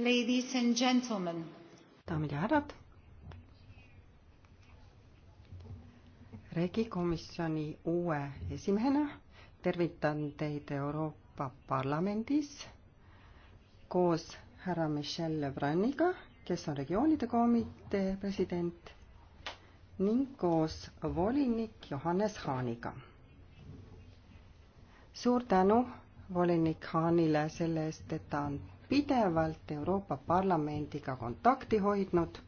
Ladies and gentlemen. daamid ja härrad. regi komisjoni uue esimehena tervitan teid Euroopa Parlamendis koos härra Michel Lebraniga, kes on regioonide komitee president ning koos volinik Johannes Haaniga. suur tänu volinik Haanile selle eest, et ta on pidevalt Euroopa Parlamendiga kontakti hoidnud.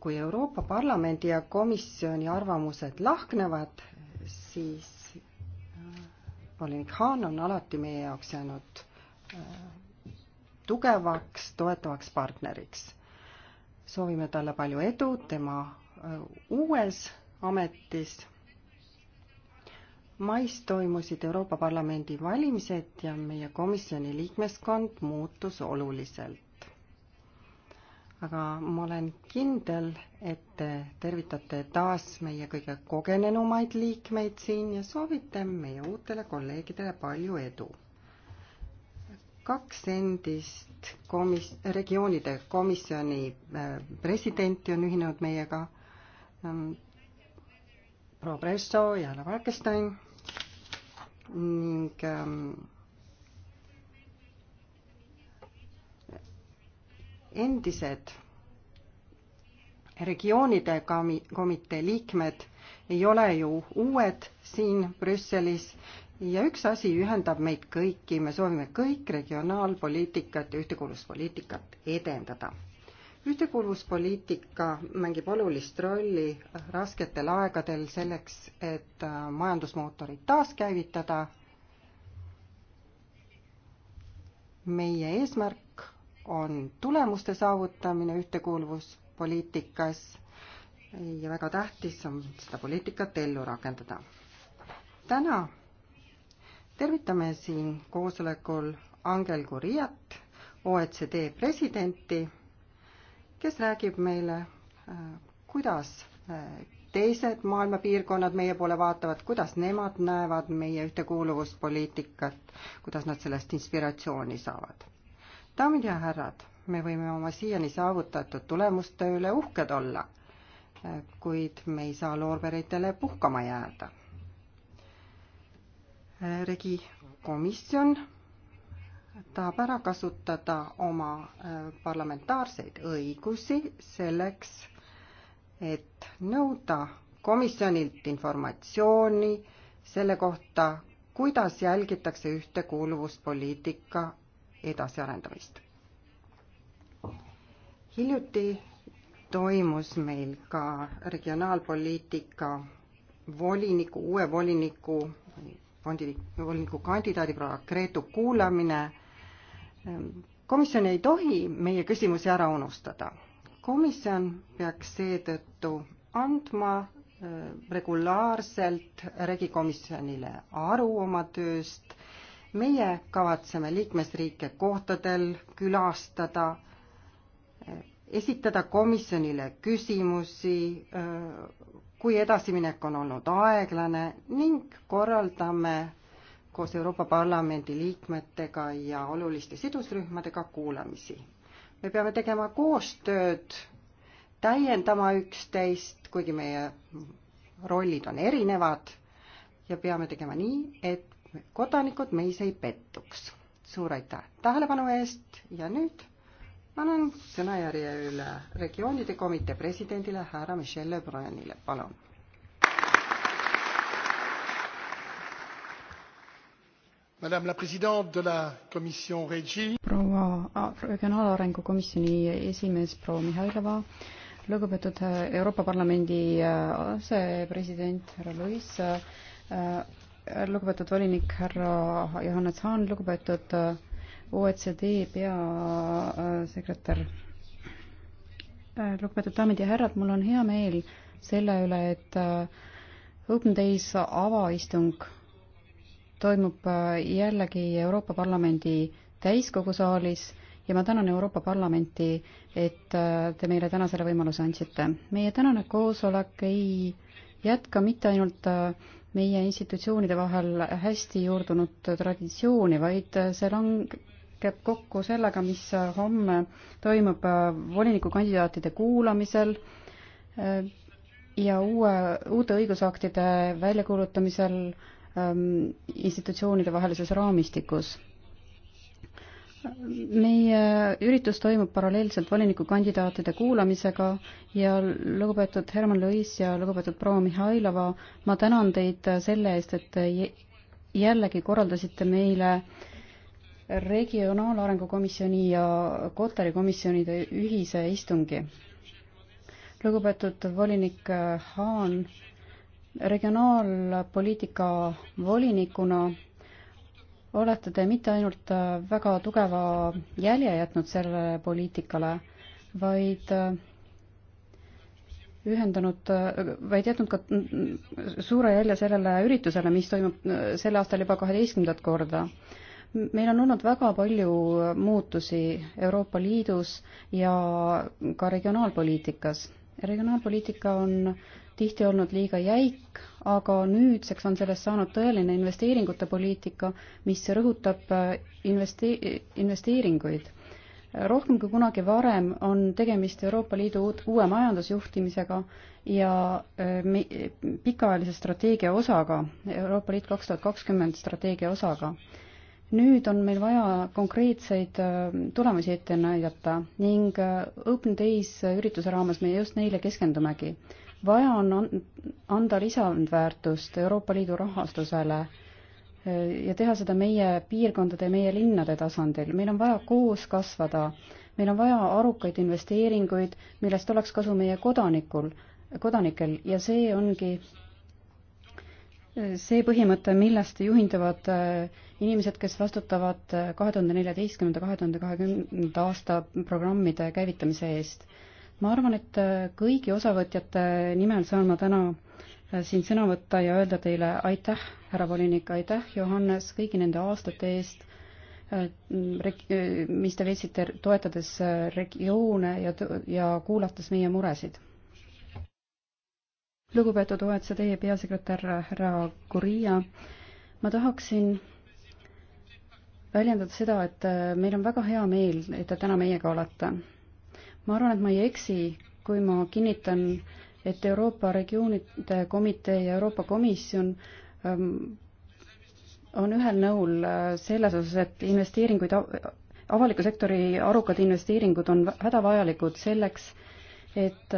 kui Euroopa Parlamendi ja komisjoni arvamused lahknevad, siis äh, volinik Haan on alati meie jaoks jäänud äh, tugevaks, toetavaks partneriks. soovime talle palju edu tema äh, uues ametis mais toimusid Euroopa Parlamendi valimised ja meie komisjoni liikmeskond muutus oluliselt. aga ma olen kindel, et te tervitate taas meie kõige kogenenumaid liikmeid siin ja soovite meie uutele kolleegidele palju edu. kaks endist komis-, regioonide komisjoni äh, presidenti on ühinenud meiega ähm, proua Presso ja härra Falkenstein ning ähm, endised regioonide komitee liikmed ei ole ju uued siin Brüsselis ja üks asi ühendab meid kõiki, me soovime kõik regionaalpoliitikat ja ühtekuuluvuspoliitikat edendada ühtekuuluvuspoliitika mängib olulist rolli rasketel aegadel selleks, et äh, majandusmootorit taaskäivitada. meie eesmärk on tulemuste saavutamine ühtekuuluvuspoliitikas ja väga tähtis on seda poliitikat ellu rakendada. täna tervitame siin koosolekul Angel Gurriat, OECD presidenti kes räägib meile, äh, kuidas äh, teised maailma piirkonnad meie poole vaatavad, kuidas nemad näevad meie ühtekuuluvuspoliitikat, kuidas nad sellest inspiratsiooni saavad. daamid ja härrad, me võime oma siiani saavutatud tulemuste üle uhked olla, äh, kuid me ei saa loorberitele puhkama jääda. regi komisjon tahab ära kasutada oma äh, parlamentaarseid õigusi selleks, et nõuda komisjonilt informatsiooni selle kohta, kuidas jälgitakse ühtekuuluvuspoliitika edasiarendamist. hiljuti toimus meil ka regionaalpoliitika voliniku, uue voliniku, fondi, voliniku kandidaadi proua Gretu kuulamine Ehm, komisjon ei tohi meie küsimusi ära unustada. komisjon peaks seetõttu andma ehm, regulaarselt regikomisjonile aru oma tööst. meie kavatseme liikmesriike kohtadel külastada, ehm, esitada komisjonile küsimusi, kui edasiminek on olnud aeglane ning korraldame koos Euroopa Parlamendi liikmetega ja oluliste sidusrühmadega kuulamisi. me peame tegema koostööd, täiendama üksteist, kuigi meie rollid on erinevad ja peame tegema nii, et kodanikud meis ei pettuks. suur aitäh tähelepanu eest ja nüüd annan sõnajärje üle regioonide komitee presidendile härra Michel Lebrunile, palun madame la présidente de la commission regi proua regionaalarengu komisjoni esimees proua mihhailova lugupeetud äh, euroopa parlamendi äh, asepresident härra luis äh, lugupeetud volinik härra johannes hahn lugupeetud oecd peasekretär lugupeetud daamid ja härrad mul on hea meel selle üle et open days avaistung toimub äh, jällegi Euroopa Parlamendi täiskogu saalis ja ma tänan Euroopa Parlamenti, et äh, te meile täna selle võimaluse andsite. meie tänane koosolek ei jätka mitte ainult äh, meie institutsioonide vahel hästi juurdunud traditsiooni, vaid see langeb kokku sellega, mis homme toimub volinikukandidaatide kuulamisel ja uue, uute õigusaktide väljakuulutamisel Ähm, institutsioonide vahelises raamistikus. meie üritus toimub paralleelselt volinikukandidaatide kuulamisega ja lugupeetud Herman Luis ja lugupeetud proua Mihhailova, ma tänan teid selle eest, et jällegi korraldasite meile regionaalarengu komisjoni ja Kotari komisjonide ühise istungi. lugupeetud volinik Haan regionaalpoliitika volinikuna olete te mitte ainult väga tugeva jälje jätnud sellele poliitikale, vaid äh, ühendanud, äh, vaid jätnud ka mm, suure jälje sellele üritusele, mis toimub äh, sel aastal juba kaheteistkümnendat korda. meil on olnud väga palju muutusi Euroopa Liidus ja ka regionaalpoliitikas. regionaalpoliitika on tihti olnud liiga jäik, aga nüüdseks on sellest saanud tõeline investeeringute poliitika, mis rõhutab äh, investe-, investeeringuid. rohkem kui kunagi varem on tegemist Euroopa Liidu uut, uue majandusjuhtimisega ja äh, me, pikaajalise strateegia osaga, Euroopa Liit kaks tuhat kakskümmend strateegia osaga nüüd on meil vaja konkreetseid äh, tulemusi ette näidata ning Open Days ürituse raames me just neile keskendumegi vaja on anda lisandväärtust Euroopa Liidu rahastusele ja teha seda meie piirkondade, meie linnade tasandil. meil on vaja koos kasvada, meil on vaja arukaid investeeringuid, millest oleks kasu meie kodanikul, kodanikel ja see ongi see põhimõte, millest juhinduvad äh, inimesed, kes vastutavad äh, kahe tuhande neljateistkümnenda, kahe tuhande kahekümnenda aasta programmide käivitamise eest ma arvan, et äh, kõigi osavõtjate nimel saan ma täna äh, siin sõna võtta ja öelda teile aitäh, härra volinik, aitäh, Johannes, kõigi nende aastate eest, äh, mis te veetsite toetades regioone ja, ja kuulates meie muresid. lugupeetud OECD peasekretär härra Gurria, ma tahaksin väljendada seda, et meil on väga hea meel, et te täna meiega olete ma arvan, et ma ei eksi, kui ma kinnitan, et Euroopa Regioonide Komitee ja Euroopa Komisjon ähm, on ühel nõul äh, selles osas, et investeeringuid, avaliku sektori arukad investeeringud on hädavajalikud selleks, et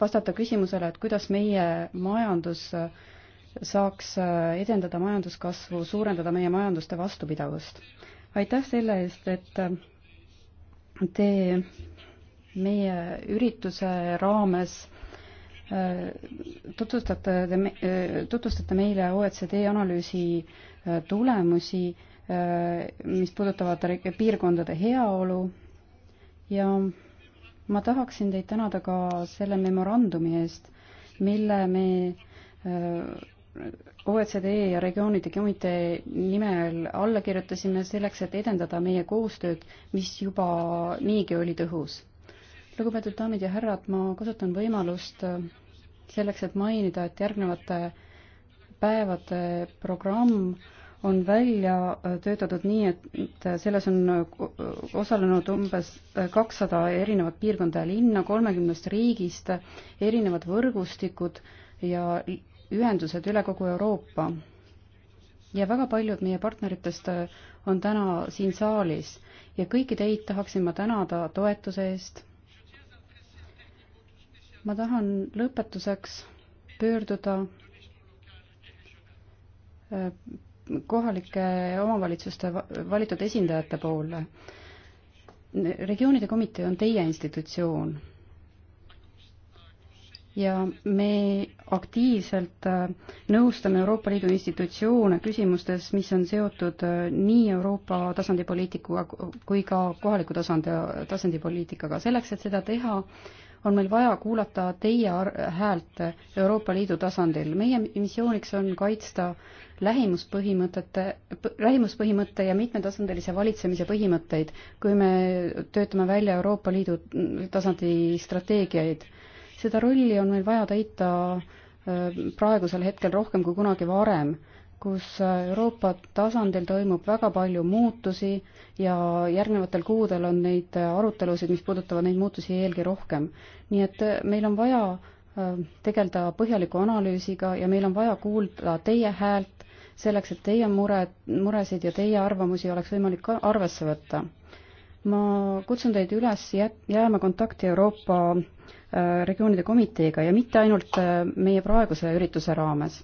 vastata küsimusele, et kuidas meie majandus äh, saaks äh, edendada majanduskasvu, suurendada meie majanduste vastupidavust. aitäh selle eest, et Te meie ürituse raames äh, tutvustate te, äh, tutvustate meile OECD analüüsi äh, tulemusi, mis puudutavad piirkondade heaolu ja ma tahaksin teid tänada ka selle memorandumi eest, mille me OECD ja regioonide komitee nimel alla kirjutasime selleks, et edendada meie koostööd, mis juba niigi oli tõhus. lugupeetud daamid ja härrad, ma kasutan võimalust äh, selleks, et mainida, et järgnevate päevade programm on välja äh, töötatud nii, et selles on äh, osalenud umbes kakssada erinevat piirkonda ja linna kolmekümnest riigist, erinevad võrgustikud ja ühendused üle kogu Euroopa. ja väga paljud meie partneritest äh, on täna siin saalis ja kõiki teid tahaksin ma tänada toetuse eest. ma tahan lõpetuseks pöörduda äh, kohalike omavalitsuste valitud esindajate poole. regioonide komitee on teie institutsioon ja me aktiivselt äh, nõustame Euroopa Liidu institutsioone küsimustes, mis on seotud äh, nii Euroopa tasandi poliitikuga kui ka kohaliku tasandi, tasandi poliitikaga. selleks, et seda teha, on meil vaja kuulata teie häält Euroopa Liidu tasandil. meie missiooniks on kaitsta lähimuspõhimõtete, lähimuspõhimõtte ja mitmetasandilise valitsemise põhimõtteid, kui me töötame välja Euroopa Liidu tasandi strateegiaid seda rolli on meil vaja täita äh, praegusel hetkel rohkem kui kunagi varem, kus äh, Euroopa tasandil toimub väga palju muutusi ja järgnevatel kuudel on neid äh, arutelusid, mis puudutavad neid muutusi eelkõige rohkem. nii et meil on vaja tegeleda põhjaliku analüüsiga ja meil on vaja kuulda teie häält selleks, et teie mure, muresid ja teie arvamusi oleks võimalik ka arvesse võtta ma kutsun teid üles jääma kontakti Euroopa Äh, regioonide komiteega ja mitte ainult äh, meie praeguse ürituse raames.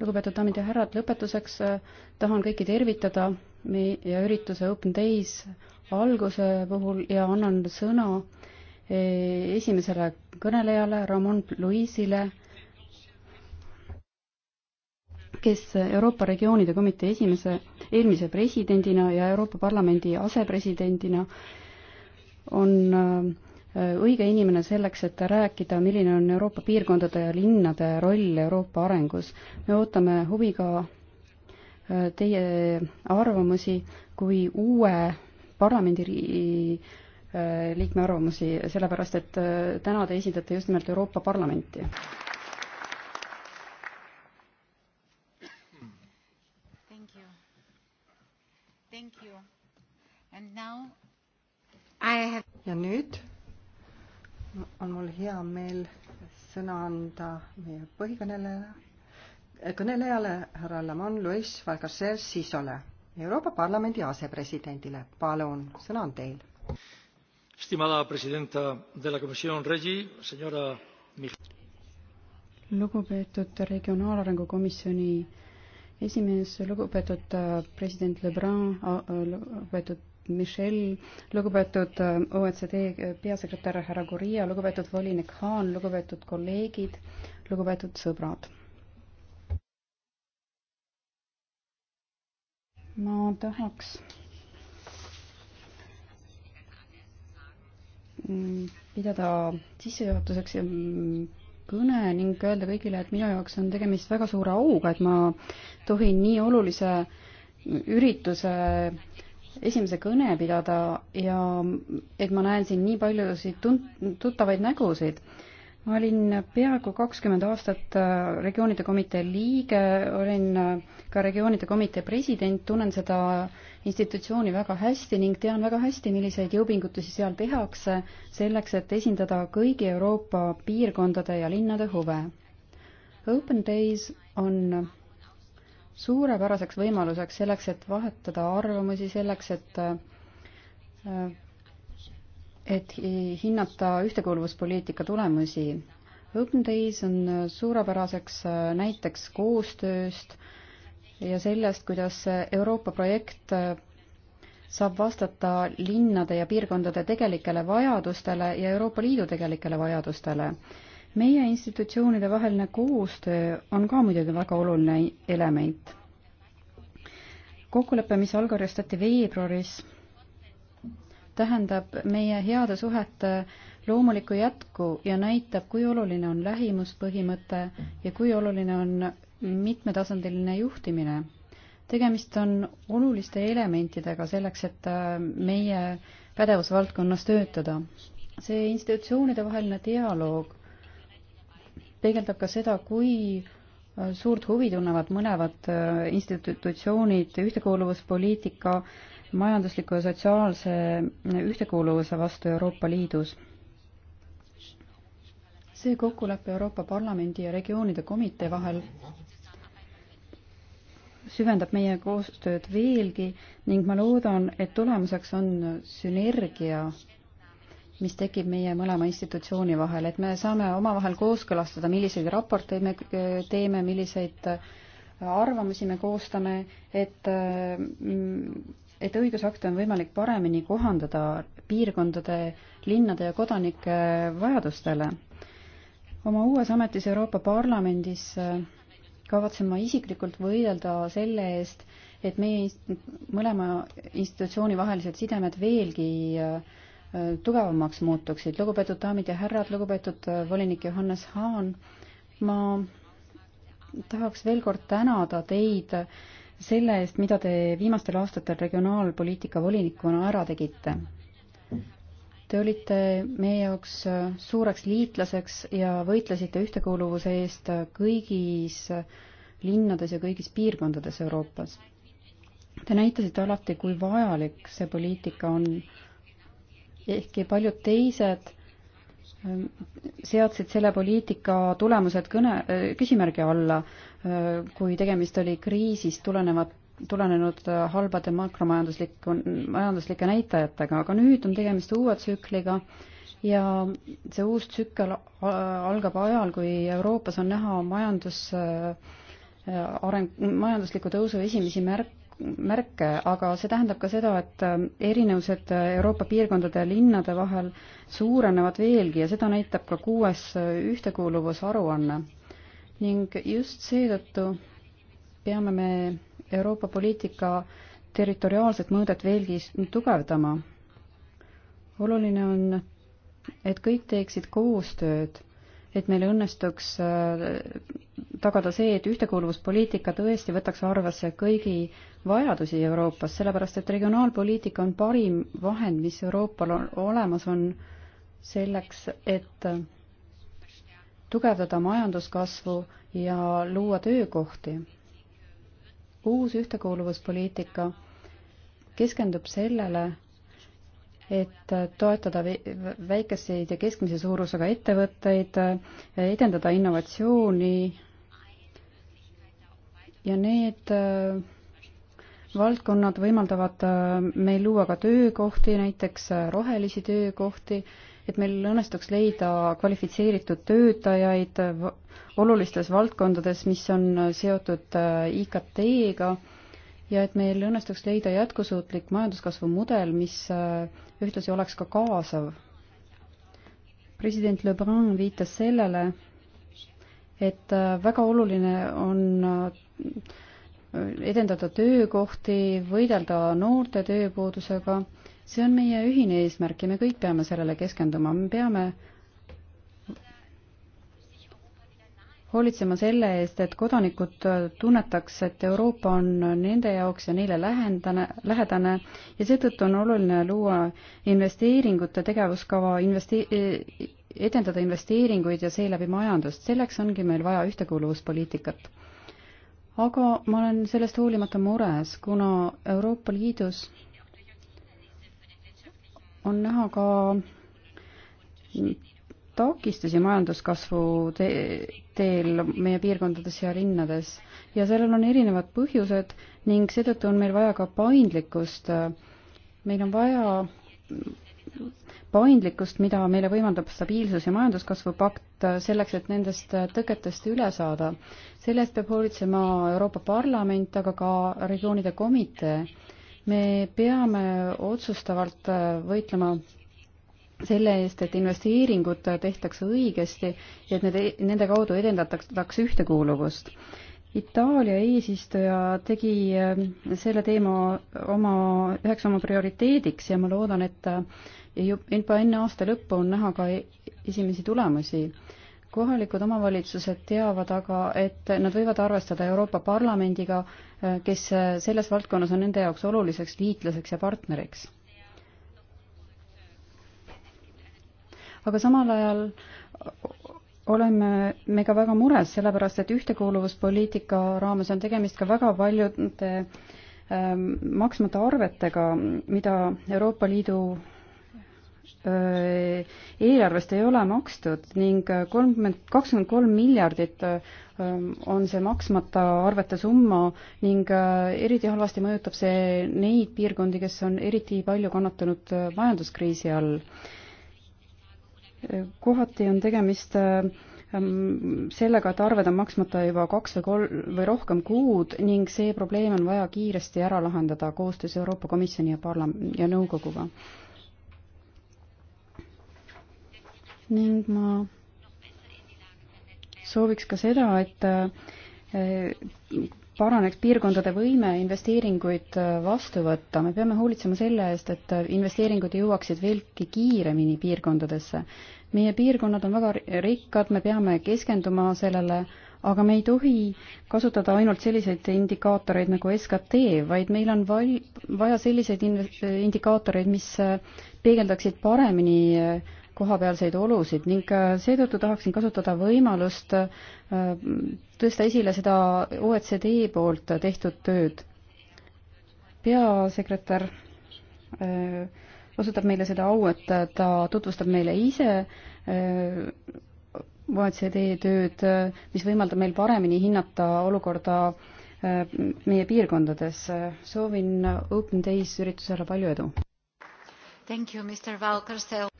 lugupeetud daamid ja härrad, lõpetuseks äh, tahan kõiki tervitada meie ürituse Open Days alguse puhul ja annan sõna esimesele kõnelejale, Ramon Luisile, kes Euroopa regioonide komitee esimese, eelmise presidendina ja Euroopa Parlamendi asepresidendina on õige inimene selleks, et rääkida, milline on Euroopa piirkondade ja linnade roll Euroopa arengus. me ootame huviga äh, teie arvamusi kui uue parlamendi äh, liikme arvamusi, sellepärast et äh, täna te esindate just nimelt Euroopa Parlamenti. ja nüüd on mul hea meel sõna anda meie põhikõnelejale, eh, kõnelejale härra Lamon Luis Valgasser Sisole, Euroopa Parlamendi asepresidendile. palun, sõna on teil. Estimada presidenta de la Comisión Regi, señora lugupeetud Regionaalarengu Komisjoni esimees, lugupeetud president Lebrun, lugupeetud Michel, lugupeetud äh, OECD äh, peasekretär härra Gurria, lugupeetud volinik Haan, lugupeetud kolleegid, lugupeetud sõbrad. ma tahaks mm, pidada sissejuhatuseks mm, kõne ning öelda kõigile, et minu jaoks on tegemist väga suure auga, et ma tohin nii olulise ürituse esimese kõne pidada ja et ma näen siin nii paljusid tun-, tuttavaid nägusid. ma olin peaaegu kakskümmend aastat äh, regioonide komitee liige, olin äh, ka regioonide komitee president, tunnen seda institutsiooni väga hästi ning tean väga hästi, milliseid jõupingutusi seal tehakse selleks, et esindada kõigi Euroopa piirkondade ja linnade huve. Open Days on suurepäraseks võimaluseks selleks, et vahetada arvamusi, selleks, et äh, et hinnata ühtekuuluvuspoliitika tulemusi. Open Days on suurepäraseks äh, näiteks koostööst ja sellest, kuidas Euroopa projekt äh, saab vastata linnade ja piirkondade tegelikele vajadustele ja Euroopa Liidu tegelikele vajadustele meie institutsioonide vaheline koostöö on ka muidugi väga oluline element. kokkulepe, mis allkirjastati veebruaris, tähendab meie heade suhete loomulikku jätku ja näitab, kui oluline on lähimuspõhimõte ja kui oluline on mitmetasandiline juhtimine. tegemist on oluliste elementidega selleks, et äh, meie pädevusvaldkonnas töötada. see institutsioonide vaheline dialoog peegeldab ka seda, kui äh, suurt huvi tunnevad mõlemad äh, institutsioonid ühtekuuluvuspoliitika majandusliku ja sotsiaalse äh, ühtekuuluvuse vastu Euroopa Liidus. see kokkulepe Euroopa Parlamendi ja regioonide komitee vahel süvendab meie koostööd veelgi ning ma loodan, et tulemuseks on sünergia mis tekib meie mõlema institutsiooni vahel, et me saame omavahel kooskõlastada, milliseid raporteid me teeme, milliseid äh, arvamusi me koostame, et, äh, et õigusakte on võimalik paremini kohandada piirkondade, linnade ja kodanike vajadustele. oma uues ametis Euroopa Parlamendis äh, kavatsen ma isiklikult võidelda selle eest, et meie mõlema institutsiooni vahelised sidemed veelgi äh, tugevamaks muutuksid. lugupeetud daamid ja härrad, lugupeetud äh, volinik Johannes Haan, ma tahaks veel kord tänada teid selle eest, mida te viimastel aastatel regionaalpoliitika volinikuna ära tegite. Te olite meie jaoks äh, suureks liitlaseks ja võitlesite ühtekuuluvuse eest äh, kõigis linnades ja kõigis piirkondades Euroopas. Te näitasite alati, kui vajalik see poliitika on ehkki paljud teised ähm, seadsid selle poliitika tulemused kõne, äh, küsimärgi alla, äh, kui tegemist oli kriisist tulenevat, tulenenud äh, halbade makromajandusliku, majanduslike näitajatega, aga nüüd on tegemist uue tsükliga ja see uus tsükkel algab ajal, kui Euroopas on näha majandus areng, majandusliku tõusu esimesi märke, märke, aga see tähendab ka seda, et äh, erinevused äh, Euroopa piirkondade ja linnade vahel suurenevad veelgi ja seda näitab ka kuues äh, ühtekuuluvusaruanne. ning just seetõttu peame me Euroopa poliitika territoriaalset mõõdet veelgi tugevdama. oluline on, et kõik teeksid koostööd et meil õnnestuks tagada see, et ühtekuuluvuspoliitika tõesti võtaks arvesse kõigi vajadusi Euroopas, sellepärast et regionaalpoliitika on parim vahend, mis Euroopal on, olemas on selleks, et tugevdada majanduskasvu ja luua töökohti. uus ühtekuuluvuspoliitika keskendub sellele, et toetada väikeseid ja keskmise suurusega ettevõtteid, edendada innovatsiooni ja need valdkonnad võimaldavad äh, meil luua ka töökohti, näiteks äh, rohelisi töökohti, et meil õnnestuks leida kvalifitseeritud töötajaid äh, olulistes valdkondades, mis on seotud IKT-ga ja et meil õnnestuks leida jätkusuutlik majanduskasvu mudel, mis ühtlasi oleks ka kaasav. president Lebrun viitas sellele, et väga oluline on edendada töökohti, võidelda noorte tööpuudusega. see on meie ühine eesmärk ja me kõik peame sellele keskenduma, me peame hoolitsema selle eest, et kodanikud tunnetaks, et Euroopa on nende jaoks ja neile lähendane, lähedane ja seetõttu on oluline luua investeeringute tegevuskava, investe-, edendada investeeringuid ja seeläbi majandust. selleks ongi meil vaja ühtekuuluvuspoliitikat aga ma olen sellest hoolimata mures, kuna Euroopa Liidus on näha ka takistusi majanduskasvu te teel meie piirkondades ja linnades ja sellel on erinevad põhjused ning seetõttu on meil vaja ka paindlikkust. meil on vaja paindlikkust, mida meile võimaldab stabiilsus- ja majanduskasvu pakt äh, selleks, et nendest äh, tõketest üle saada. selle eest peab hoolitsema Euroopa Parlament, aga ka regioonide komitee. me peame otsustavalt äh, võitlema selle eest, et investeeringud tehtaks õigesti ja et need, e-, nende kaudu edendataks ühtekuuluvust. Itaalia eesistuja tegi selle teema oma, üheks oma prioriteediks ja ma loodan, et ja juba enne aasta lõppu on näha ka esimesi tulemusi. kohalikud omavalitsused teavad aga, et nad võivad arvestada Euroopa Parlamendiga, kes selles valdkonnas on nende jaoks oluliseks liitlaseks ja partneriks. aga samal ajal oleme me ka väga mures, sellepärast et ühtekuuluvuspoliitika raames on tegemist ka väga paljude ähm, maksmata arvetega, mida Euroopa Liidu Äh, eelarvest ei ole makstud ning äh, kolmkümmend, kakskümmend kolm miljardit äh, on see maksmata arvete summa ning eriti halvasti mõjutab see neid piirkondi, kes on eriti palju kannatanud majanduskriisi all. kohati on tegemist sellega, et arved on maksmata juba kaks või kolm või rohkem kuud ning see probleem on vaja kiiresti ära lahendada koostöös Euroopa Komisjoni ja parlam- ja nõukoguga ning ma sooviks ka seda, et eh, paraneks piirkondade võime investeeringuid eh, vastu võtta, me peame hoolitsema selle eest, et investeeringud jõuaksid veelgi kiiremini piirkondadesse. meie piirkonnad on väga rikkad, me peame keskenduma sellele, aga me ei tohi kasutada ainult selliseid indikaatoreid nagu SKT, vaid meil on val-, vaja selliseid indikaatoreid, mis eh, peegeldaksid paremini kohapealseid olusid ning äh, seetõttu tahaksin kasutada võimalust äh, tõsta esile seda OECD poolt tehtud tööd. peasekretär äh, osutab meile seda au, et ta tutvustab meile ise OECD tööd, mis võimaldab meil paremini hinnata olukorda meie piirkondades. soovin Open Days üritusele palju edu!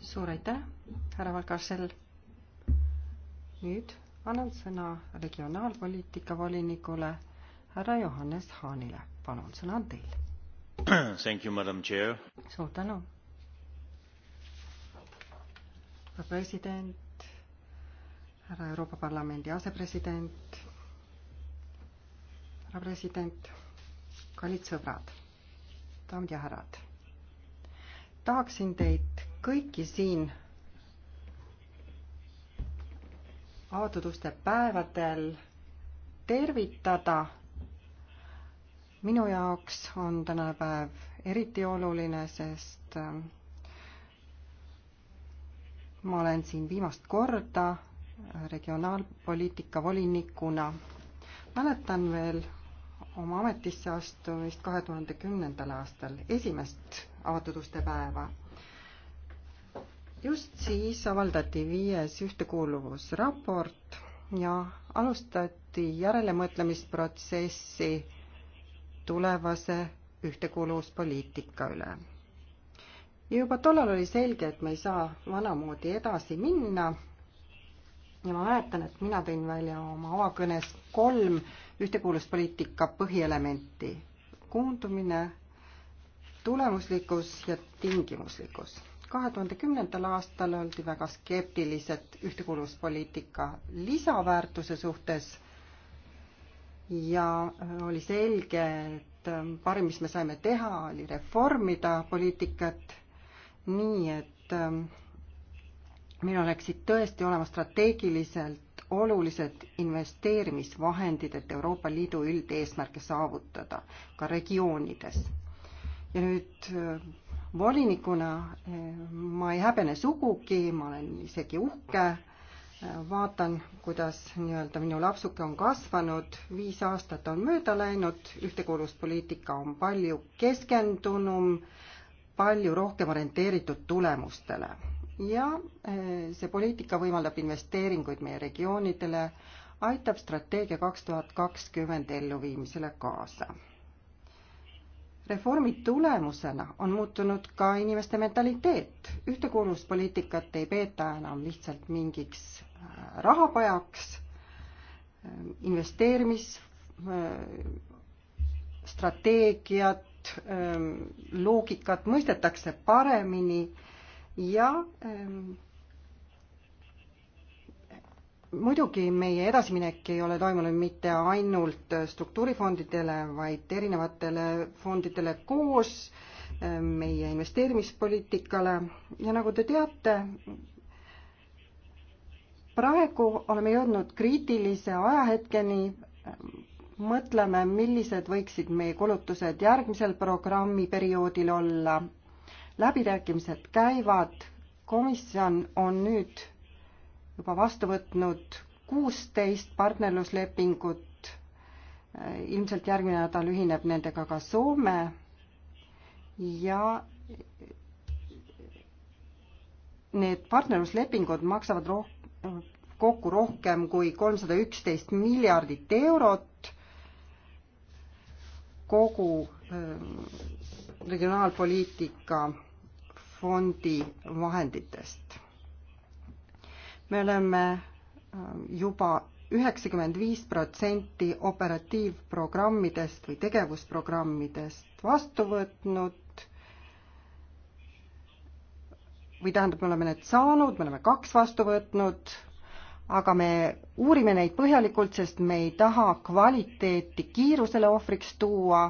suur aitäh, härra Valkarsel. nüüd annan sõna regionaalpoliitika volinikule härra Johannes Haanile. palun, sõna on teil. suur tänu. härra president, härra Euroopa Parlamendi asepresident, härra president, kallid sõbrad, daamid ja härrad tahaksin teid kõiki siin avatud uste päevadel tervitada. minu jaoks on tänane päev eriti oluline, sest äh, ma olen siin viimast korda äh, regionaalpoliitika volinikuna. mäletan veel oma ametisse astumist kahe tuhande kümnendal aastal, esimest avatud uste päeva. just siis avaldati viies ühtekuuluvusraport ja alustati järelemõtlemisprotsessi tulevase ühtekuuluvuspoliitika üle. ja juba tollal oli selge, et me ei saa vanamoodi edasi minna ja ma mäletan, et mina tõin välja oma avakõnes kolm ühtekuuluvuspoliitika põhielementi. koondumine, tulemuslikkus ja tingimuslikkus. kahe tuhande kümnendal aastal oldi väga skeptilised ühtekuuluvuspoliitika lisaväärtuse suhtes ja oli selge, et parim, mis me saime teha, oli reformida poliitikat nii, et ähm, meil oleksid tõesti olema strateegiliselt olulised investeerimisvahendid, et Euroopa Liidu üldeesmärke saavutada ka regioonides ja nüüd äh, volinikuna äh, ma ei häbene sugugi, ma olen isegi uhke, äh, vaatan, kuidas nii-öelda minu lapsuke on kasvanud, viis aastat on mööda läinud, ühtekuuluvuspoliitika on palju keskendunum, palju rohkem orienteeritud tulemustele ja see poliitika võimaldab investeeringuid meie regioonidele, aitab strateegia kaks tuhat kakskümmend elluviimisele kaasa reformi tulemusena on muutunud ka inimeste mentaliteet. ühtekuuluvuspoliitikat ei peeta enam lihtsalt mingiks äh, rahapajaks, äh, investeerimisstrateegiat, äh, loogikat mõistetakse paremini ja muidugi meie edasiminek ei ole toimunud mitte ainult struktuurifondidele, vaid erinevatele fondidele koos, äh, meie investeerimispoliitikale ja nagu te teate, praegu oleme jõudnud kriitilise ajahetkeni, mõtleme, millised võiksid meie kulutused järgmisel programmiperioodil olla. läbirääkimised käivad, komisjon on nüüd juba vastu võtnud kuusteist partnerluslepingut. ilmselt järgmine nädal ühineb nendega ka Soome ja need partnerluslepingud maksavad roh-, kokku rohkem kui kolmsada üksteist miljardit eurot kogu ähm, regionaalpoliitika fondi vahenditest me oleme ähm, juba üheksakümmend viis protsenti operatiivprogrammidest või tegevusprogrammidest vastu võtnud või tähendab, me oleme need saanud, me oleme kaks vastu võtnud, aga me uurime neid põhjalikult, sest me ei taha kvaliteeti kiirusele ohvriks tuua.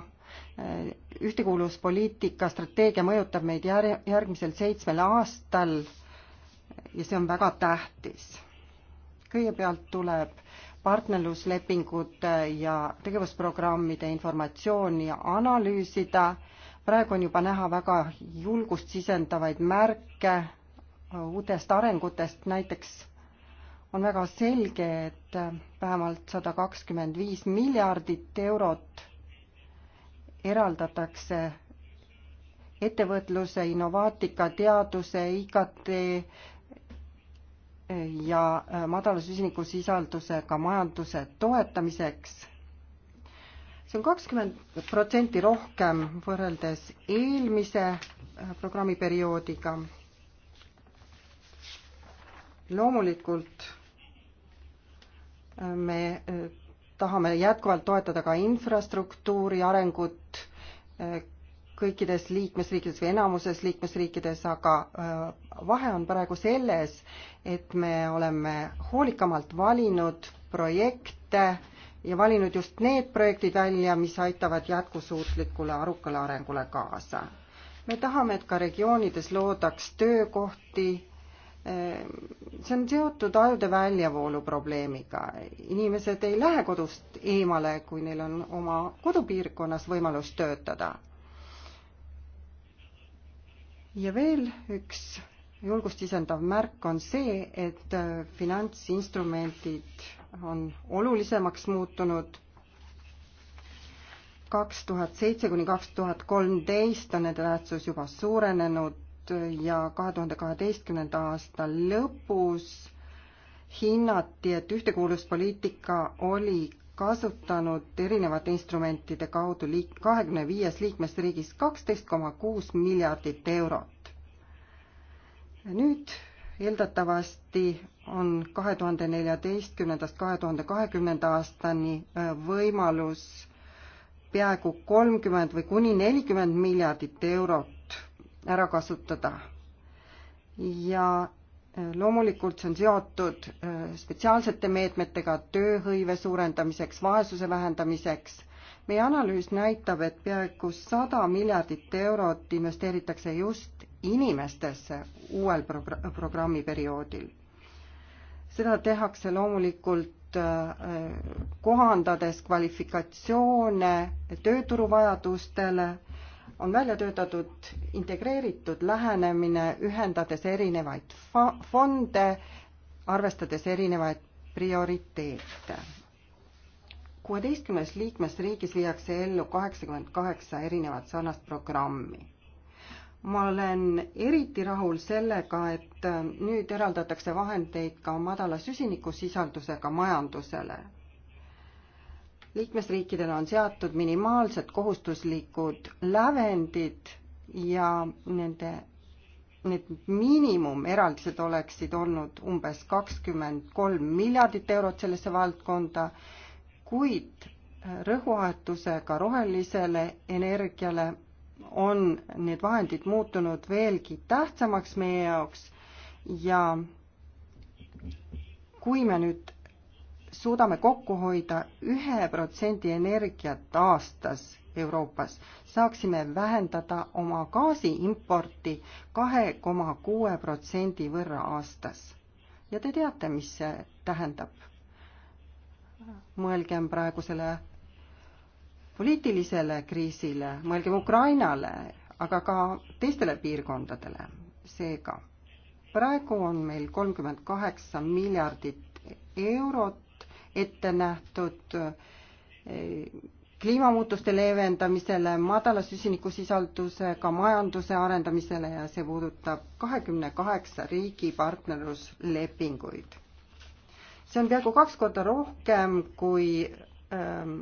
ühtekuuluvuspoliitika strateegia mõjutab meid jär-, järgmisel seitsmel aastal ja see on väga tähtis. kõigepealt tuleb partnerluslepingute ja tegevusprogrammide informatsiooni analüüsida. praegu on juba näha väga julgust sisendavaid märke uutest arengutest, näiteks on väga selge, et vähemalt sada kakskümmend viis miljardit eurot eraldatakse ettevõtluse, innovaatika, teaduse, IKT ja äh, madala süsinikusisaldusega majanduse toetamiseks. see on kakskümmend protsenti rohkem võrreldes eelmise äh, programmiperioodiga. loomulikult äh, me tahame jätkuvalt toetada ka infrastruktuuri arengut kõikides liikmesriikides või enamuses liikmesriikides, aga äh, vahe on praegu selles, et me oleme hoolikamalt valinud projekte ja valinud just need projektid välja, mis aitavad jätkusuutlikule arukale arengule kaasa. me tahame, et ka regioonides loodaks töökohti, äh, see on seotud ajude väljavoolu probleemiga. inimesed ei lähe kodust eemale, kui neil on oma kodupiirkonnas võimalus töötada ja veel üks julgust sisendav märk on see, et äh, finantsinstrumendid on olulisemaks muutunud. kaks tuhat seitse kuni kaks tuhat kolmteist on nende tähtsus juba suurenenud äh, ja kahe tuhande kaheteistkümnenda aasta lõpus hinnati, et ühtekuuluvuspoliitika oli kasutanud erinevate instrumentide kaudu liik-, kahekümne viies liikmesriigis kaksteist koma kuus miljardit eurot. nüüd eeldatavasti on kahe tuhande neljateistkümnendast kahe tuhande kahekümnenda aastani äh, võimalus peaaegu kolmkümmend või kuni nelikümmend miljardit eurot ära kasutada. ja Äh, loomulikult see on seotud äh, spetsiaalsete meetmetega tööhõive suurendamiseks, vaesuse vähendamiseks. meie analüüs näitab, et peaaegu sada miljardit eurot investeeritakse just inimestesse uuel pro-, programmiperioodil. seda tehakse loomulikult äh, kohandades kvalifikatsioone tööturu vajadustele on välja töötatud integreeritud lähenemine, ühendades erinevaid fonde, arvestades erinevaid prioriteete. kuueteistkümnes liikmesriigis viiakse ellu kaheksakümmend kaheksa erinevat sarnast programmi. ma olen eriti rahul sellega, et nüüd eraldatakse vahendeid ka madala süsinikusisaldusega majandusele liikmesriikidele on seatud minimaalsed kohustuslikud lävendid ja nende, need miinimumeraldised oleksid olnud umbes kakskümmend kolm miljardit eurot sellesse valdkonda, kuid rõhuaetusega rohelisele energiale on need vahendid muutunud veelgi tähtsamaks meie jaoks ja kui me nüüd suudame kokku hoida ühe protsendi energiat aastas Euroopas, saaksime vähendada oma gaasiimporti kahe koma kuue protsendi võrra aastas. ja te teate, mis see tähendab? mõelgem praegusele poliitilisele kriisile, mõelgem Ukrainale, aga ka teistele piirkondadele. seega praegu on meil kolmkümmend kaheksa miljardit eurot ette nähtud eh, kliimamuutuste leevendamisele, madala süsinikusisaldusega majanduse arendamisele ja see puudutab kahekümne kaheksa riigi partnerluslepinguid. see on peaaegu kaks korda rohkem kui ähm,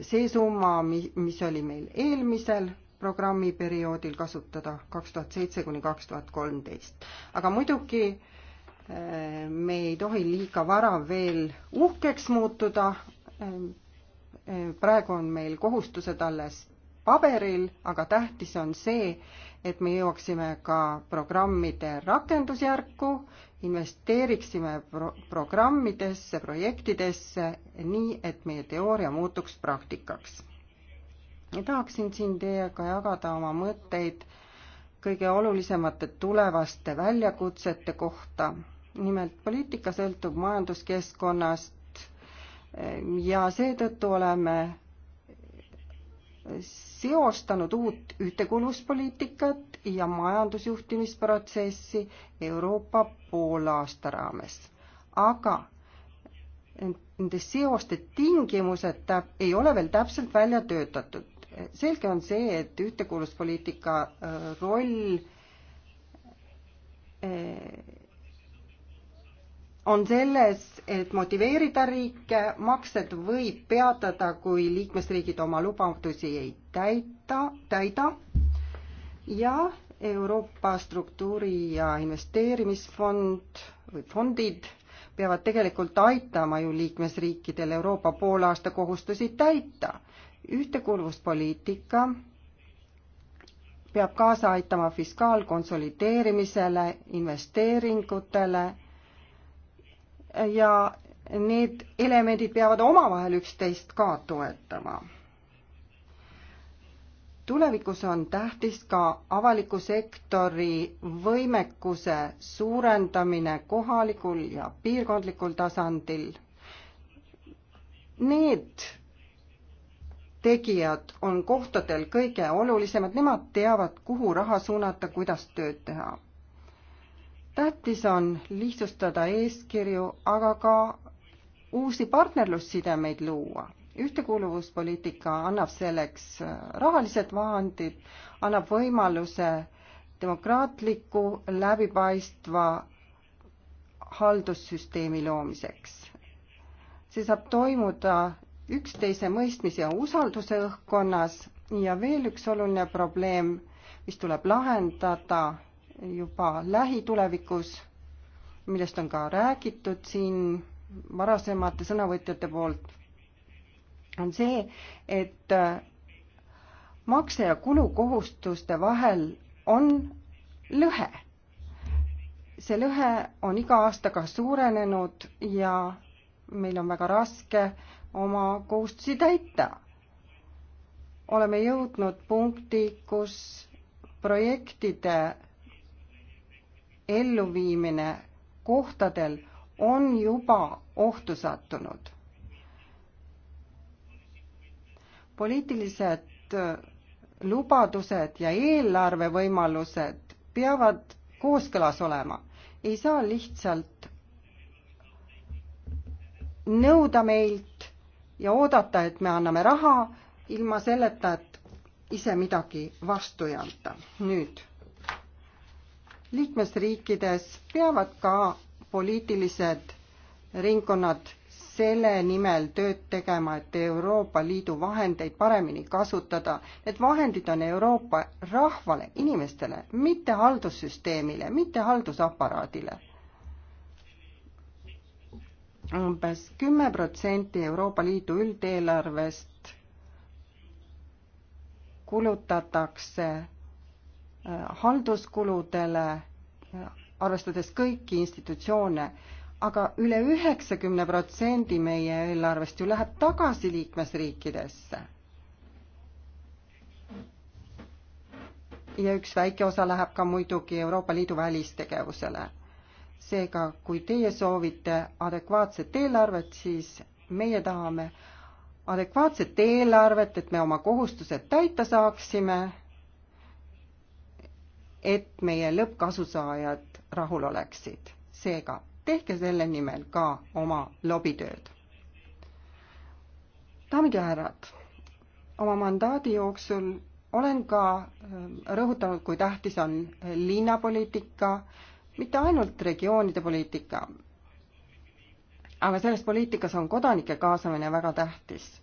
see summa, mis oli meil eelmisel programmiperioodil kasutada, kaks tuhat seitse kuni kaks tuhat kolmteist. aga muidugi äh, me ei tohi liiga vara veel uhkeks muutuda. praegu on meil kohustused alles paberil, aga tähtis on see, et me jõuaksime ka programmide rakendusjärku, investeeriksime pro programmidesse, projektidesse, nii et meie teooria muutuks praktikaks. ja tahaksin siin teiega jagada oma mõtteid kõige olulisemate tulevaste väljakutsete kohta nimelt poliitika sõltub majanduskeskkonnast eh, ja seetõttu oleme seostanud uut ühtekuuluvuspoliitikat ja majandusjuhtimisprotsessi Euroopa poolaasta raames. aga nende seoste tingimused täp-, ei ole veel täpselt välja töötatud. selge on see, et ühtekuuluvuspoliitika äh, roll äh, on selles, et motiveerida riike, maksed võib peatada, kui liikmesriigid oma lubadusi ei täita, täida ja Euroopa struktuuri- ja investeerimisfond või fondid peavad tegelikult aitama ju liikmesriikidel Euroopa poolaasta kohustusi täita. ühtekuuluvuspoliitika peab kaasa aitama fiskaalkonsolideerimisele, investeeringutele ja need elemendid peavad omavahel üksteist ka toetama. tulevikus on tähtis ka avaliku sektori võimekuse suurendamine kohalikul ja piirkondlikul tasandil. Need tegijad on kohtadel kõige olulisemad, nemad teavad, kuhu raha suunata, kuidas tööd teha tähtis on lihtsustada eeskirju, aga ka uusi partnerlussidemeid luua. ühtekuuluvuspoliitika annab selleks äh, rahalised vahendid, annab võimaluse demokraatliku, läbipaistva haldussüsteemi loomiseks. see saab toimuda üksteise mõistmise ja usalduse õhkkonnas ja veel üks oluline probleem, mis tuleb lahendada juba lähitulevikus, millest on ka räägitud siin varasemate sõnavõtjate poolt, on see, et äh, makse- ja kulukohustuste vahel on lõhe. see lõhe on iga aastaga suurenenud ja meil on väga raske oma kohustusi täita. oleme jõudnud punkti, kus projektide elluviimine kohtadel on juba ohtu sattunud. poliitilised äh, lubadused ja eelarvevõimalused peavad kooskõlas olema. ei saa lihtsalt nõuda meilt ja oodata, et me anname raha ilma selleta, et ise midagi vastu ei anta. nüüd liikmesriikides peavad ka poliitilised ringkonnad selle nimel tööd tegema, et Euroopa Liidu vahendeid paremini kasutada. Need vahendid on Euroopa rahvale, inimestele, mitte haldussüsteemile, mitte haldusaparaadile. umbes kümme protsenti Euroopa Liidu üldeelarvest kulutatakse Äh, halduskuludele, arvestades kõiki institutsioone aga, aga üle üheksakümne protsendi meie eelarvest ju läheb tagasi liikmesriikidesse. ja üks väike osa läheb ka muidugi Euroopa Liidu välistegevusele. seega, kui teie soovite adekvaatset eelarvet, siis meie tahame adekvaatset eelarvet, et me oma kohustused täita saaksime et meie lõppkasusaajad rahul oleksid. seega tehke selle nimel ka oma lobitööd. daamid ja härrad, oma mandaadi jooksul olen ka äh, rõhutanud, kui tähtis on linnapoliitika, mitte ainult regioonide poliitika, aga selles poliitikas on kodanike kaasamine väga tähtis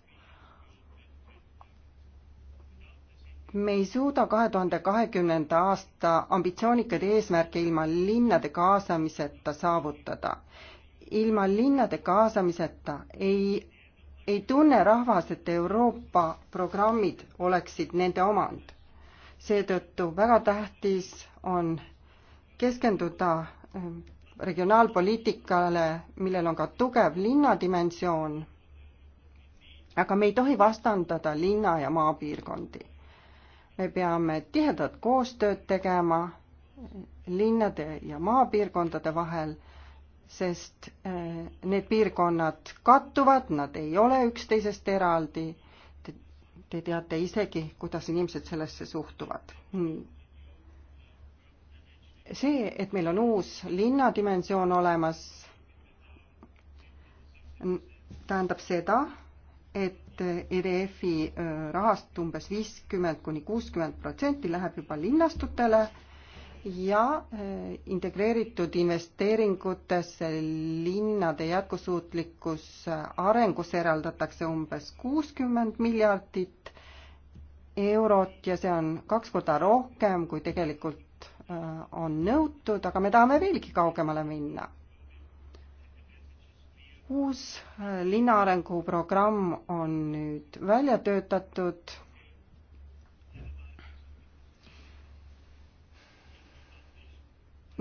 me ei suuda kahe tuhande kahekümnenda aasta ambitsioonikaid eesmärke ilma linnade kaasamiseta saavutada. ilma linnade kaasamiseta ei, ei tunne rahvas, et Euroopa programmid oleksid nende omand. seetõttu väga tähtis on keskenduda ähm, regionaalpoliitikale, millel on ka tugev linnadimensioon, aga me ei tohi vastandada linna ja maapiirkondi me peame tihedat koostööd tegema linnade ja maapiirkondade vahel, sest eh, need piirkonnad kattuvad, nad ei ole üksteisest eraldi. Te teate isegi, kuidas inimesed sellesse suhtuvad. nii. Hmm. see, et meil on uus linnadimensioon olemas, tähendab seda, et EDF-i äh, rahast umbes viiskümmend kuni kuuskümmend protsenti läheb juba linnastutele ja äh, integreeritud investeeringutesse linnade jätkusuutlikkus äh, arengusse eraldatakse umbes kuuskümmend miljardit eurot ja see on kaks korda rohkem, kui tegelikult on nõutud, aga me tahame veelgi kaugemale minna uus äh, linnaarengu programm on nüüd välja töötatud.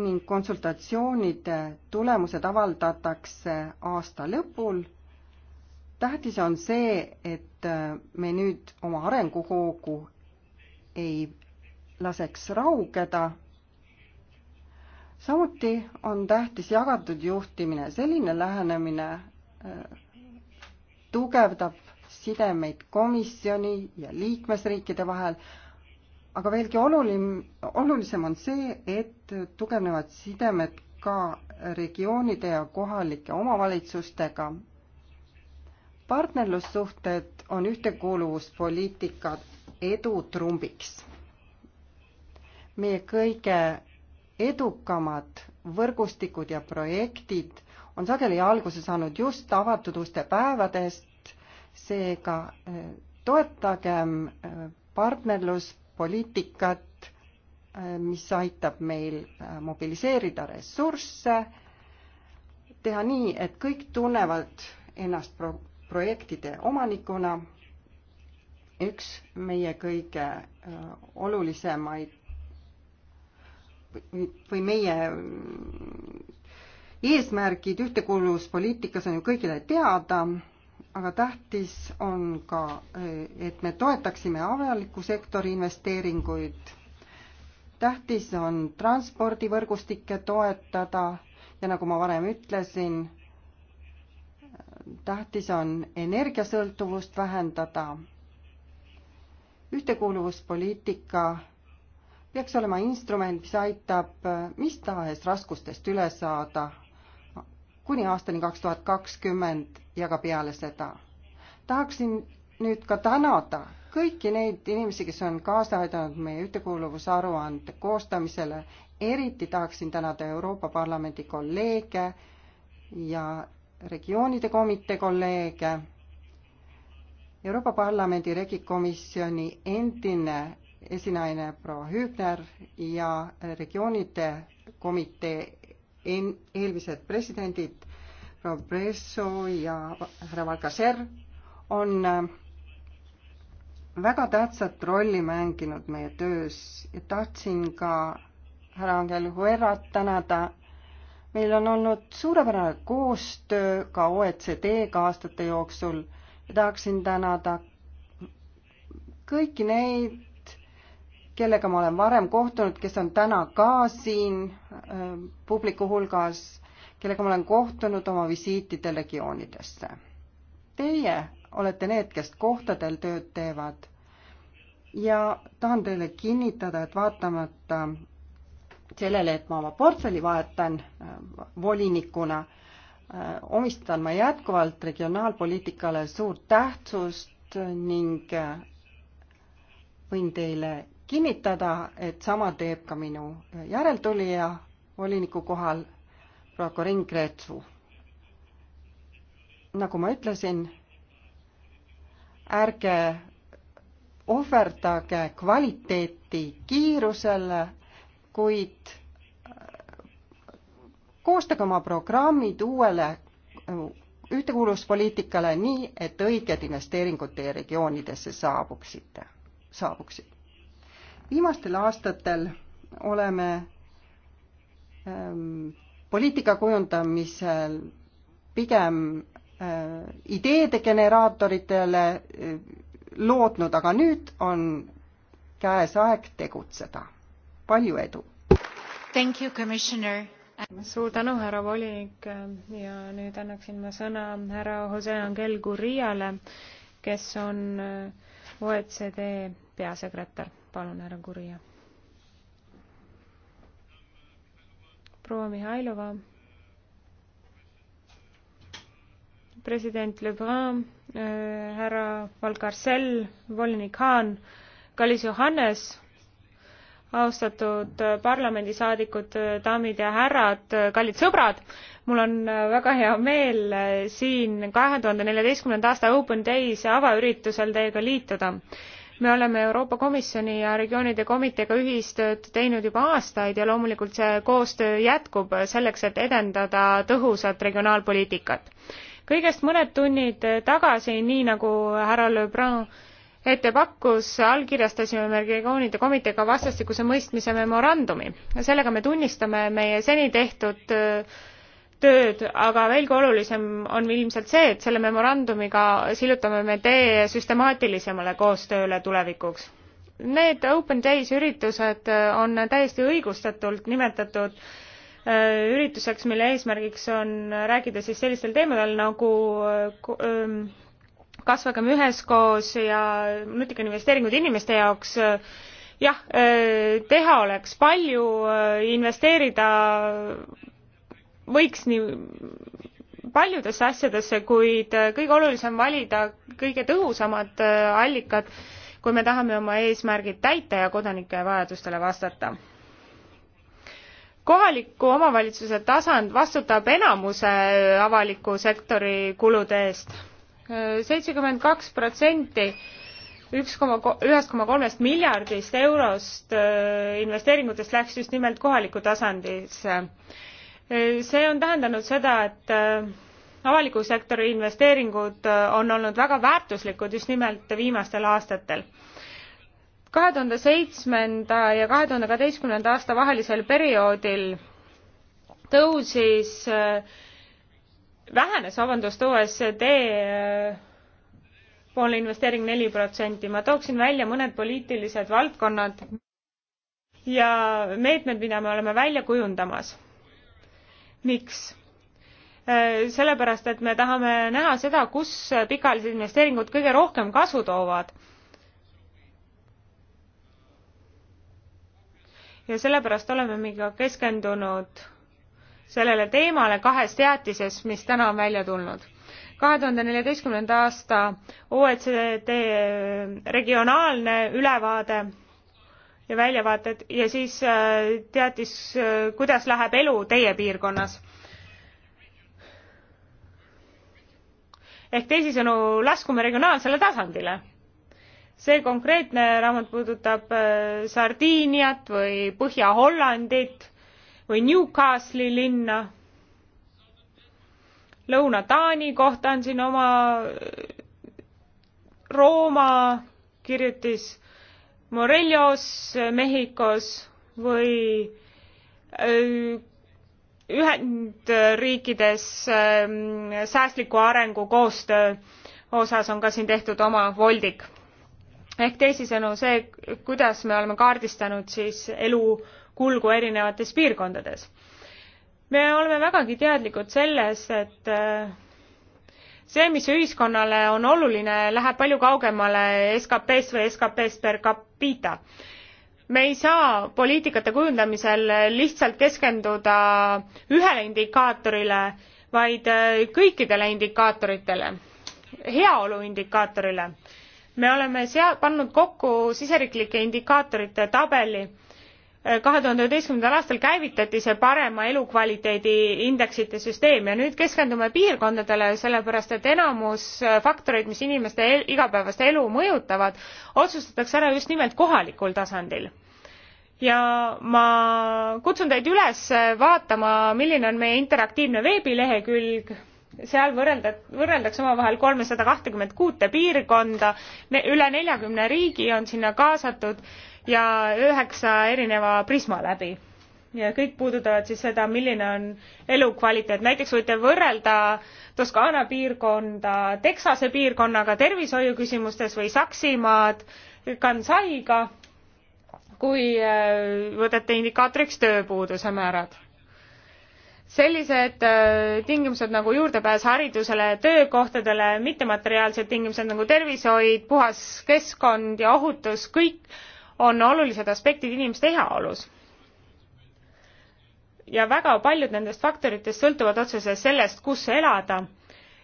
ning konsultatsioonide tulemused avaldatakse aasta lõpul. tähtis on see, et äh, me nüüd oma arenguhoogu ei laseks raugeda samuti on tähtis jagatud juhtimine, selline lähenemine äh, tugevdab sidemeid komisjoni ja liikmesriikide vahel, aga veelgi olulim, olulisem on see, et tugevnevad sidemed ka regioonide ja kohalike omavalitsustega. partnerlussuhted on ühtekuuluvuspoliitika edu trumbiks. meie kõige edukamad võrgustikud ja projektid on sageli alguse saanud just avatud uste päevadest, seega eh, toetagem eh, partnerluspoliitikat, eh, mis aitab meil mobiliseerida ressursse, teha nii, et kõik tunnevad ennast pro-, projektide omanikuna, üks meie kõige olulisemaid või meie eesmärgid ühtekuuluvuspoliitikas on ju kõigile teada, aga tähtis on ka, et me toetaksime avaliku sektori investeeringuid. tähtis on transpordivõrgustikke toetada ja nagu ma varem ütlesin, tähtis on energiasõltuvust vähendada. ühtekuuluvuspoliitika peaks olema instrument, mis aitab äh, mis tahes raskustest üle saada kuni aastani kaks tuhat kakskümmend ja ka peale seda. tahaksin nüüd ka tänada kõiki neid inimesi, kes on kaasa aidanud meie ühtekuuluvusaruande koostamisele, eriti tahaksin tänada Euroopa Parlamendi kolleege ja regioonide komitee kolleege Euroopa Parlamendi regikomisjoni endine esinaine proua Hübner ja regioonide komitee en-, eelmised presidendid proua Bresso ja härra Valkaser on äh, väga tähtsat rolli mänginud meie töös ja tahtsin ka härra Angel Huerat tänada. meil on olnud suurepärane koostöö ka OECD-ga aastate jooksul ja tahaksin tänada kõiki neid kellega ma olen varem kohtunud, kes on täna ka siin äh, publiku hulgas, kellega ma olen kohtunud oma visiitide legioonidesse. Teie olete need, kes kohtadel tööd teevad ja tahan teile kinnitada, et vaatamata sellele, et ma oma portfelli vahetan äh, volinikuna, äh, omistan ma jätkuvalt regionaalpoliitikale suurt tähtsust ning võin teile kinnitada, et sama teeb ka minu järeltulija voliniku kohal, praegu Ring Kreetsu. nagu ma ütlesin, ärge ohverdage kvaliteeti kiirusele, kuid äh, koostage oma programmid uuele äh, ühtekuuluvuspoliitikale nii, et õiged investeeringud teie regioonidesse saabuksid, saabuksid viimastel aastatel oleme ähm, poliitika kujundamisel pigem äh, ideede generaatoritele äh, lootnud, aga nüüd on käes aeg tegutseda. palju edu! Thank you, commissioner! suur tänu, härra volinik ja nüüd annaksin ma sõna härra Jose Angel Gurriale, kes on äh, OECD peasekretär palun, härra Kurja. proua Mihhailova. president Lebrun, äh, härra Valkarcel, volinik Haan, kallis Johannes, austatud äh, parlamendisaadikud, äh, daamid ja härrad, kallid sõbrad, mul on väga hea meel siin kahe tuhande neljateistkümnenda aasta Open Days avaüritusel teiega liituda me oleme Euroopa Komisjoni ja regioonide komiteega ühistööd teinud juba aastaid ja loomulikult see koostöö jätkub selleks, et edendada tõhusat regionaalpoliitikat. kõigest mõned tunnid tagasi, nii nagu härra Le Brun ette pakkus, allkirjastasime me regioonide komiteega vastastikuse mõistmise memorandumi. sellega me tunnistame meie seni tehtud tööd, aga veelgi olulisem on ilmselt see, et selle memorandumiga sillutame me tee süstemaatilisemale koostööle tulevikuks. Need Open Days üritused on täiesti õigustatult nimetatud äh, ürituseks, mille eesmärgiks on rääkida siis sellistel teemadel nagu ähm, kasvagem üheskoos ja nutikad investeeringud inimeste jaoks jah, äh, teha oleks palju, äh, investeerida võiks nii paljudesse asjadesse, kuid äh, kõige olulisem valida kõige tõhusamad äh, allikad, kui me tahame oma eesmärgid täita ja kodanike vajadustele vastata. kohaliku omavalitsuse tasand vastutab enamuse äh, avaliku sektori kulude eest. seitsekümmend kaks protsenti üks koma ühest koma kolmest miljardist eurost investeeringutest läks just nimelt kohalikku tasandisse see on tähendanud seda, et äh, avaliku sektori investeeringud äh, on olnud väga väärtuslikud just nimelt viimastel aastatel. kahe tuhande seitsmenda ja kahe tuhande kaheteistkümnenda aasta vahelisel perioodil tõusis, äh, vähenes, vabandust, OSCD poolne investeering neli protsenti. ma tooksin välja mõned poliitilised valdkonnad ja meetmed, mida me oleme välja kujundamas miks? Äh, sellepärast, et me tahame näha seda, kus pikaajalised investeeringud kõige rohkem kasu toovad. ja sellepärast oleme me ka keskendunud sellele teemale kahes teatises, mis täna on välja tulnud. kahe tuhande neljateistkümnenda aasta OECD regionaalne ülevaade ja väljavaated ja siis äh, teatis, äh, kuidas läheb elu teie piirkonnas. ehk teisisõnu, laskume regionaalsele tasandile. see konkreetne raamat puudutab äh, Sardiiniat või Põhja-Hollandit või Newcastle'i linna. Lõuna-Taani kohta on siin oma Rooma kirjutis Morellos Mehhikos või äh, Ühendriikides ähm, säästliku arengu koostöö osas on ka siin tehtud oma voldik. ehk teisisõnu see, kuidas me oleme kaardistanud siis elu kulgu erinevates piirkondades. me oleme vägagi teadlikud sellest, et äh, see, mis ühiskonnale on oluline, läheb palju kaugemale SKP-st või SKP-st per capita. me ei saa poliitikate kujundamisel lihtsalt keskenduda ühele indikaatorile, vaid kõikidele indikaatoritele, heaolu indikaatorile. me oleme sea-, pannud kokku siseriiklike indikaatorite tabeli kahe tuhande üheteistkümnendal aastal käivitati see parema elukvaliteedi indeksite süsteem ja nüüd keskendume piirkondadele sellepärast et enamus faktoreid mis inimeste igapäevast elu mõjutavad otsustatakse ära just nimelt kohalikul tasandil ja ma kutsun teid üles vaatama milline on meie interaktiivne veebilehekülg seal võrrelda- võrreldakse omavahel kolmesada kahtekümmet kuute piirkonda üle neljakümne riigi on sinna kaasatud ja üheksa erineva prisma läbi ja kõik puudutavad siis seda, milline on elukvaliteet. näiteks võite võrrelda Toskaana piirkonda Texase piirkonnaga tervishoiu küsimustes või Saksimaad Kansaiga, kui äh, võtate indikaatoriks tööpuuduse määrad. sellised äh, tingimused nagu juurdepääs haridusele, töökohtadele, mittemateriaalsed tingimused nagu tervishoid, puhas keskkond ja ohutus, kõik on olulised aspektid inimeste heaolus. ja väga paljud nendest faktoritest sõltuvad otseselt sellest, kus elada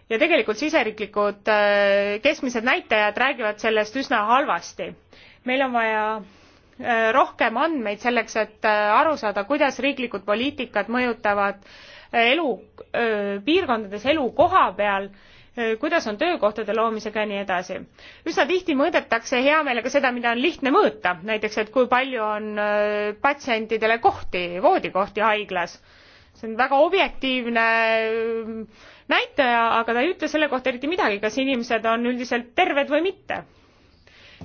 ja tegelikult siseriiklikud äh, keskmised näitajad räägivad sellest üsna halvasti. meil on vaja äh, rohkem andmeid selleks, et äh, aru saada, kuidas riiklikud poliitikad mõjutavad elu, piirkondades elu koha peal Äh, kuidas on töökohtade loomisega ja nii edasi. üsna tihti mõõdetakse hea meelega seda, mida on lihtne mõõta, näiteks et kui palju on äh, patsientidele kohti, voodikohti haiglas. see on väga objektiivne äh, näitaja, aga ta ei ütle selle kohta eriti midagi, kas inimesed on üldiselt terved või mitte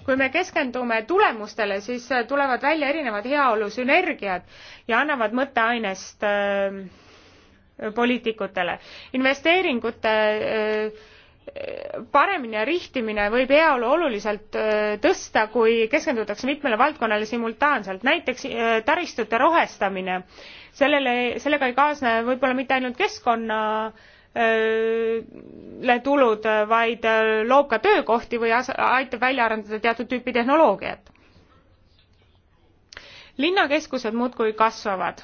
kui me keskendume tulemustele, siis tulevad välja erinevad heaolu sünergiad ja annavad mõtteainest äh, poliitikutele. investeeringute äh, paremini ja rihtimine võib heaolu oluliselt äh, tõsta, kui keskendutakse mitmele valdkonnale simultaanselt, näiteks äh, taristute rohestamine. sellele, sellega ei kaasne võib-olla mitte ainult keskkonna le tulud, vaid loob ka töökohti või aitab välja arendada teatud tüüpi tehnoloogiat. linnakeskused muudkui kasvavad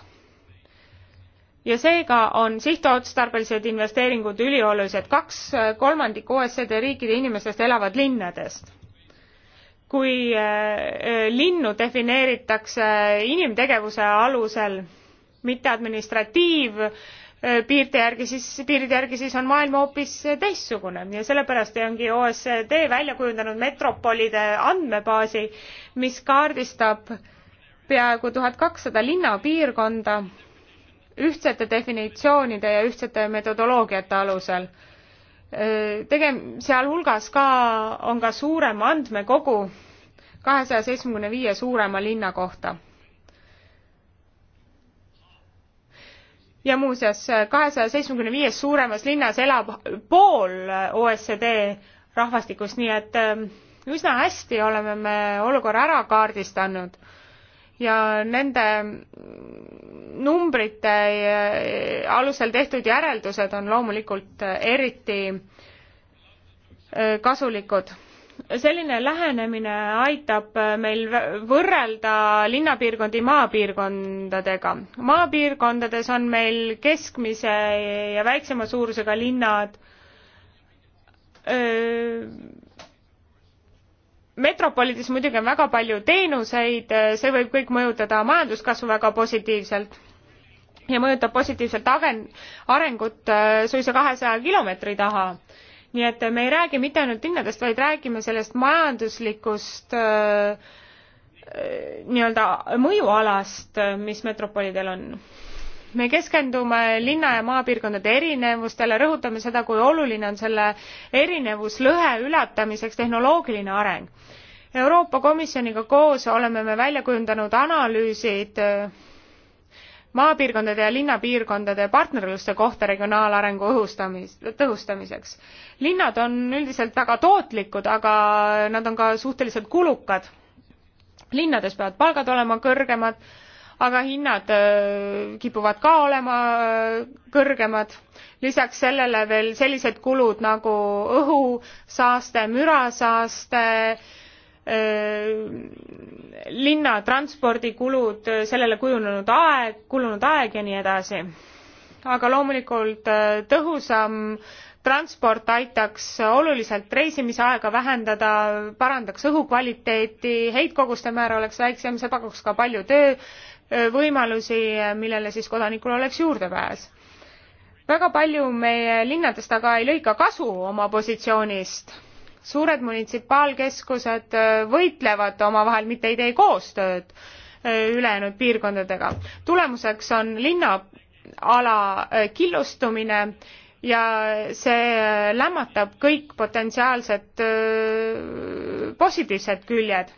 ja seega on sihtotstarbelised investeeringud üliolulised. kaks kolmandikku OECD riikide inimestest elavad linnadest kui äh, äh, linnu defineeritakse inimtegevuse alusel, mitte administratiivpiiride äh, järgi, siis piiride järgi, siis on maailm hoopis teistsugune ja sellepärast ongi OSCD välja kujundanud metropolide andmebaasi, mis kaardistab peaaegu tuhat kakssada linnapiirkonda ühtsete definitsioonide ja ühtsete metodoloogiate alusel. Tege-, sealhulgas ka, on ka suurem andmekogu kahesaja seitsmekümne viie suurema linna kohta. ja muuseas, kahesaja seitsmekümne viies suuremas linnas elab pool OECD rahvastikust, nii et ähm, üsna hästi oleme me olukorra ära kaardistanud ja nende numbrite äh, alusel tehtud järeldused on loomulikult äh, eriti äh, kasulikud. selline lähenemine aitab meil võrrelda linnapiirkondi maapiirkondadega. maapiirkondades on meil keskmise ja väiksema suurusega linnad öö, metropolides muidugi on väga palju teenuseid, see võib kõik mõjutada majanduskasvu väga positiivselt ja mõjutab positiivselt agen-, arengut äh, suisa kahesaja kilomeetri taha. nii et me ei räägi mitte ainult linnadest, vaid räägime sellest majanduslikust äh, äh, nii-öelda mõjualast, mis metropolidel on me keskendume linna ja maapiirkondade erinevustele rõhutame seda kui oluline on selle erinevuslõhe ületamiseks tehnoloogiline areng euroopa komisjoniga koos oleme me välja kujundanud analüüsid äh, maapiirkondade ja linnapiirkondade partnerluste kohta regionaalarengu tõhustamiseks linnad on üldiselt väga tootlikud aga nad on ka suhteliselt kulukad linnades peavad palgad olema kõrgemad aga hinnad äh, kipuvad ka olema äh, kõrgemad lisaks sellele veel sellised kulud nagu õhusaaste mürasaaste äh, linna transpordikulud sellele kujunenud aeg kulunud aeg ja nii edasi aga loomulikult tõhusam transport aitaks oluliselt reisimisaega vähendada parandaks õhukvaliteeti heitkoguste määr oleks väiksem see pakuks ka palju töö võimalusi, millele siis kodanikul oleks juurdepääs. väga palju meie linnadest aga ei lõika kasu oma positsioonist. suured munitsipaalkeskused äh, võitlevad omavahel, mitte ei tee koostööd äh, ülejäänud piirkondadega. tulemuseks on linnaala äh, killustumine ja see lämmatab kõik potentsiaalsed positiivsed küljed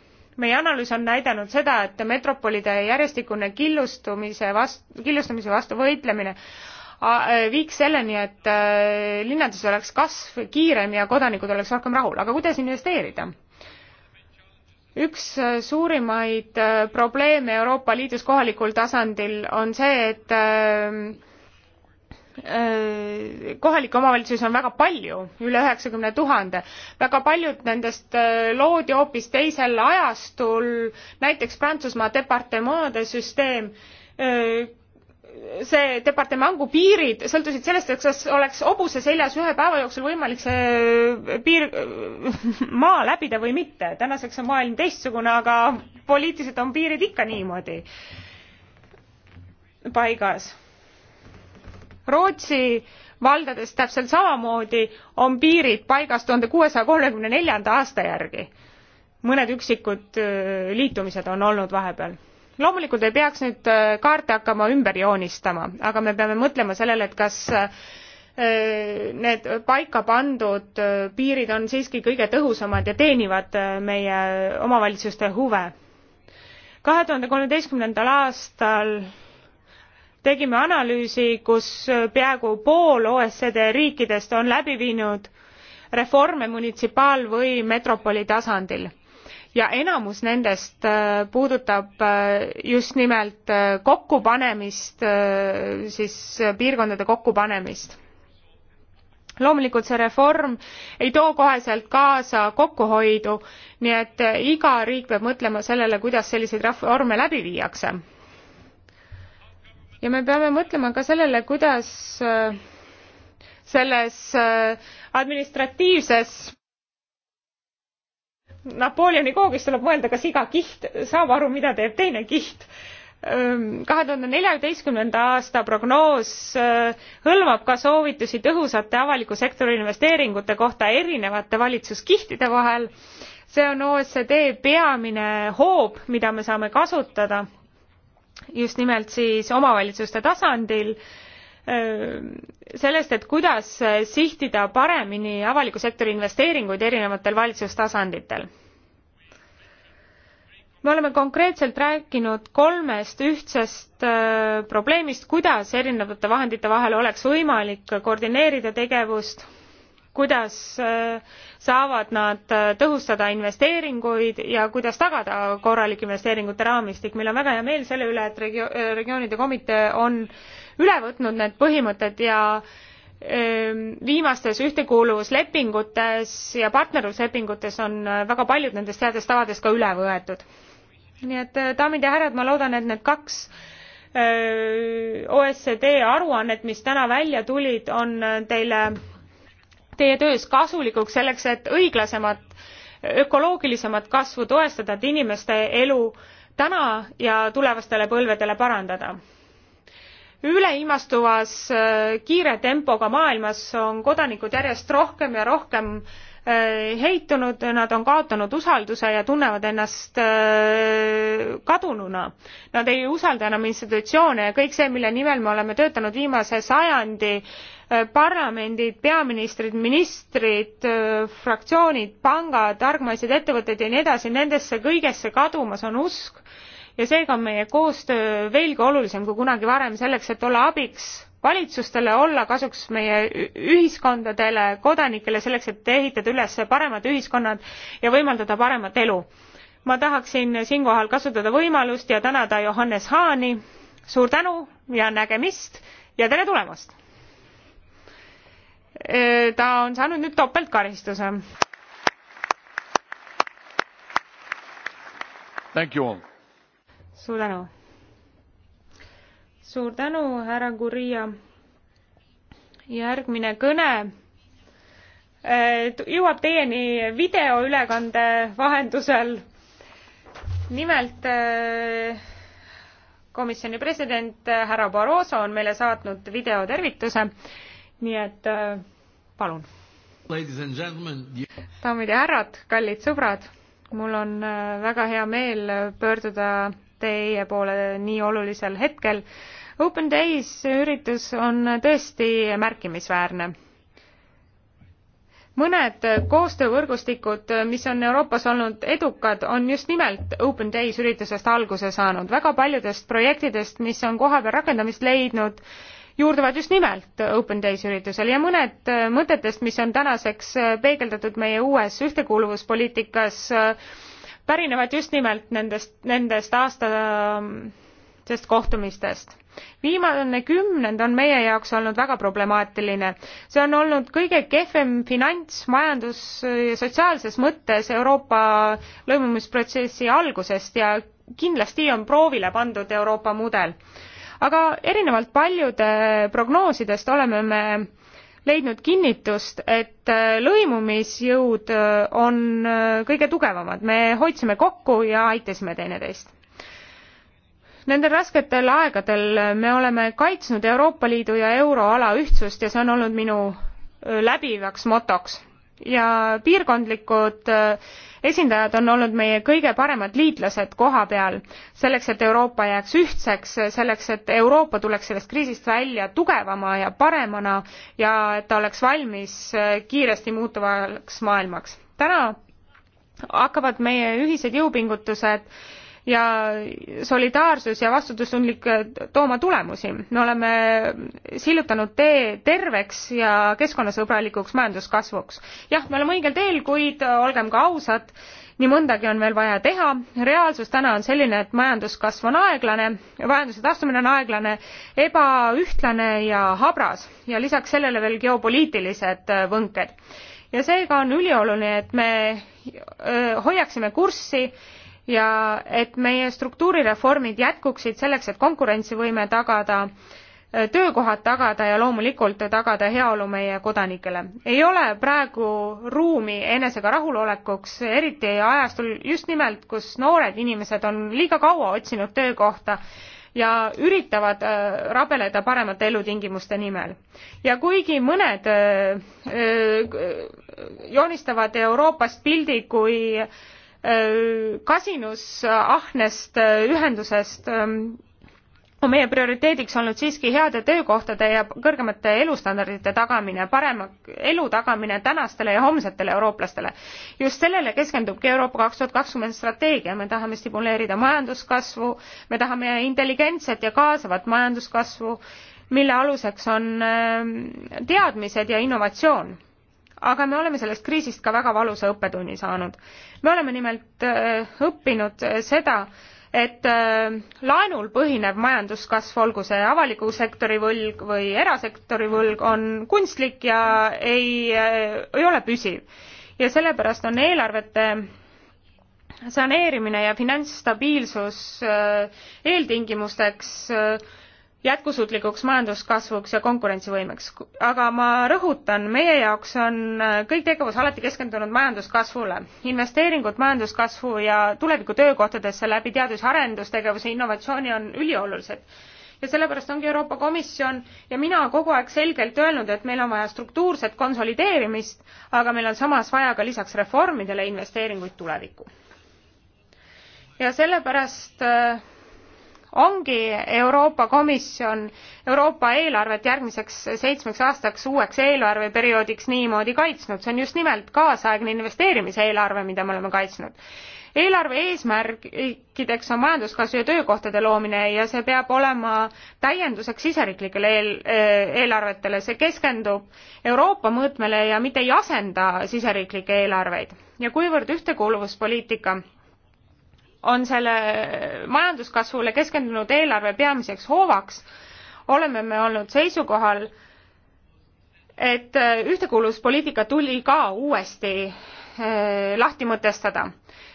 meie analüüs on näidanud seda, et metropolide järjestikune killustumise vast-, killustumise vastu võitlemine äh, viiks selleni, et äh, linnades oleks kasv kiirem ja kodanikud oleks rohkem rahul, aga kuidas investeerida? üks äh, suurimaid probleeme Euroopa Liidus kohalikul tasandil on see, et Äh, kohalikke omavalitsusi on väga palju, üle üheksakümne tuhande. väga paljud nendest äh, loodi hoopis teisel ajastul, näiteks Prantsusmaa departementide süsteem, äh, see departementu piirid sõltusid sellest, et kas oleks hobuse seljas ühe päeva jooksul võimalik see piir, maa läbida või mitte. tänaseks on maailm teistsugune, aga poliitiliselt on piirid ikka niimoodi paigas Rootsi valdades täpselt samamoodi on piirid paigas tuhande kuuesaja kolmekümne neljanda aasta järgi. mõned üksikud liitumised on olnud vahepeal. loomulikult ei peaks nüüd kaarte hakkama ümber joonistama, aga me peame mõtlema sellele, et kas need paika pandud piirid on siiski kõige tõhusamad ja teenivad meie omavalitsuste huve. kahe tuhande kolmeteistkümnendal aastal tegime analüüsi kus peaaegu pool oecd riikidest on läbi viinud reforme munitsipaal või metropoli tasandil ja enamus nendest äh, puudutab äh, just nimelt äh, kokkupanemist siis piirkondade kokkupanemist loomulikult see reform ei too koheselt kaasa kokkuhoidu nii et iga riik peab mõtlema sellele kuidas selliseid reforme läbi viiakse ja me peame mõtlema ka sellele, kuidas äh, selles äh, administratiivses Napoleoni koogis tuleb mõelda, kas iga kiht saab aru, mida teeb teine kiht. Ähm, kahe tuhande neljateistkümnenda aasta prognoos äh, hõlmab ka soovitusi tõhusate avaliku sektori investeeringute kohta erinevate valitsuskihtide vahel. see on OECD peamine hoob, mida me saame kasutada just nimelt siis omavalitsuste tasandil sellest, et kuidas sihtida paremini avaliku sektori investeeringuid erinevatel valitsustasanditel. me oleme konkreetselt rääkinud kolmest ühtsest probleemist, kuidas erinevate vahendite vahel oleks võimalik koordineerida tegevust kuidas äh, saavad nad äh, tõhustada investeeringuid ja kuidas tagada korralik investeeringute raamistik. meil on väga hea meel selle üle, et regio-, äh, regioonide komitee on üle võtnud need põhimõtted ja ähm, viimastes ühtekuuluvuslepingutes ja partnerluslepingutes on väga paljud nendest headest tavadest ka üle võetud. nii et daamid ja härrad, ma loodan, et need kaks OECD aruannet, mis täna välja tulid, on teile teie töös kasulikuks selleks et õiglasemat ökoloogilisemat kasvu toestada et inimeste elu täna ja tulevastele põlvedele parandada üleilmastuvas äh, kiire tempoga maailmas on kodanikud järjest rohkem ja rohkem Äh, heitunud, nad on kaotanud usalduse ja tunnevad ennast äh, kadununa. Nad ei usalda enam institutsioone ja kõik see, mille nimel me oleme töötanud viimase sajandi, äh, parlamendid, peaministrid, ministrid, fraktsioonid, pangad, argmaised ettevõtted ja nii edasi, nendesse kõigesse kadumas on usk ja seega on meie koostöö veelgi olulisem kui kunagi varem selleks, et olla abiks valitsustele olla kasuks meie ühiskondadele kodanikele selleks et ehitada üles paremad ühiskonnad ja võimaldada paremat elu. ma tahaksin siinkohal kasutada võimalust ja tänada johannes hahni suur tänu ja nägemist ja tere tulemast! ta on saanud nüüd topeltkaristuse. suur tänu! suur tänu, härra Gurria. järgmine kõne eh, jõuab teieni videoülekande vahendusel. nimelt eh, komisjoni president eh, härra Barroso on meile saatnud videotervituse, nii et palun. daamid ja härrad, kallid sõbrad, mul on väga hea meel pöörduda teie poole nii olulisel hetkel Open Days üritus on tõesti märkimisväärne mõned koostöövõrgustikud, mis on Euroopas olnud edukad, on just nimelt Open Days üritusest alguse saanud. väga paljudest projektidest, mis on kohapeal rakendamist leidnud, juurduvad just nimelt Open Days üritusel ja mõned mõtetest, mis on tänaseks peegeldatud meie uues ühtekuuluvuspoliitikas, pärinevad just nimelt nendest, nendest aasta sest kohtumistest. viimane kümnend on meie jaoks olnud väga problemaatiline. see on olnud kõige kehvem finants, majandus ja sotsiaalses mõttes Euroopa lõimumisprotsessi algusest ja kindlasti on proovile pandud Euroopa mudel. aga erinevalt paljude prognoosidest oleme me leidnud kinnitust, et lõimumisjõud on kõige tugevamad. me hoidsime kokku ja aitasime teineteist nendel rasketel aegadel me oleme kaitsnud euroopa liidu ja euroala ühtsust ja see on olnud minu läbivaks motoks ja piirkondlikud esindajad on olnud meie kõige paremad liitlased kohapeal selleks et euroopa jääks ühtseks selleks et euroopa tuleks sellest kriisist välja tugevama ja paremana ja et ta oleks valmis kiiresti muutuvaks maailmaks täna hakkavad meie ühised jõupingutused ja solidaarsus ja vastutustundlik äh, tooma tulemusi. me oleme sillutanud tee terveks ja keskkonnasõbralikuks majanduskasvuks. jah, me oleme õigel teel, kuid äh, olgem ka ausad, nii mõndagi on veel vaja teha reaalsus täna on selline et majanduskasv on aeglane majanduse taastumine on aeglane ebaühtlane ja habras ja lisaks sellele veel geopoliitilised äh, võnked ja seega on ülioluline et me hoiaksime kurssi ja et meie struktuurireformid jätkuksid selleks, et konkurentsivõime tagada, töökohad tagada ja loomulikult tagada heaolu meie kodanikele. ei ole praegu ruumi enesega rahulolekuks, eriti ajastul just nimelt, kus noored inimesed on liiga kaua otsinud töökohta ja üritavad äh, rabeleda paremate elutingimuste nimel. ja kuigi mõned äh, äh, joonistavad Euroopast pildi kui äh, Äh, kasinusahnest äh, ühendusest ähm, on meie prioriteediks olnud siiski heade töökohtade ja kõrgemate elustandardite tagamine, parema elu tagamine tänastele ja homsetele eurooplastele. just sellele keskendubki Euroopa kaks tuhat kakskümmend strateegia, me tahame stimuleerida majanduskasvu, me tahame intelligentset ja kaasavat majanduskasvu, mille aluseks on ähm, teadmised ja innovatsioon aga me oleme sellest kriisist ka väga valusa õppetunni saanud. me oleme nimelt äh, õppinud äh, seda, et äh, laenul põhinev majanduskasv, olgu see avaliku sektori võlg või erasektori võlg, on kunstlik ja ei, ei ole püsiv. ja sellepärast on eelarvete saneerimine ja finantsstabiilsus eeltingimusteks jätkusuutlikuks majanduskasvuks ja konkurentsivõimeks. aga ma rõhutan, meie jaoks on äh, kõik tegevus alati keskendunud majanduskasvule. investeeringud majanduskasvu ja tuleviku töökohtadesse läbi teadus- ja arendustegevuse innovatsiooni on üliolulised. ja sellepärast ongi Euroopa Komisjon ja mina kogu aeg selgelt öelnud, et meil on vaja struktuurset konsolideerimist, aga meil on samas vaja ka lisaks reformidele investeeringuid tulevikku. ja sellepärast äh, ongi Euroopa Komisjon Euroopa eelarvet järgmiseks seitsmeks aastaks uueks eelarveperioodiks niimoodi kaitsnud, see on just nimelt kaasaegne investeerimiseelarve, mida me oleme kaitsnud. eelarve eesmärkideks on majanduskasvu ja töökohtade loomine ja see peab olema täienduseks siseriiklikele eel, äh, eelarvetele, see keskendub Euroopa mõõtmele ja mitte ei asenda siseriiklikke eelarveid. ja kuivõrd ühtekuuluvuspoliitika on selle majanduskasvule keskendunud eelarve peamiseks hoovaks, oleme me olnud seisukohal, et ühtekuuluvuspoliitika tuli ka uuesti äh, lahti mõtestada.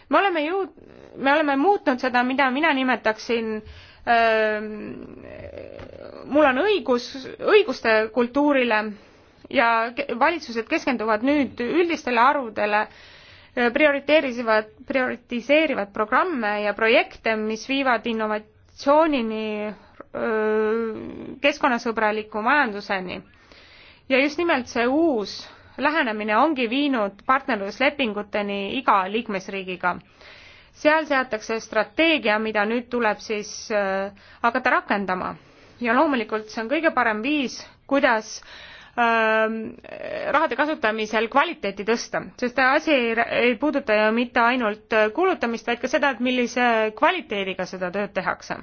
me oleme jõud-, me oleme muutnud seda, mida mina nimetaksin äh, mul on õigus, õiguste kultuurile ja valitsused keskenduvad nüüd üldistele arvudele äh, prioriteerivad, prioritiseerivad programme ja projekte, mis viivad innovatsioonini, keskkonnasõbraliku majanduseni. ja just nimelt see uus lähenemine ongi viinud partnerluslepinguteni iga liikmesriigiga seal seatakse strateegia, mida nüüd tuleb siis hakata rakendama. ja loomulikult see on kõige parem viis, kuidas Ähm, rahade kasutamisel kvaliteeti tõsta, sest asi ei, ei puuduta ju mitte ainult kulutamist, vaid ka seda, et millise kvaliteediga seda tööd tehakse.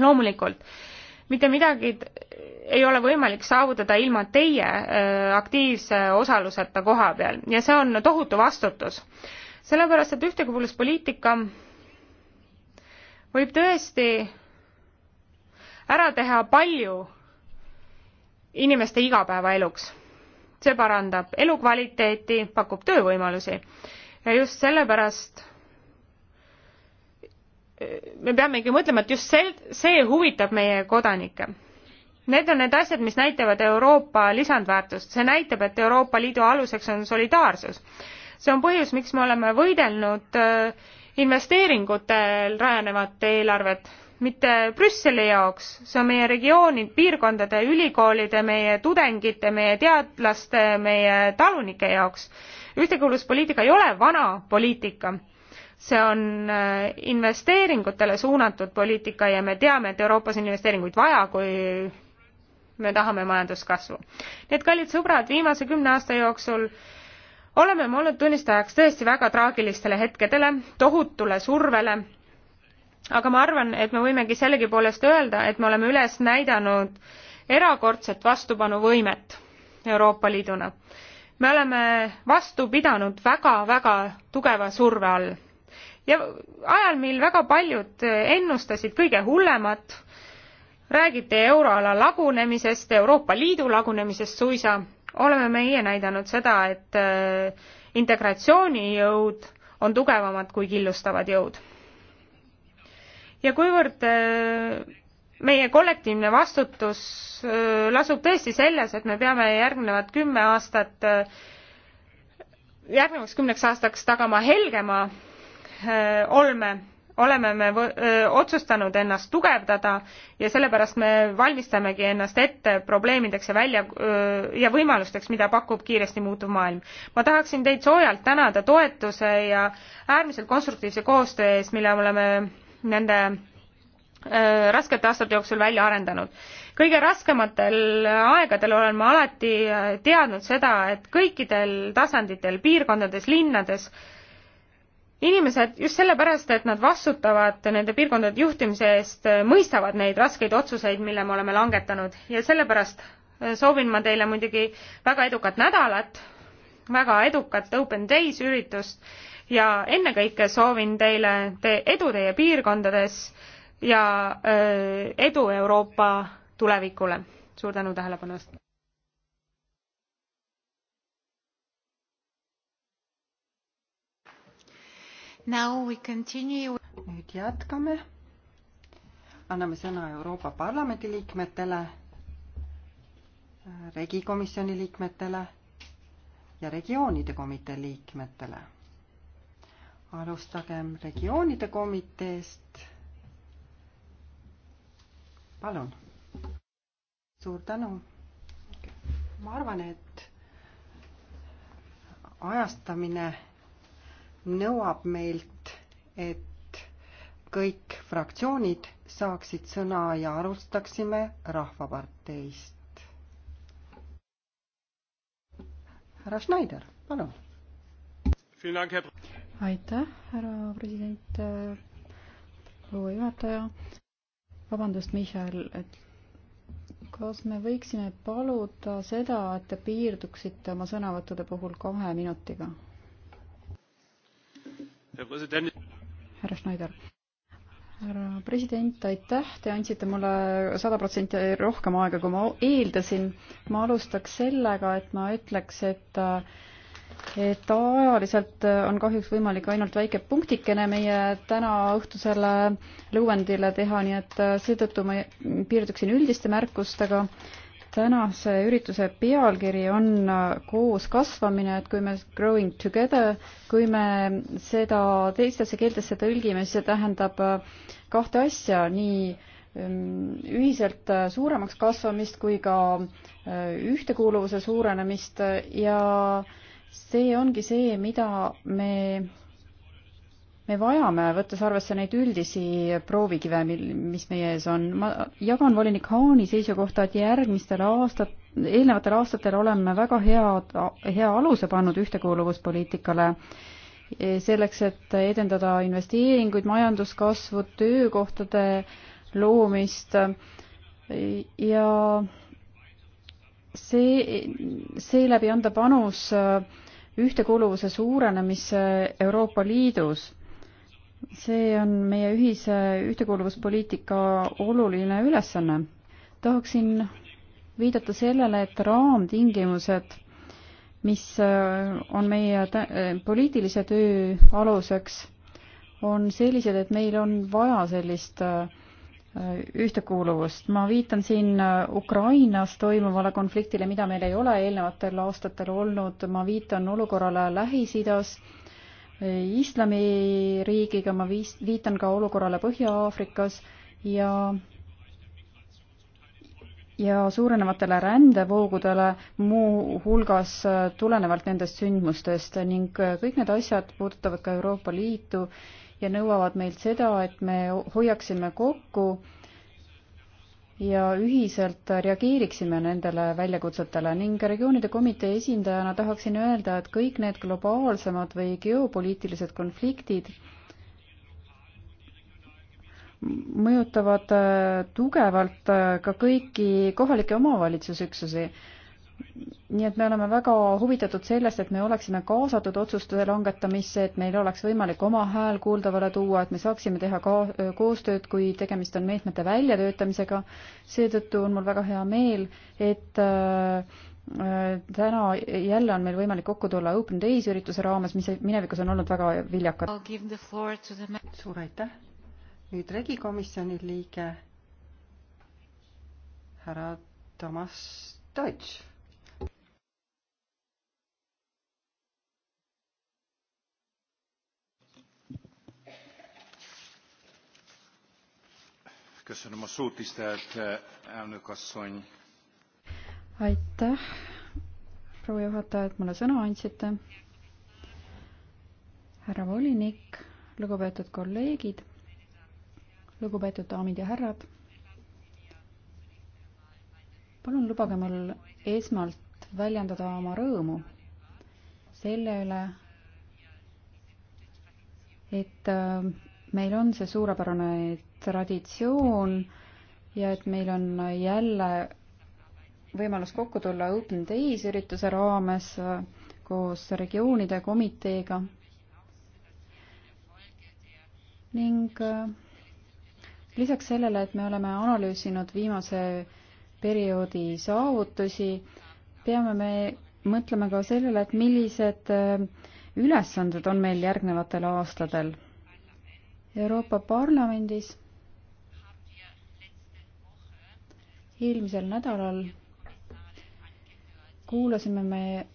loomulikult, mitte midagi ei ole võimalik saavutada ilma teie äh, aktiivse osaluseta koha peal ja see on tohutu vastutus. sellepärast, et ühtekuuluvuspoliitika võib tõesti ära teha palju inimeste igapäevaeluks. see parandab elukvaliteeti, pakub töövõimalusi ja just sellepärast me peamegi mõtlema, et just see, see huvitab meie kodanikke. Need on need asjad, mis näitavad Euroopa lisandväärtust, see näitab, et Euroopa Liidu aluseks on solidaarsus. see on põhjus, miks me oleme võidelnud äh, investeeringutel rajanevat eelarvet, mitte Brüsseli jaoks, see on meie regiooni, piirkondade, ülikoolide, meie tudengite, meie teadlaste, meie talunike jaoks. ühtekuuluvuspoliitika ei ole vana poliitika. see on äh, investeeringutele suunatud poliitika ja me teame, et Euroopas on investeeringuid vaja, kui me tahame majanduskasvu. nii et, kallid sõbrad, viimase kümne aasta jooksul oleme me olnud tunnistajaks tõesti väga traagilistele hetkedele, tohutule survele aga ma arvan, et me võimegi sellegipoolest öelda, et me oleme üles näidanud erakordset vastupanuvõimet Euroopa Liiduna. me oleme vastu pidanud väga-väga tugeva surve all ja ajal, mil väga paljud ennustasid kõige hullemat, räägiti euroala lagunemisest, Euroopa Liidu lagunemisest suisa, oleme meie näidanud seda, et äh, integratsioonijõud on tugevamad kui killustavad jõud ja kuivõrd äh, meie kollektiivne vastutus äh, lasub tõesti selles, et me peame järgnevad kümme aastat, äh, järgnevaks kümneks aastaks tagama helgema olme, oleme me otsustanud ennast tugevdada ja sellepärast me valmistamegi ennast ette probleemideks ja välja ja võimalusteks, mida pakub kiiresti muutuv maailm. ma tahaksin teid soojalt tänada toetuse ja äärmiselt konstruktiivse koostöö eest, mille oleme nende äh, raskete aastate jooksul välja arendanud. kõige raskematel aegadel olen ma alati äh, teadnud seda, et kõikidel tasanditel, piirkondades, linnades inimesed just sellepärast, et nad vastutavad nende piirkondade juhtimise eest, äh, mõistavad neid raskeid otsuseid, mille me oleme langetanud ja sellepärast soovin ma teile muidugi väga edukat nädalat, väga edukat Open Days üritust ja ennekõike soovin teile te edu teie piirkondades ja öö, edu Euroopa tulevikule. suur tänu tähelepanu eest! nüüd jätkame. anname sõna Euroopa Parlamendi liikmetele, regikomisjoni liikmetele ja regioonide komitee liikmetele alustagem regioonide komiteest. palun. suur tänu. ma arvan, et ajastamine nõuab meilt, et kõik fraktsioonid saaksid sõna ja alustaksime Rahvaparteist. härra Schneider, palun aitäh, härra president, äh, proua juhataja. vabandust, Michal, et kas me võiksime paluda seda, et te piirduksite oma sõnavõttude puhul kahe minutiga? härra Schneider. härra president, aitäh, te andsite mulle sada protsenti rohkem aega, kui ma eeldasin. ma alustaks sellega, et ma ütleks, et äh, et ajaliselt on kahjuks võimalik ainult väike punktikene meie tänaõhtusele lõuendile teha, nii et seetõttu ma piirduksin üldiste märkustega. tänase ürituse pealkiri on koos kasvamine, et kui me growing together, kui me seda teistesse keeltesse tõlgime, siis see tähendab kahte asja, nii ehm, ühiselt suuremaks kasvamist kui ka ehm, ühtekuuluvuse suurenemist ja äh, see ongi see, mida me, me vajame, võttes arvesse neid üldisi proovikive, mil, mis meie ees on. ma jagan volinik Haani seisukohta, et järgmistel aastat-, eelnevatel aastatel oleme väga head, hea aluse pannud ühtekuuluvuspoliitikale e, selleks, et edendada investeeringuid, majanduskasvu, töökohtade loomist e, ja see, seeläbi anda panus äh, ühtekuuluvuse suurenemise Euroopa Liidus. see on meie ühise ühtekuuluvuspoliitika oluline ülesanne. tahaksin viidata sellele, et raamtingimused, mis äh, on meie äh, poliitilise töö aluseks, on sellised, et meil on vaja sellist äh, Äh, ühtekuuluvust. ma viitan siin äh, Ukrainas toimuvale konfliktile, mida meil ei ole eelnevatel aastatel olnud, ma viitan olukorrale Lähis-Idas, äh, islamiriigiga, ma viis-, viitan ka olukorrale Põhja-Aafrikas ja ja suurenevatele rändevoogudele, muuhulgas tulenevalt nendest sündmustest ning kõik need asjad puudutavad ka Euroopa Liitu ja nõuavad meilt seda, et me hoiaksime kokku ja ühiselt reageeriksime nendele väljakutsetele ning regioonide komitee esindajana tahaksin öelda, et kõik need globaalsemad või geopoliitilised konfliktid mõjutavad tugevalt ka kõiki kohalikke omavalitsusüksusi nii et me oleme väga huvitatud sellest, et me oleksime kaasatud otsuste langetamisse, et meil oleks võimalik oma hääl kuuldavale tuua, et me saaksime teha ka koostööd, kui tegemist on meetmete väljatöötamisega. seetõttu on mul väga hea meel, et äh, täna jälle on meil võimalik kokku tulla Open Days ürituse raames, mis minevikus on olnud väga viljakad. suur aitäh. nüüd regikomisjoni liige härra Tomas Deutsch köszönöm a szót, tisztelt eh, elnök asszony. aitäh, proua juhataja, et mulle sõna andsite. härra volinik, lugupeetud kolleegid, lugupeetud daamid ja härrad. palun lubage mul esmalt väljendada oma rõõmu selle üle, et eh, meil on see suurepärane traditsioon ja et meil on jälle võimalus kokku tulla Open Days ürituse raames äh, koos regioonide komiteega ning äh, lisaks sellele, et me oleme analüüsinud viimase perioodi saavutusi, peame me mõtlema ka sellele, et millised äh, ülesanded on meil järgnevatel aastatel. Euroopa Parlamendis eelmisel nädalal kuulasime me äh,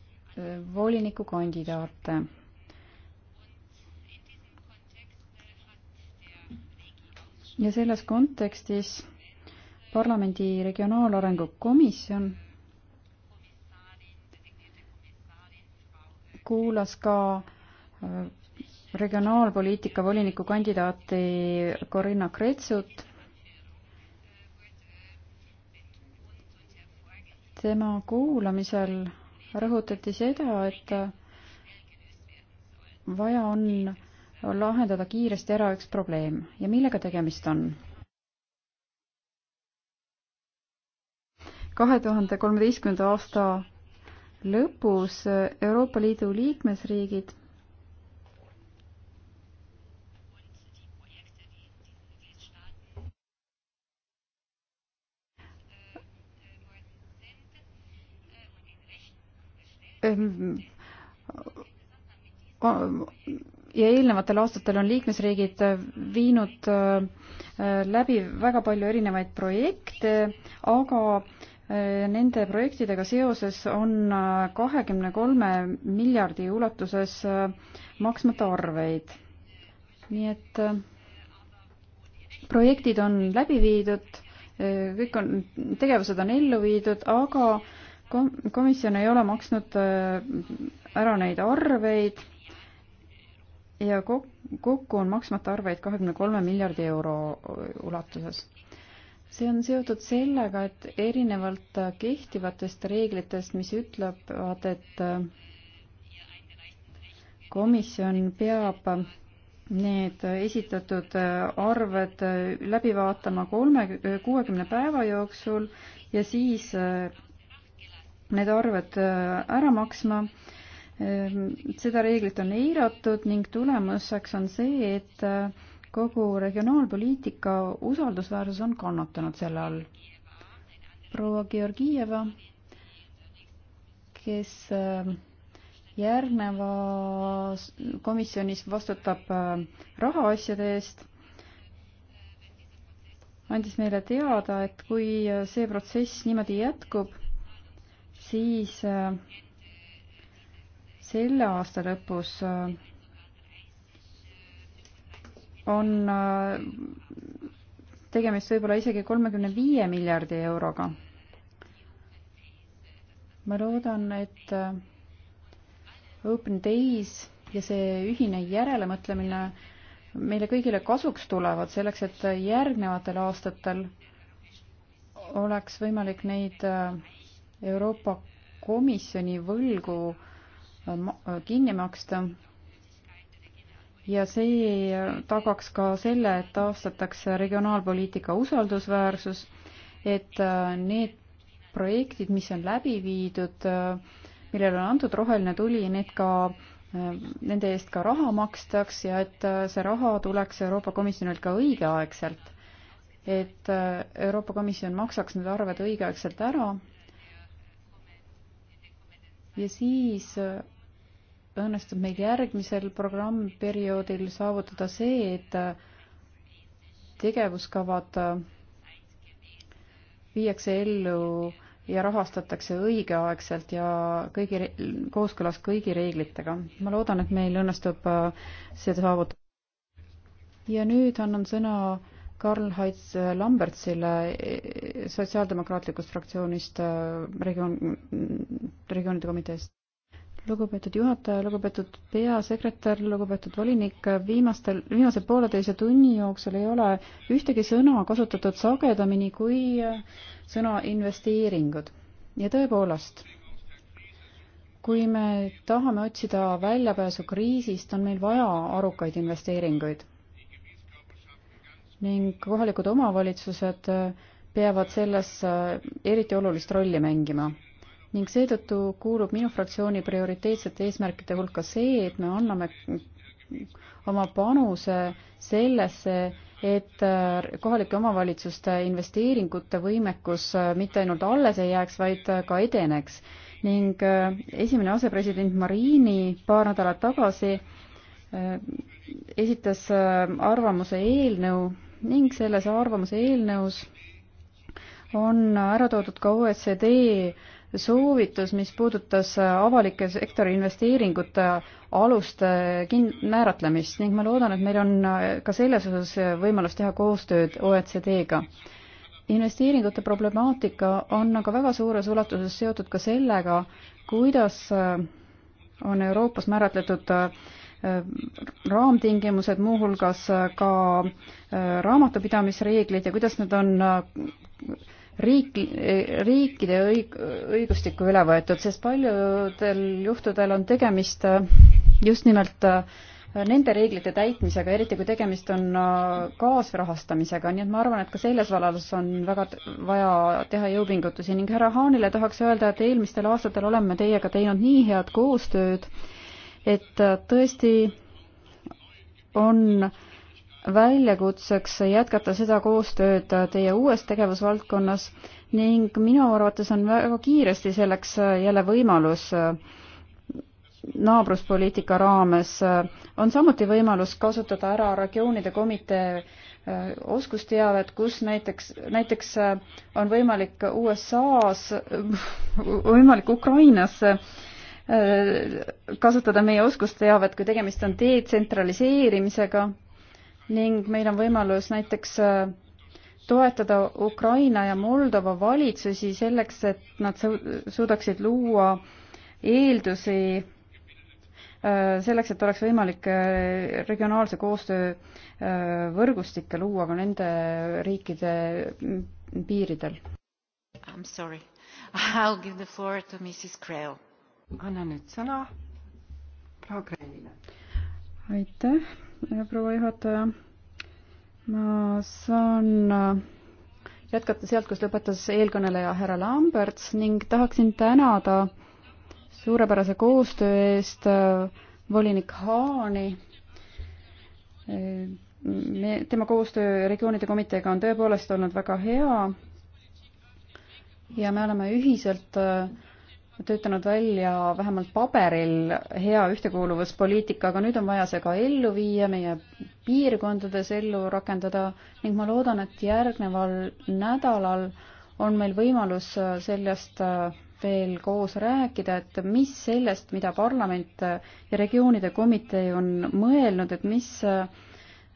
volinikukandidaate. ja selles kontekstis parlamendi regionaalarengu komisjon kuulas ka äh, regionaalpoliitika voliniku kandidaati Corinna Kretsut tema kuulamisel rõhutati seda, et vaja on lahendada kiiresti ära üks probleem ja millega tegemist on? kahe tuhande kolmeteistkümnenda aasta lõpus Euroopa Liidu liikmesriigid Ehm, ja eelnevatel aastatel on liikmesriigid äh, viinud äh, läbi väga palju erinevaid projekte, aga äh, nende projektidega seoses on kahekümne kolme miljardi ulatuses maksmata arveid. nii et projektid on läbi viidud, kõik on, tegevused on ellu viidud, aga kom-, komisjon ei ole maksnud äh, ära neid arveid ja kok-, kokku on maksmata arveid kahekümne kolme miljardi euro äh, ulatuses. see on seotud sellega, et erinevalt äh, kehtivatest reeglitest, mis ütlevad, et komisjon peab need esitatud arved läbi vaatama kolme, kuuekümne päeva jooksul ja siis need arved äh, ära maksma. Ähm, seda reeglit on eiratud ning tulemuseks on see, et äh, kogu regionaalpoliitika usaldusväärsus on kannatanud selle all. proua Georgieva, kes äh, järgnevas komisjonis vastutab rahaasjade eest, andis meile teada, et kui see protsess niimoodi jätkub, siis äh, selle aasta lõpus äh, on äh, tegemist võib-olla isegi kolmekümne viie miljardi euroga. ma loodan, et Open Days ja see ühine järelemõtlemine meile kõigile kasuks tulevad selleks, et järgnevatel aastatel oleks võimalik neid Euroopa Komisjoni võlgu äh, äh, kinni maksta ja see tagaks ka selle, et taastatakse regionaalpoliitika usaldusväärsus, et äh, need projektid, mis on läbi viidud, millele on antud roheline tuli, need ka, nende eest ka raha makstaks ja et see raha tuleks Euroopa Komisjonilt ka õigeaegselt. et Euroopa Komisjon maksaks need arved õigeaegselt ära ja siis äh, õnnestub meil järgmisel programmperioodil saavutada see, et äh, tegevuskavad äh, viiakse ellu ja rahastatakse õigeaegselt ja kõigi, kooskõlas kõigi reeglitega. ma loodan, et meil õnnestub see saavutada. ja nüüd annan sõna Karl-Heinz Lambertsile Sotsiaaldemokraatlikust fraktsioonist äh, regioon, regioonide komiteest. lugupeetud juhataja, lugupeetud peasekretär, lugupeetud volinik, viimastel, viimase pooleteise tunni jooksul ei ole ühtegi sõna kasutatud sagedamini kui äh, sõna investeeringud. ja tõepoolest, kui me tahame otsida väljapääsu kriisist, on meil vaja arukaid investeeringuid ning kohalikud omavalitsused äh, peavad selles äh, eriti olulist rolli mängima. ning seetõttu kuulub minu fraktsiooni prioriteetsete eesmärkide hulka see, et me anname oma panuse sellesse, et äh, kohalike omavalitsuste investeeringute võimekus mitte ainult alles ei jääks, vaid ka edeneks. ning esimene asepresident Marini paar nädalat tagasi esitas arvamuse eelnõu, ning selles arvamuse eelnõus on ära toodud ka OECD soovitus, mis puudutas avalike sektori investeeringute aluste kin-, määratlemist ning ma loodan, et meil on ka selles osas võimalus teha koostööd OECD-ga. investeeringute problemaatika on aga väga suures ulatuses seotud ka sellega, kuidas on Euroopas määratletud raamtingimused, muuhulgas ka äh, raamatupidamisreeglid ja kuidas need on äh, riik, riikide õig-, õigustikku üle võetud, sest paljudel juhtudel on tegemist äh, just nimelt nende reeglite täitmisega, eriti kui tegemist on kaasrahastamisega, nii et ma arvan, et ka selles vallas on väga vaja teha jõupingutusi ning härra Haanile tahaks öelda, et eelmistel aastatel oleme teiega teinud nii head koostööd, et tõesti on väljakutseks jätkata seda koostööd teie uues tegevusvaldkonnas ning minu arvates on väga kiiresti selleks jälle võimalus naabruspoliitika raames. on samuti võimalus kasutada ära regioonide komitee oskusteavet, kus näiteks, näiteks on võimalik USA-s, võimalik Ukrainas Äh, kasutada meie oskusteavet, kui tegemist on detsentraliseerimisega ning meil on võimalus näiteks äh, toetada Ukraina ja Moldova valitsusi selleks, et nad suudaksid luua eeldusi äh, selleks, et oleks võimalik regionaalse koostöö võrgustikke luua ka nende riikide piiridel. I am sorry, I will give the floor to Mrs Krell annan nüüd sõna proua Kreenile. aitäh, proua juhataja. ma saan äh, jätkata sealt, kus lõpetas eelkõneleja härra Lamberts ning tahaksin tänada suurepärase koostöö eest äh, volinik Haani äh, me, tema koostöö regioonide komiteega on tõepoolest olnud väga hea ja me oleme ühiselt äh, töötanud välja vähemalt paberil hea ühtekuuluvuspoliitika, aga nüüd on vaja see ka ellu viia, meie piirkondades ellu rakendada ning ma loodan, et järgneval nädalal on meil võimalus sellest äh, veel koos rääkida, et mis sellest, mida parlament ja regioonide komitee on mõelnud, et mis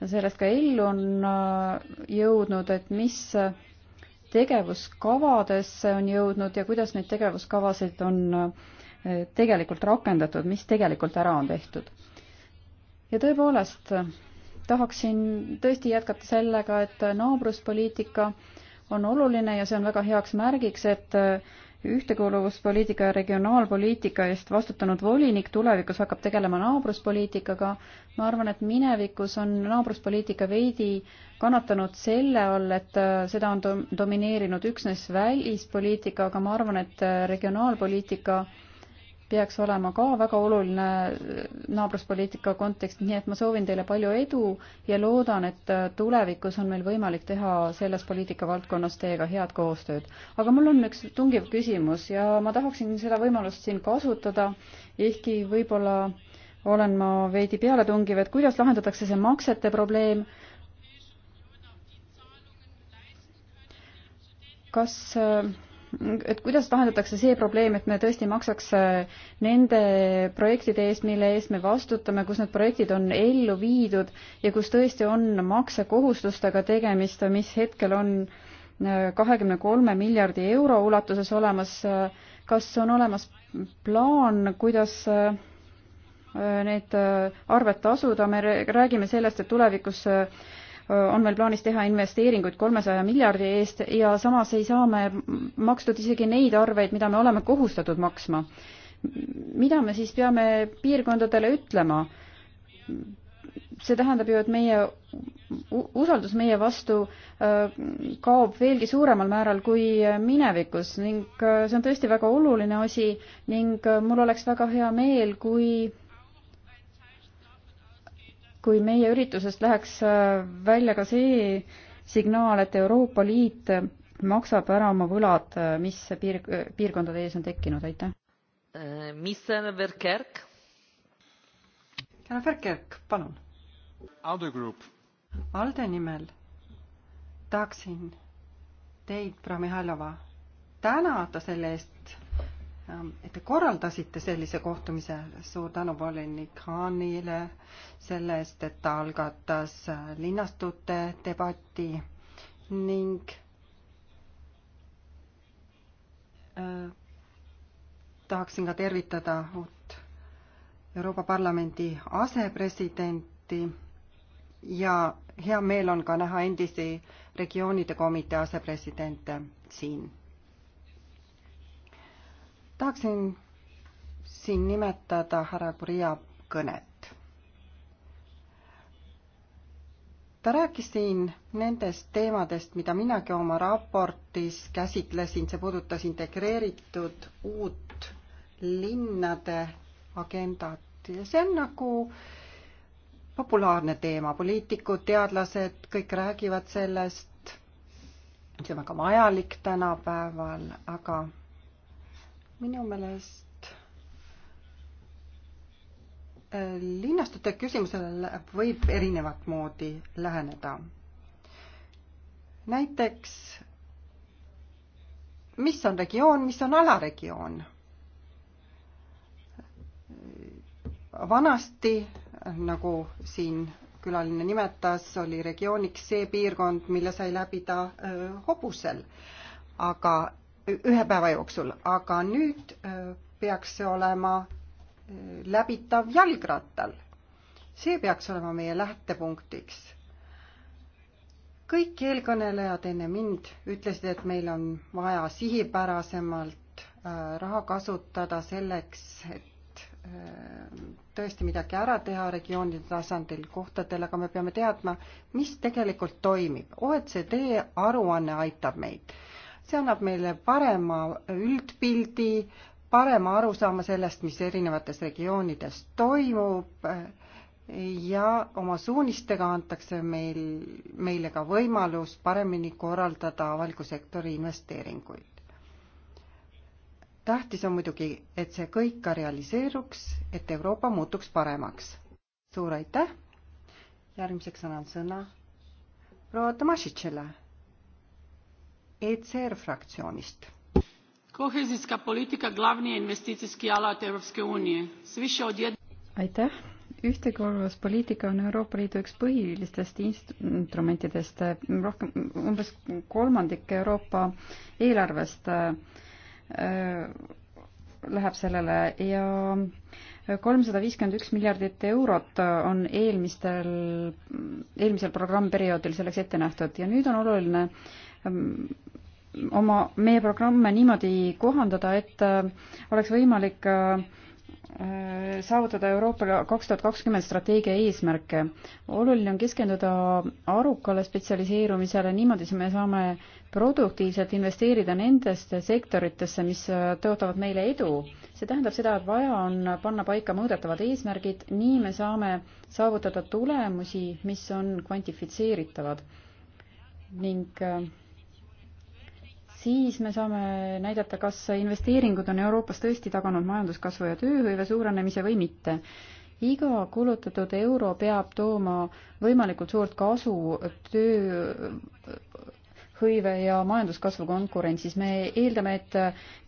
sellest ka ellu on äh, jõudnud, et mis tegevuskavadesse on jõudnud ja kuidas neid tegevuskavasid on eh, tegelikult rakendatud, mis tegelikult ära on tehtud. ja tõepoolest, tahaksin tõesti jätkata sellega, et naabruspoliitika on oluline ja see on väga heaks märgiks, et ühtekuuluvuspoliitika ja regionaalpoliitika eest vastutanud volinik tulevikus hakkab tegelema naabruspoliitikaga. ma arvan, et minevikus on naabruspoliitika veidi kannatanud selle all, et äh, seda on domineerinud üksnes välispoliitika, aga ma arvan, et äh, regionaalpoliitika äh, peaks olema ka väga oluline naabruspoliitika kontekst, nii et ma soovin teile palju edu ja loodan, et tulevikus on meil võimalik teha selles poliitikavaldkonnas teiega head koostööd. aga mul on üks tungiv küsimus ja ma tahaksin seda võimalust siin kasutada, ehkki võib-olla olen ma veidi pealetungiv, et kuidas lahendatakse see maksete probleem, kas äh, et kuidas lahendatakse see probleem, et me tõesti maksaks äh, nende projektide eest, mille eest me vastutame, kus need projektid on ellu viidud ja kus tõesti on maksekohustustega tegemist, mis hetkel on äh, kahekümne kolme miljardi euro ulatuses olemas. kas on olemas plaan, kuidas äh, need arved tasuda, me räägime sellest, et tulevikus on meil plaanis teha investeeringuid kolmesaja miljardi eest ja samas ei saa me makstud isegi neid arveid, mida me oleme kohustatud maksma. mida me siis peame piirkondadele ütlema? see tähendab ju, et meie usaldus meie vastu äh, kaob veelgi suuremal määral kui minevikus ning äh, see on tõesti väga oluline asi ning äh, mul oleks väga hea meel, kui kui meie üritusest läheks äh, välja ka see signaal, et Euroopa Liit maksab ära oma võlad, äh, mis piir, piirkondade ees on tekkinud, aitäh. Äh, mis on Verkerk? härra Verkerk, palun. Alde Group. Alde nimel tahaksin teid, proua Mihhailova, tänada selle eest, Ähm, et te korraldasite sellise kohtumise. suur tänu volinik Haanile selle eest, et ta algatas äh, linnastute debati ning äh, tahaksin ka tervitada uut Euroopa Parlamendi asepresidenti ja hea meel on ka näha endisi regioonide komitee asepresidente siin tahaksin siin nimetada härra Guria kõnet. ta rääkis siin nendest teemadest, mida minagi oma raportis käsitlesin, see puudutas integreeritud uut linnade agendat ja see on nagu populaarne teema, poliitikud, teadlased, kõik räägivad sellest, see on väga vajalik tänapäeval, aga minu meelest äh, linnastute küsimusele võib erinevat moodi läheneda. näiteks, mis on regioon, mis on alaregioon? vanasti, nagu siin külaline nimetas, oli regiooniks see piirkond, mille sai läbida äh, hobusel. aga ühe päeva jooksul, aga nüüd äh, peaks see olema äh, läbitav jalgrattal. see peaks olema meie lähtepunktiks. kõik eelkõnelejad enne mind ütlesid, et meil on vaja sihipärasemalt äh, raha kasutada selleks, et tõesti midagi ära teha regioonide tasandil, kohtadel, aga me peame teadma, mis tegelikult toimib. OECD aruanne aitab meid see annab meile parema üldpildi, parema arusaama sellest, mis erinevates regioonides toimub ja oma suunistega antakse meil, meile ka võimalus paremini korraldada avaliku sektori investeeringuid. tähtis on muidugi, et see kõik ka realiseeruks, et Euroopa muutuks paremaks. suur aitäh! järgmiseks annan sõna proua Tomašitšile ECR fraktsioonist. kohezijska poliitika glavni je investicijski alat Europske unije. aitäh ühtekuuluvuspoliitika on Euroopa Liidu üks põhilistest instrumentidest, rohkem, umbes kolmandik Euroopa eelarvest äh, läheb sellele ja kolmsada viiskümmend üks miljardit eurot on eelmistel, eelmisel programmperioodil selleks ette nähtud ja nüüd on oluline ähm, oma, meie programme niimoodi kohandada, et äh, oleks võimalik äh, saavutada Euroopa kaks tuhat kakskümmend strateegia eesmärke. oluline on keskenduda arukale spetsialiseerumisele, niimoodi me saame produktiivselt investeerida nendesse sektoritesse, mis äh, tõotavad meile edu. see tähendab seda, et vaja on panna paika mõõdetavad eesmärgid, nii me saame saavutada tulemusi, mis on kvantifitseeritavad ning äh, siis me saame näidata, kas investeeringud on Euroopas tõesti taganud majanduskasvu ja tööhõive suurenemise või mitte. iga kulutatud euro peab tooma võimalikult suurt kasu tööhõive ja majanduskasvu konkurentsis. me eeldame, et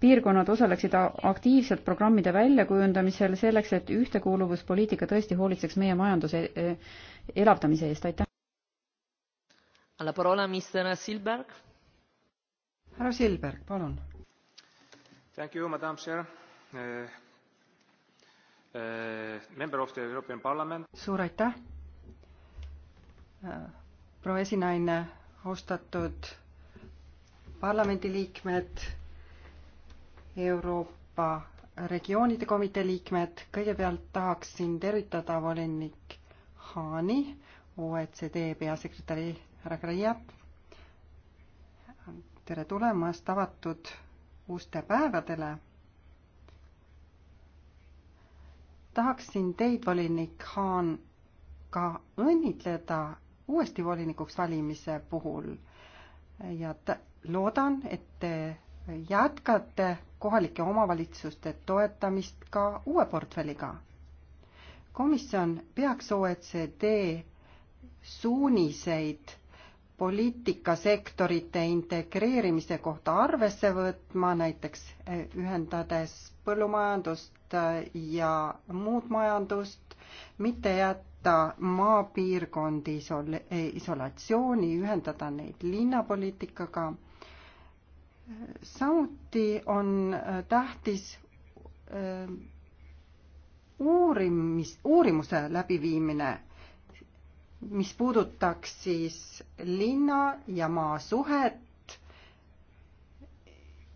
piirkonnad osaleksid aktiivselt programmide väljakujundamisel selleks, et ühtekuuluvuspoliitika tõesti hoolitseks meie majanduse eh, elavdamise eest, aitäh. alla parola, minister Silberg härra Silberg, palun. Thank you, madam chair uh,. Uh, member of the European Parliament. suur aitäh uh,. proua esinaine, austatud parlamendiliikmed, Euroopa regioonide komitee liikmed, kõigepealt tahaksin tervitada volinik Haani, OECD peasekretäri härra Krajat tere tulemast avatud uste päevadele. tahaksin teid, volinik Haan, ka õnnitleda uuesti volinikuks valimise puhul ja loodan, et te jätkate kohalike omavalitsuste toetamist ka uue portfelliga. komisjon peaks OECD suuniseid poliitikasektorite integreerimise kohta arvesse võtma, näiteks eh, ühendades põllumajandust eh, ja muud majandust, mitte jätta maapiirkondi isol-, eh, isolatsiooni, ühendada neid linnapoliitikaga. samuti on tähtis uurimis, uurimuse läbiviimine mis puudutaks siis linna ja maa suhet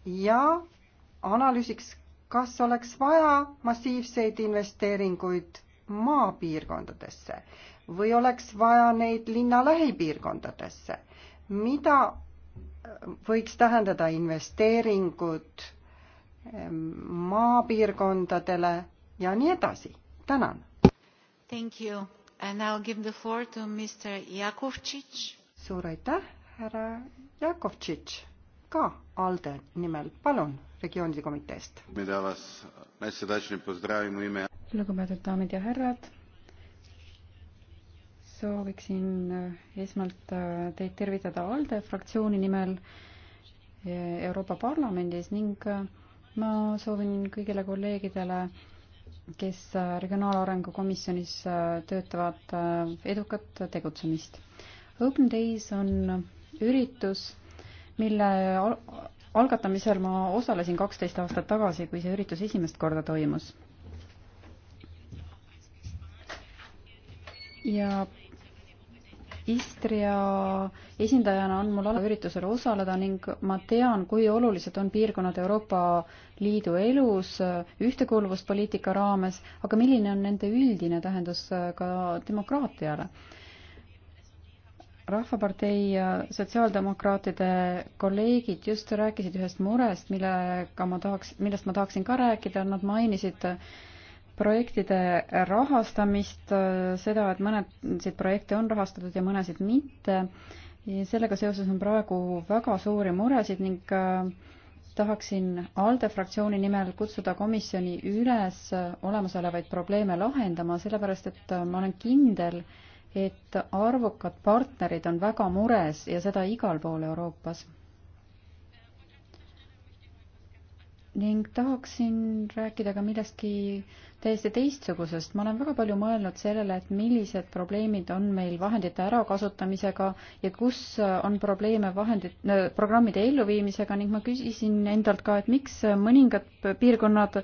ja analüüsiks, kas oleks vaja massiivseid investeeringuid maapiirkondadesse või oleks vaja neid linna lähipiirkondadesse. mida võiks tähendada investeeringud ehm, maapiirkondadele ja nii edasi. tänan. Thank you. And I'll give the floor to Mr Jakovtšitš. suur aitäh, härra Jakovtšitš, ka ALDE nimel, palun, regioonide komiteest. lugupeetud daamid ja härrad, sooviksin äh, esmalt äh, teid tervitada ALDE fraktsiooni nimel äh, Euroopa Parlamendis ning ma soovin kõigile kolleegidele kes äh, Regionaalarengu Komisjonis äh, töötavad äh, edukat tegutsemist. Open Days on üritus, mille algatamisel ma osalesin kaksteist aastat tagasi, kui see üritus esimest korda toimus. ja Istria esindajana on mul ala üritusel osaleda ning ma tean, kui olulised on piirkonnad Euroopa Liidu elus äh, ühtekuuluvuspoliitika raames, aga milline on nende üldine tähendus äh, ka demokraatiale? rahvapartei ja äh, sotsiaaldemokraatide kolleegid just rääkisid ühest murest, millega ma tahaks, millest ma tahaksin ka rääkida, nad mainisid äh, projektide rahastamist, äh, seda, et mõnesid projekte on rahastatud ja mõnesid mitte. sellega seoses on praegu väga suuri muresid ning äh, tahaksin ALDE fraktsiooni nimel kutsuda komisjoni üles äh, olemasolevaid probleeme lahendama, sellepärast et ma olen kindel, et arvukad partnerid on väga mures ja seda igal pool Euroopas ning tahaksin rääkida ka millestki täiesti teistsugusest. ma olen väga palju mõelnud sellele, et millised probleemid on meil vahendite ärakasutamisega ja kus on probleeme vahendit-, programmide elluviimisega ning ma küsisin endalt ka, et miks mõningad piirkonnad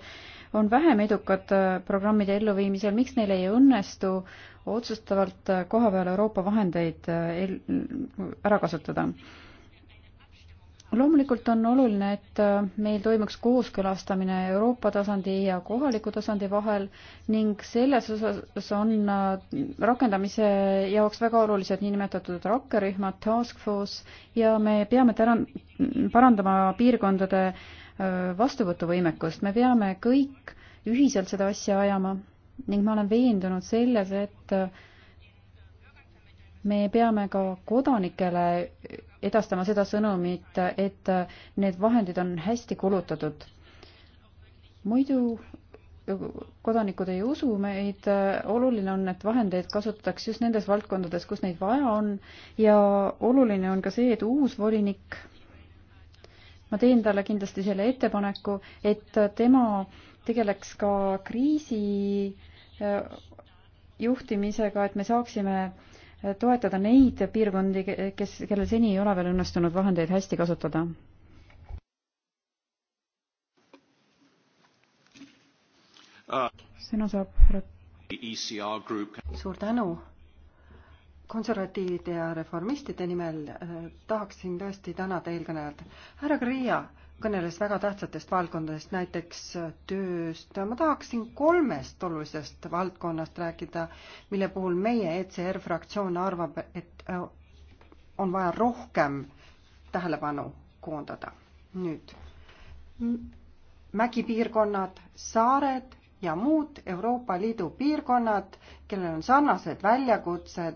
on vähem edukad äh, programmide elluviimisel, miks neil ei õnnestu otsustavalt koha peal Euroopa vahendeid äh, ära kasutada loomulikult on oluline, et äh, meil toimuks kooskõlastamine Euroopa tasandi ja kohaliku tasandi vahel ning selles osas on äh, rakendamise jaoks väga olulised niinimetatud rakkerühmad, task force ja me peame täna parandama piirkondade äh, vastuvõtuvõimekust, me peame kõik ühiselt seda asja ajama ning ma olen veendunud selles, et me peame ka kodanikele edastama seda sõnumit, et need vahendid on hästi kulutatud. muidu kodanikud ei usu meid, oluline on, et vahendeid kasutatakse just nendes valdkondades, kus neid vaja on ja oluline on ka see, et uus volinik, ma teen talle kindlasti selle ettepaneku, et tema tegeleks ka kriisi eh, juhtimisega, et me saaksime äh, toetada neid piirkondi, kes, kellel seni ei ole veel õnnestunud vahendeid hästi kasutada? sõna saab härra. E suur tänu konservatiivide ja reformistide nimel eh, tahaksin tõesti tänada eelkõnelejat. härra Gria, kõneles väga tähtsatest valdkondadest, näiteks äh, tööst. ma tahaksin kolmest olulisest valdkonnast rääkida, mille puhul meie ECR fraktsioon arvab, et äh, on vaja rohkem tähelepanu koondada. nüüd mägipiirkonnad, saared ja muud Euroopa Liidu piirkonnad, kellel on sarnased väljakutsed,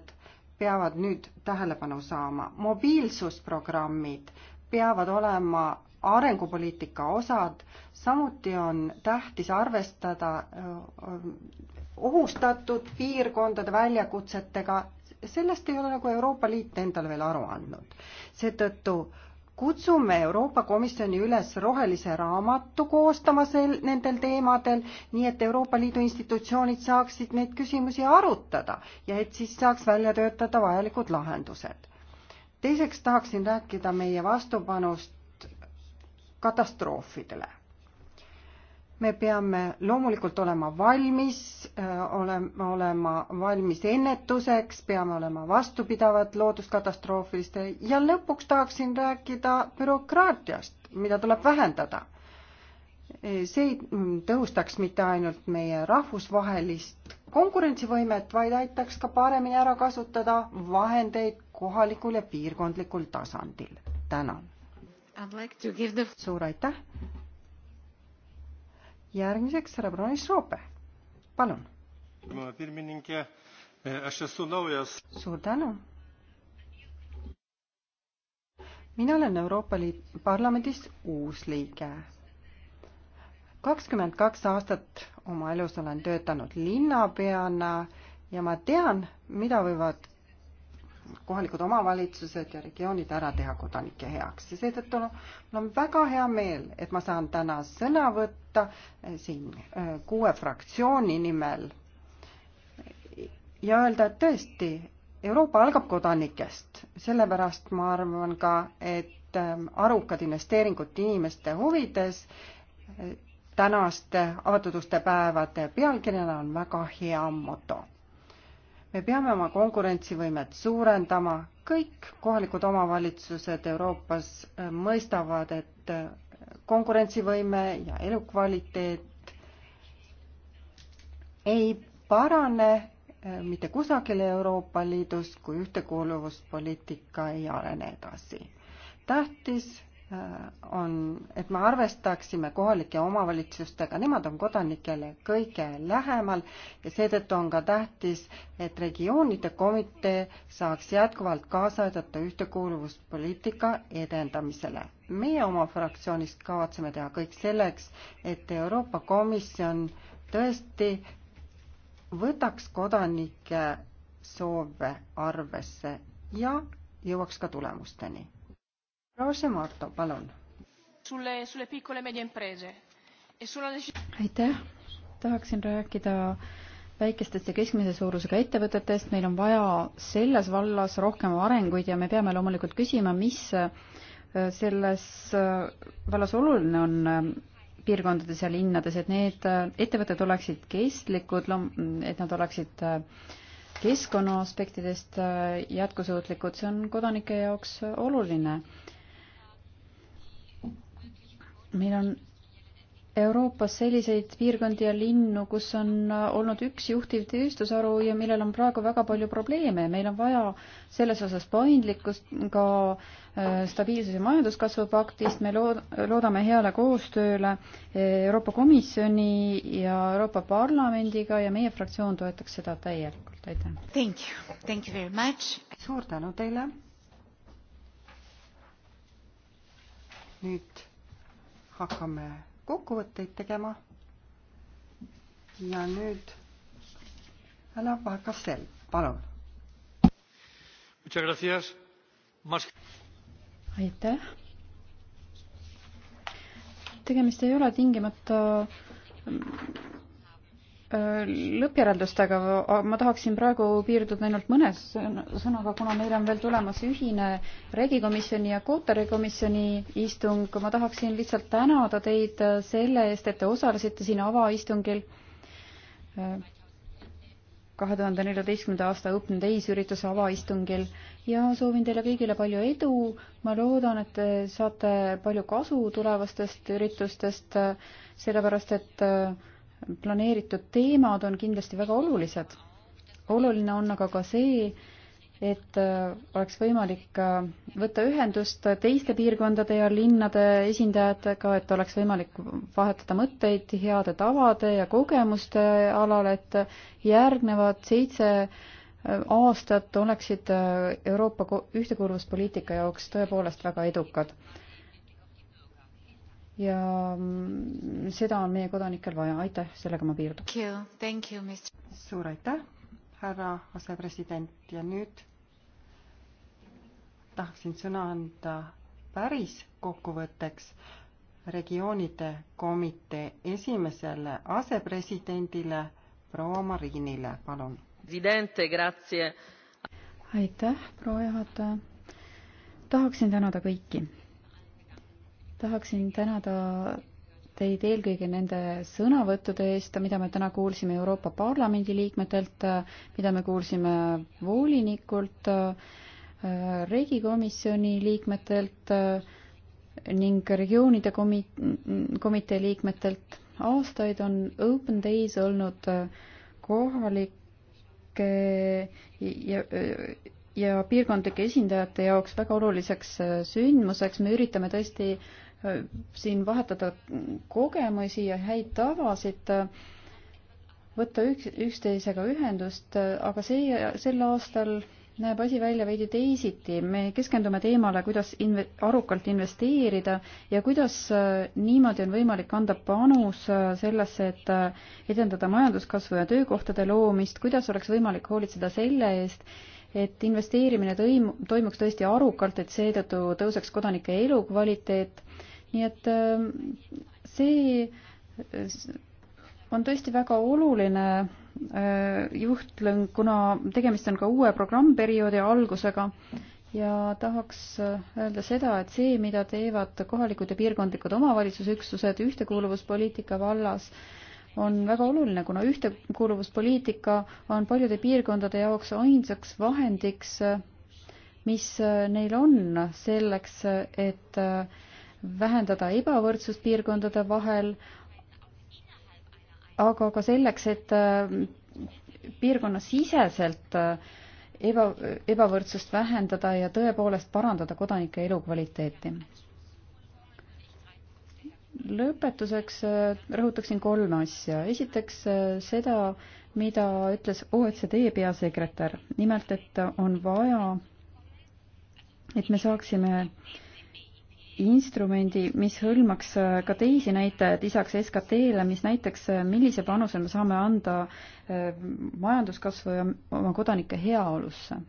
peavad nüüd tähelepanu saama. mobiilsusprogrammid peavad olema arengupoliitika osad, samuti on tähtis arvestada äh, ohustatud piirkondade väljakutsetega, sellest ei ole nagu Euroopa Liit endale veel aru andnud. seetõttu kutsume Euroopa Komisjoni üles rohelise raamatu koostama sel, nendel teemadel, nii et Euroopa Liidu institutsioonid saaksid neid küsimusi arutada ja et siis saaks välja töötada vajalikud lahendused. teiseks tahaksin rääkida meie vastupanust katastroofidele. me peame loomulikult olema valmis, äh, olema, olema valmis ennetuseks, peame olema vastupidavad looduskatastroofiliste ja lõpuks tahaksin rääkida bürokraatiast, mida tuleb vähendada äh, see mm, tõhustaks mitte ainult meie rahvusvahelist konkurentsivõimet, vaid aitaks ka paremini ära kasutada vahendeid kohalikul ja piirkondlikul tasandil. tänan Like the... suur aitäh. järgmiseks härra Bronis Roope, palun. suur tänu. mina olen Euroopa Liit Parlamendis uus liige. kakskümmend kaks aastat oma elus olen töötanud linnapeana ja ma tean, mida võivad kohalikud omavalitsused ja regioonid ära teha kodanike heaks ja seetõttu no, mul on väga hea meel, et ma saan täna sõna võtta eh, siin eh, kuue fraktsiooni nimel ja öelda, et tõesti, Euroopa algab kodanikest, sellepärast ma arvan ka, et eh, arukad investeeringud inimeste huvides tänaste avatud uste päevade pealkirjana on väga hea moto me peame oma konkurentsivõimet suurendama, kõik kohalikud omavalitsused Euroopas äh, mõistavad, et äh, konkurentsivõime ja elukvaliteet ei parane äh, mitte kusagil Euroopa Liidus, kui ühtekuuluvuspoliitika ei arene edasi. tähtis Äh, on, et me arvestaksime kohalike omavalitsustega, nemad on kodanikele kõige lähemal ja seetõttu on ka tähtis, et regioonide komitee saaks jätkuvalt kaasa aidata ühtekuuluvuspoliitika edendamisele. meie oma fraktsioonis kavatseme teha kõik selleks, et Euroopa Komisjon tõesti võtaks kodanike soove arvesse ja jõuaks ka tulemusteni Roose Marto, palun. E e aitäh, tahaksin rääkida väikestest ja keskmise suurusega ettevõtetest, meil on vaja selles vallas rohkem arenguid ja me peame loomulikult küsima, mis äh, selles äh, vallas oluline on äh, piirkondades ja linnades, et need ettevõtted oleksid kestlikud, et nad oleksid keskkonna aspektidest jätkusuutlikud, see on kodanike jaoks oluline meil on Euroopas selliseid piirkondi ja linnu, kus on olnud üks juhtiv tööstusharu ja millel on praegu väga palju probleeme. meil on vaja selles osas paindlikkust ka äh, stabiilsuse majanduskasvu paktist, me lood-, loodame heale koostööle äh, Euroopa Komisjoni ja Euroopa Parlamendiga ja meie fraktsioon toetaks seda täielikult, aitäh! Thank you, thank you very much! suur tänu teile! nüüd hakkame kokkuvõtteid tegema. ja nüüd härra Vargasel, palun. aitäh. tegemist ei ole tingimata Äh, lõppjäreldustega, ma tahaksin praegu piirduda ainult mõne sõnaga, kuna meil on veel tulemas ühine regikomisjoni ja Kotari komisjoni istung, ma tahaksin lihtsalt tänada teid selle eest, et te osalesite siin avaistungil äh, kahe tuhande neljateistkümnenda aasta Open Days ürituse avaistungil ja soovin teile kõigile palju edu, ma loodan, et te saate palju kasu tulevastest üritustest, sellepärast et äh, planeeritud teemad on kindlasti väga olulised. oluline on aga ka see, et äh, oleks võimalik äh, võtta ühendust teiste piirkondade ja linnade esindajatega, et oleks võimalik vahetada mõtteid heade tavade ja kogemuste alal, et järgnevad seitse äh, aastat oleksid Euroopa ühtekuuluvuspoliitika jaoks tõepoolest väga edukad ja mm, seda on meie kodanikel vaja, aitäh, sellega ma piirdun. suur aitäh, härra asepresident ja nüüd tahaksin sõna anda päris kokkuvõtteks regioonide komitee esimesele asepresidendile proua Marinile, palun. aitäh, proua juhataja. tahaksin tänada kõiki tahaksin tänada teid eelkõige nende sõnavõttude eest, mida me täna kuulsime Euroopa Parlamendi liikmetelt, mida me kuulsime volinikult, regikomisjoni liikmetelt ning regioonide komi-, komitee liikmetelt. aastaid on Open Days olnud kohalike ja, ja piirkondlike esindajate jaoks väga oluliseks sündmuseks, me üritame tõesti äh, Äh, siin vahetada kogemusi ja häid tavasid, äh, võtta üks, üksteisega ühendust, äh, aga see, sel aastal näeb asi välja veidi teisiti. me keskendume teemale, kuidas inve-, arukalt investeerida ja kuidas niimoodi on võimalik anda panus sellesse, et edendada majanduskasvu ja töökohtade loomist, kuidas oleks võimalik hoolitseda selle eest, et investeerimine tõim-, toimuks tõesti arukalt, et seetõttu tõuseks kodanike elukvaliteet, nii et äh, see äh, on tõesti väga oluline äh, juhtlõng, kuna tegemist on ka uue programmperioodi algusega ja tahaks öelda seda, et see, mida teevad kohalikud ja piirkondlikud omavalitsusüksused ühtekuuluvuspoliitika vallas, on väga oluline, kuna ühtekuuluvuspoliitika on paljude piirkondade jaoks ainsaks vahendiks, mis neil on selleks, et vähendada ebavõrdsust piirkondade vahel, aga ka selleks, et piirkonnasiseselt eba, ebavõrdsust vähendada ja tõepoolest parandada kodanike elukvaliteeti lõpetuseks äh, rõhutaksin kolme asja. esiteks äh, seda, mida ütles OECD peasekretär, nimelt et on vaja, et me saaksime instrumendi, mis hõlmaks äh, ka teisi näitajaid lisaks SKT-le, mis näiteks, millise panuse me saame anda majanduskasvu ja oma kodanike heaolusse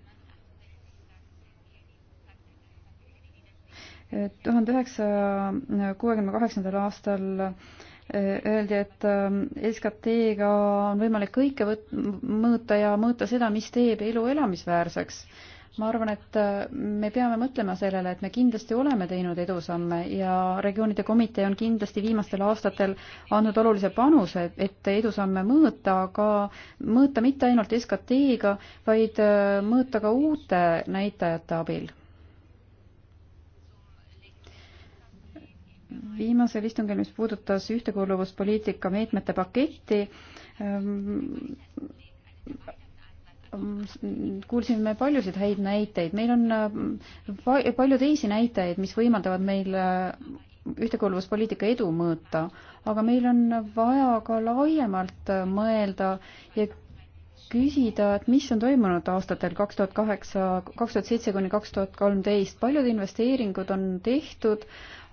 tuhande üheksasaja kuuekümne kaheksandal aastal eh, öeldi, et eh, SKT-ga on võimalik kõike võt-, mõõta ja mõõta seda, mis teeb elu elamisväärseks. ma arvan, et eh, me peame mõtlema sellele, et me kindlasti oleme teinud edusamme ja regioonide komitee on kindlasti viimastel aastatel andnud olulise panuse, et edusamme mõõta, aga mõõta mitte ainult SKT-ga, vaid mõõta ka uute näitajate abil viimasel istungil, mis puudutas ühtekuuluvuspoliitika meetmete paketti, ähm, kuulsime paljusid häid näiteid, meil on äh, palju teisi näitajaid, mis võimaldavad meil äh, ühtekuuluvuspoliitika edu mõõta, aga meil on vaja ka laiemalt äh, mõelda ja küsida, et mis on toimunud aastatel kaks tuhat kaheksa, kaks tuhat seitse kuni kaks tuhat kolmteist, paljud investeeringud on tehtud,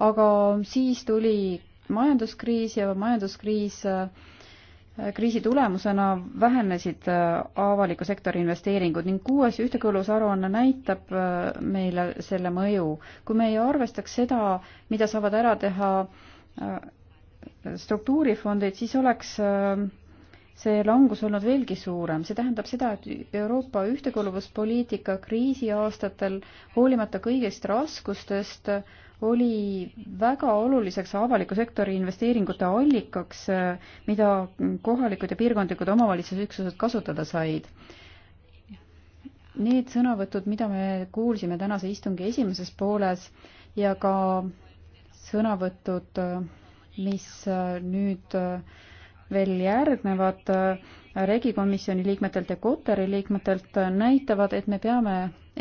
aga siis tuli majanduskriis ja majanduskriis äh, kriisi tulemusena vähenesid äh, avaliku sektori investeeringud ning kuues ühtekuuluvusaruanne näitab äh, meile selle mõju. kui me ei arvestaks seda, mida saavad ära teha struktuurifondid, siis oleks see langus olnud veelgi suurem. see tähendab seda, et Euroopa ühtekuuluvuspoliitika kriisiaastatel, hoolimata kõigist raskustest, oli väga oluliseks avaliku sektori investeeringute allikaks, mida kohalikud ja piirkondlikud omavalitsusüksused kasutada said. Need sõnavõtud, mida me kuulsime tänase istungi esimeses pooles ja ka sõnavõtud, mis nüüd äh, veel järgnevad äh, regikomisjoni liikmetelt ja Kotari liikmetelt äh, näitavad, et me peame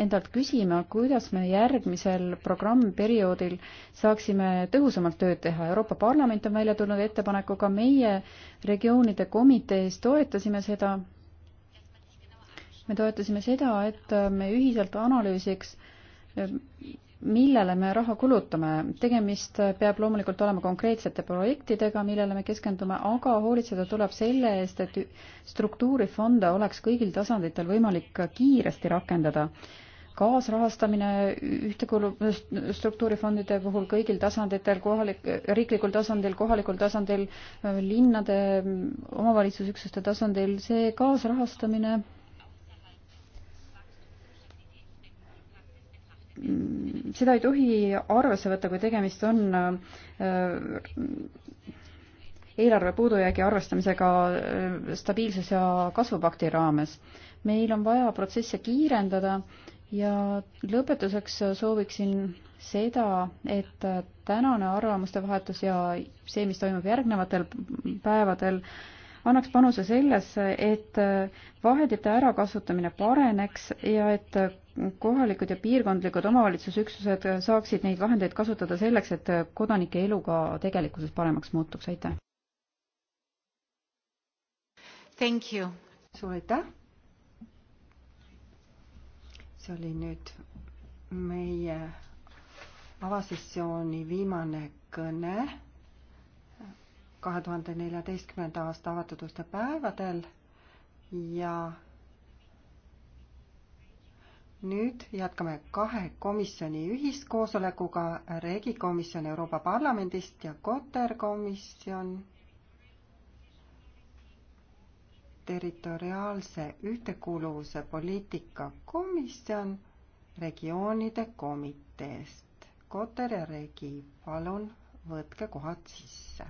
endalt küsima, kuidas me järgmisel programmperioodil saaksime tõhusamalt tööd teha. Euroopa Parlament on välja tulnud ettepanekuga, meie regioonide komitees toetasime seda. me toetasime seda, et äh, me ühiselt analüüsiks millele me raha kulutame. tegemist peab loomulikult olema konkreetsete projektidega, millele me keskendume, aga hoolitseda tuleb selle eest, et struktuurifonde oleks kõigil tasanditel võimalik kiiresti rakendada. kaasrahastamine ühtekulu-, struktuurifondide puhul kõigil tasanditel, kohalik, riiklikul tasandil, kohalikul tasandil, linnade, omavalitsusüksuste tasandil, see kaasrahastamine Mm, seda ei tohi arvesse võtta, kui tegemist on äh, eelarve puudujäägi arvestamisega äh, stabiilsus- ja kasvupakti raames. meil on vaja protsesse kiirendada ja lõpetuseks sooviksin seda, et tänane arvamuste vahetus ja see, mis toimub järgnevatel päevadel äh, annaks panuse sellesse, et vahendite ärakasutamine pareneks ja et kohalikud ja piirkondlikud omavalitsusüksused saaksid neid vahendeid kasutada selleks, et kodanike elu ka tegelikkuses paremaks muutuks, aitäh! suur aitäh! see oli nüüd meie avasessiooni viimane kõne kahe tuhande neljateistkümnenda aasta avatud uste päevadel ja nüüd jätkame kahe komisjoni ühiskoosolekuga, Regikomisjon Euroopa Parlamendist ja Koter komisjon territoriaalse ühtekuuluvuse poliitika komisjon regioonide komiteest. Koter ja Regi, palun võtke kohad sisse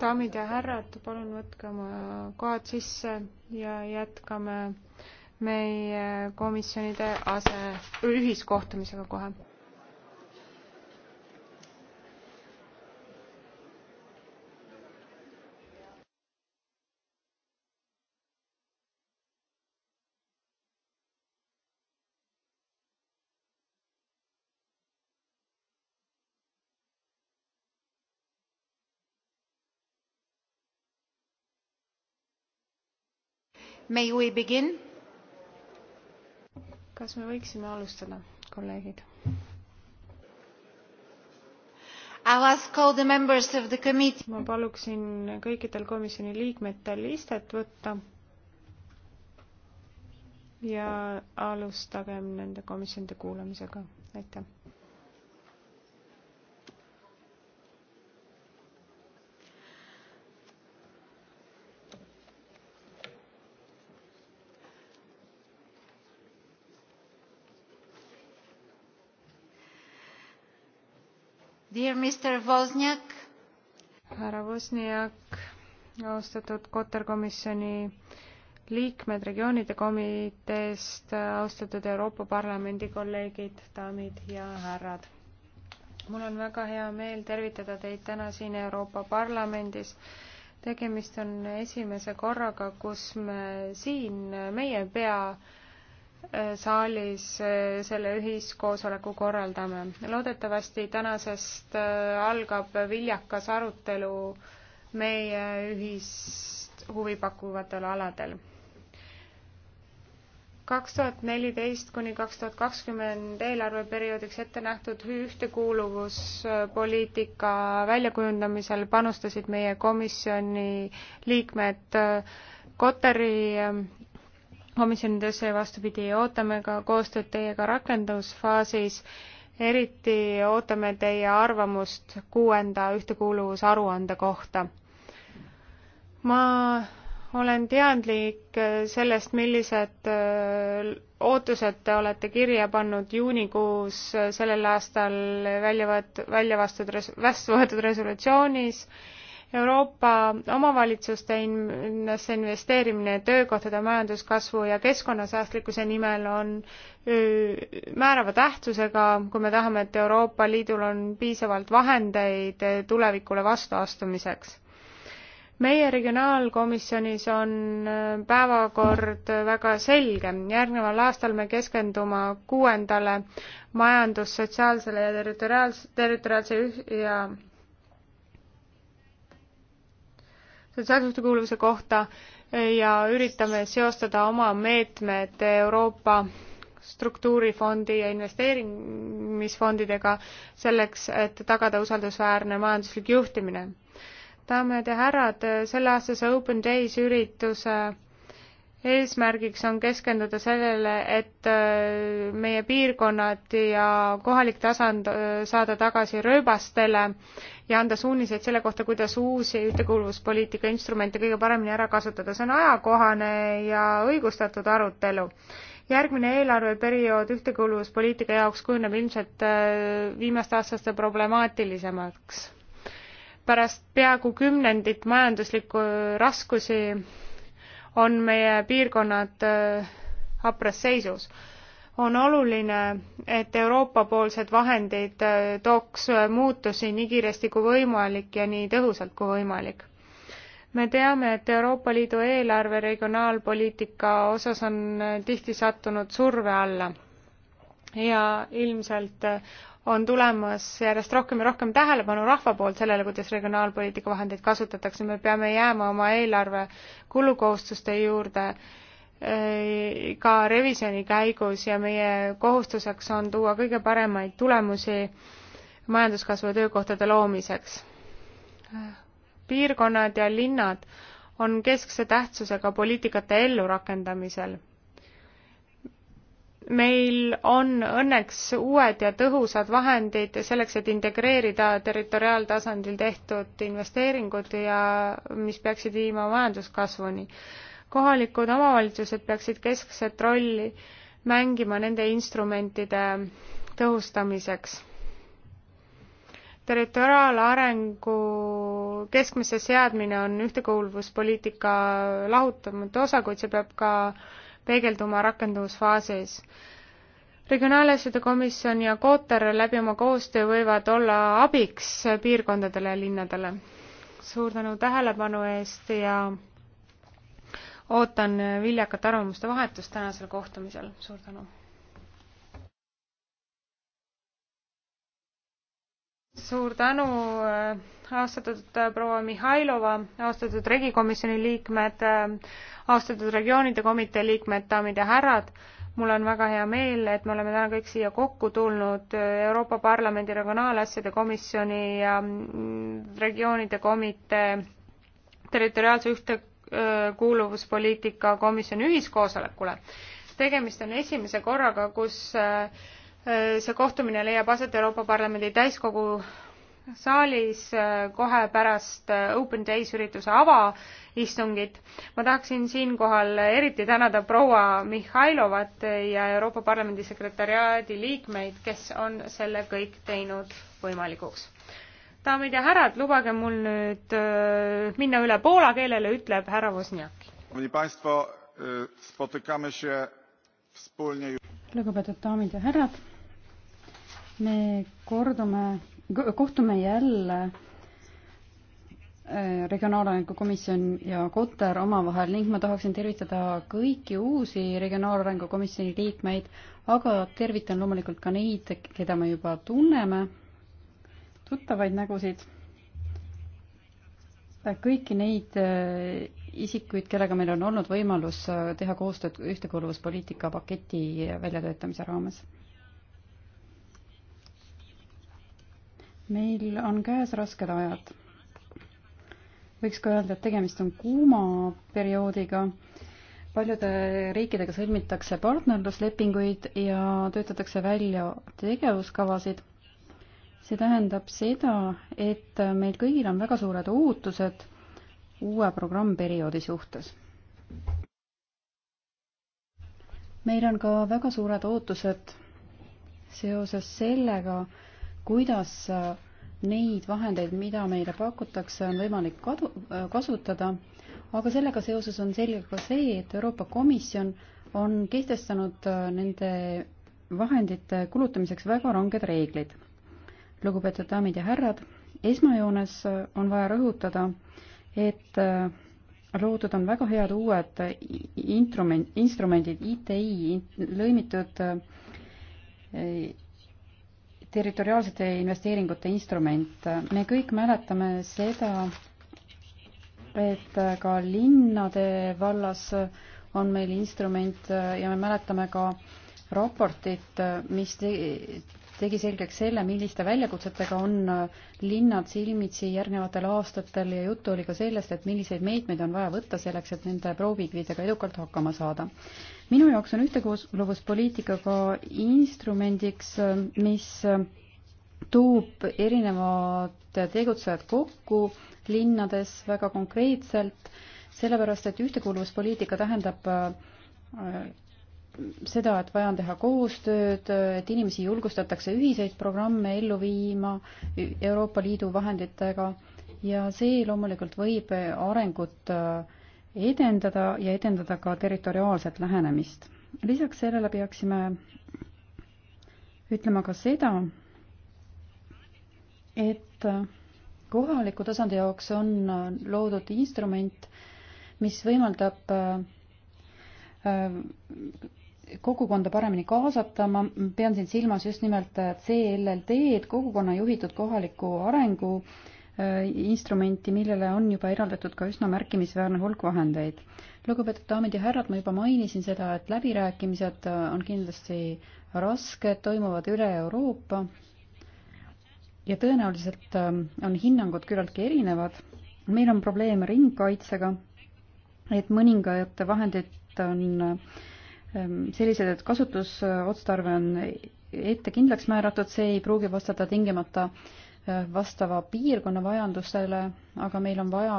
daamid ja härrad, palun võtke oma kohad sisse ja jätkame meie komisjonide ase, ühiskohtumisega kohe. May we begin? kas me võiksime alustada, kolleegid? ma paluksin kõikidel komisjoni liikmetel istet võtta ja alustagem nende komisjonide kuulamisega. aitäh. härra Vosniak, austatud Koterkomisjoni liikmed regioonide komiteest, austatud Euroopa Parlamendi kolleegid, daamid ja härrad. mul on väga hea meel tervitada teid täna siin Euroopa Parlamendis. tegemist on esimese korraga, kus me siin, meie pea saalis eh, selle ühiskoosoleku korraldame. loodetavasti tänasest eh, algab viljakas arutelu meie ühist huvi pakkuvatel aladel. kaks tuhat neliteist kuni kaks tuhat kakskümmend eelarveperioodiks ette nähtud ühtekuuluvuspoliitika väljakujundamisel panustasid meie komisjoni liikmed eh, Kotari komisjonides ja vastupidi, ootame ka koostööd teiega rakendusfaasis, eriti ootame teie arvamust kuuenda ühtekuuluvusaruande kohta. ma olen teadlik sellest, millised äh, ootused te olete kirja pannud juunikuus sellel aastal välja võetud, välja vastu, vastu võetud resolutsioonis äh, Euroopa omavalitsuste investeerimine töökohtade majanduskasvu ja keskkonnasäästlikkuse nimel on määrava tähtsusega, kui me tahame, et Euroopa Liidul on piisavalt vahendeid tulevikule vastuastumiseks. meie regionaalkomisjonis on päevakord väga selge, järgneval aastal me keskenduma kuuendale majandus-, sotsiaalsele ja territoriaals-, territoriaalse ja sotsiaalse ühtekuuluvuse kohta ja üritame seostada oma meetmed Euroopa struktuurifondi ja investeerimisfondidega selleks, et tagada usaldusväärne majanduslik juhtimine. daamid ja härrad, selleaastase Open Days ürituse eesmärgiks on keskenduda sellele, et äh, meie piirkonnad ja kohalik tasand äh, saada tagasi rööbastele ja anda suuniseid selle kohta, kuidas uusi ühtekuuluvuspoliitika instrumente kõige paremini ära kasutada. see on ajakohane ja õigustatud arutelu. järgmine eelarveperiood ühtekuuluvuspoliitika jaoks kujuneb ilmselt äh, viimaste aastaste problemaatilisemaks. pärast peaaegu kümnendit majanduslikku raskusi on meie piirkonnad äh, hapras seisus. on oluline, et Euroopa-poolsed vahendid äh, tooks äh, muutusi nii kiiresti kui võimalik ja nii tõhusalt kui võimalik. me teame, et Euroopa Liidu eelarve regionaalpoliitika osas on tihti sattunud surve alla ja ilmselt on tulemas järjest rohkem ja rohkem tähelepanu rahva poolt sellele, kuidas regionaalpoliitika vahendeid kasutatakse, me peame jääma oma eelarve kulukohustuste juurde eh, ka revisjoni käigus ja meie kohustuseks on tuua kõige paremaid tulemusi majanduskasvu ja töökohtade loomiseks. piirkonnad ja linnad on keskse tähtsusega poliitikate ellurakendamisel meil on õnneks uued ja tõhusad vahendid selleks, et integreerida territoriaaltasandil tehtud investeeringud ja mis peaksid viima majanduskasvuni. kohalikud omavalitsused peaksid keskset rolli mängima nende instrumentide tõhustamiseks. territoriaalarengu keskmesse seadmine on ühtekuuluvuspoliitika lahutamatu osa, kuid see peab ka äh, peegelduma rakendusfaasis. regionaalasjade komisjon ja Koter läbi oma koostöö võivad olla abiks piirkondadele ja linnadele. suur tänu tähelepanu eest ja ootan viljakat arvamuste vahetust tänasel kohtumisel, suur tänu! suur tänu äh, austatud äh, proua Mihhailova, austatud regikomisjoni liikmed, äh, austatud regioonide komitee liikmed, daamid ja härrad. mul on väga hea meel, et me oleme täna kõik siia kokku tulnud äh, Euroopa Parlamendi regionaalasjade komisjoni ja mm, regioonide komitee territoriaalse ühtekuuluvuspoliitika komisjoni ühiskoosolekule. tegemist on esimese korraga, kus see kohtumine leiab aset Euroopa Parlamendi täiskogu saalis äh, kohe pärast äh, Open Days ürituse avaistungit. ma tahaksin siinkohal eriti tänada proua Mihhailovat ja Euroopa Parlamendi sekretariaadi liikmeid, kes on selle kõik teinud võimalikuks. daamid ja härrad, lubage mul nüüd äh, minna üle poola keelele, ütleb härra Vosniak. lugupeetud daamid ja härrad, me kordume kohtume jälle äh, Regionaalarengu Komisjon ja Koter omavahel ning ma tahaksin tervitada kõiki uusi Regionaalarengu Komisjoni liikmeid, aga tervitan loomulikult ka neid, keda me juba tunneme, tuttavaid nägusid, äh, kõiki neid äh, isikuid, kellega meil on olnud võimalus teha koostööd ühtekuuluvuspoliitika paketi väljatöötamise raames meil on käes rasked ajad. võiks ka öelda, et tegemist on kuuma perioodiga. paljude riikidega sõlmitakse partnerluslepinguid ja töötatakse välja tegevuskavasid. see tähendab seda, et meil kõigil on väga suured ootused uue programmperioodi suhtes. meil on ka väga suured ootused seoses sellega, kuidas äh, neid vahendeid, mida meile pakutakse, on võimalik kadu, äh, kasutada, aga sellega seoses on selge ka see, et Euroopa Komisjon on kehtestanud äh, nende vahendite kulutamiseks väga ranged reeglid. lugupeetud daamid ja härrad, esmajoones on vaja rõhutada, et loodud on väga head uued instrument, instrumendid, ITI, lõimitud territoriaalsete investeeringute instrument. me kõik mäletame seda, et ka linnade vallas on meil instrument ja me mäletame ka raportit, mis tegi selgeks selle, milliste väljakutsetega on linnad silmitsi järgnevatel aastatel ja juttu oli ka sellest, et milliseid meetmeid on vaja võtta selleks, et nende proovikividega edukalt hakkama saada minu jaoks on ühtekuuluvuspoliitika ka instrumendiks, mis toob erinevad tegutsejad kokku linnades väga konkreetselt, sellepärast et ühtekuuluvuspoliitika tähendab äh, seda, et vaja on teha koostööd, et inimesi julgustatakse ühiseid programme ellu viima Euroopa Liidu vahenditega ja see loomulikult võib arengut äh, edendada ja edendada ka territoriaalset lähenemist. lisaks sellele peaksime ütlema ka seda, et kohaliku tasandi jaoks on loodud instrument, mis võimaldab äh, kogukonda paremini kaasata, ma pean siin silmas just nimelt CLLD-d, kogukonna juhitud kohaliku arengu äh, Äh, instrumenti, millele on juba eraldatud ka üsna märkimisväärne hulk vahendeid. lugupeetud daamid ja härrad, ma juba mainisin seda, et läbirääkimised äh, on kindlasti rasked, toimuvad üle Euroopa ja tõenäoliselt äh, on hinnangud küllaltki erinevad. meil on probleeme ringkaitsega, et mõningate vahendid on ähm, sellised, et kasutusotstarve on ette kindlaks määratud, see ei pruugi vastata tingimata äh, vastava piirkonna vajadustele, aga meil on vaja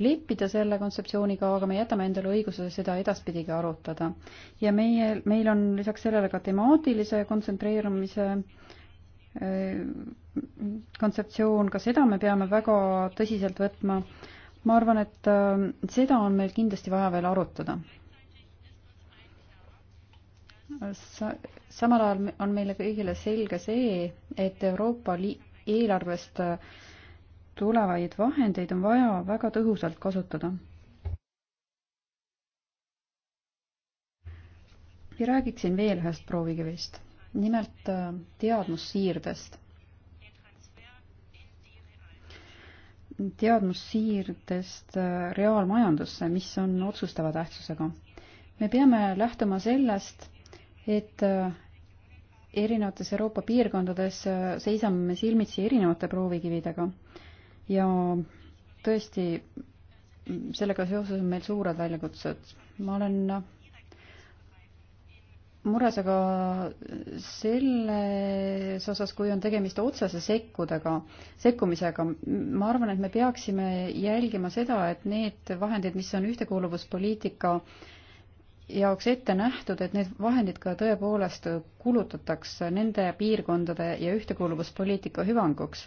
leppida selle kontseptsiooniga, aga me jätame endale õiguse seda edaspidigi arutada. ja meie, meil on lisaks sellele ka temaatilise kontsentreerumise äh, kontseptsioon, ka seda me peame väga tõsiselt võtma. ma arvan, et äh, seda on meil kindlasti vaja veel arutada samal ajal on meile kõigile selge see, et Euroopa eelarvest äh, tulevaid vahendeid on vaja väga tõhusalt kasutada. ja räägiksin veel ühest proovikivist, nimelt äh, teadmussiirdest. teadmussiirdest äh, reaalmajandusse, mis on otsustava tähtsusega. me peame lähtuma sellest, et äh, erinevates Euroopa piirkondades äh, seisame me silmitsi erinevate proovikividega ja tõesti, sellega seoses on meil suured väljakutsed. ma olen äh, mures aga selles osas, kui on tegemist otsese sekkudega, sekkumisega. ma arvan, et me peaksime jälgima seda, et need vahendid, mis on ühtekuuluvuspoliitika äh, jaoks ette nähtud, et need vahendid ka tõepoolest kulutatakse nende piirkondade ja ühtekuuluvuspoliitika hüvanguks.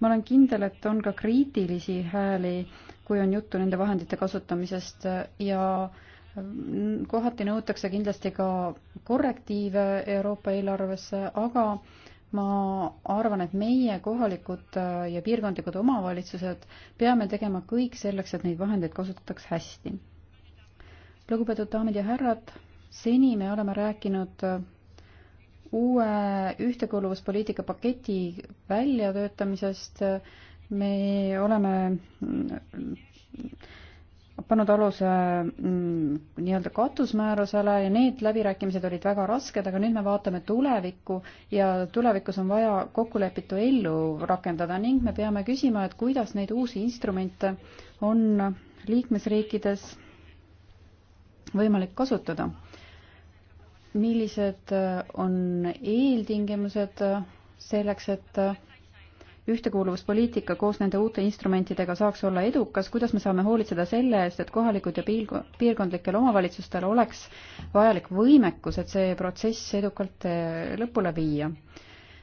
ma olen kindel, et on ka kriitilisi hääli, kui on juttu nende vahendite kasutamisest ja kohati nõutakse kindlasti ka korrektiive Euroopa eelarvesse, aga ma arvan, et meie kohalikud ja piirkondlikud omavalitsused peame tegema kõik selleks, et neid vahendeid kasutataks hästi lugupeetud daamid ja härrad, seni me oleme rääkinud äh, uue ühtekuuluvuspoliitika paketi väljatöötamisest. me oleme mm, pannud aluse mm, nii-öelda katusmäärusele ja need läbirääkimised olid väga rasked, aga nüüd me vaatame tulevikku ja tulevikus on vaja kokkulepitu ellu rakendada ning me peame küsima, et kuidas neid uusi instrumente on liikmesriikides võimalik kasutada. millised äh, on eeltingimused äh, selleks, et äh, ühtekuuluvuspoliitika koos nende uute instrumentidega saaks olla edukas, kuidas me saame hoolitseda selle eest, et kohalikud ja piirkondlikel omavalitsustel oleks vajalik võimekus, et see protsess edukalt lõpule viia.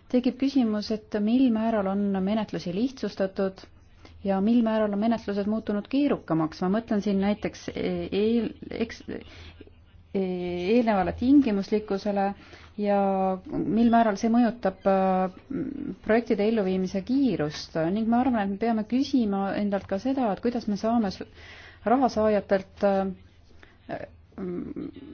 tekib küsimus, et mil määral on menetlusi lihtsustatud ja mil määral on menetlused muutunud keerukamaks, ma mõtlen siin näiteks eel, eks, eelnevale tingimuslikkusele ja mil määral see mõjutab äh, projektide elluviimise kiirust ning ma arvan, et me peame küsima endalt ka seda, et kuidas me saame rahasaajatelt äh,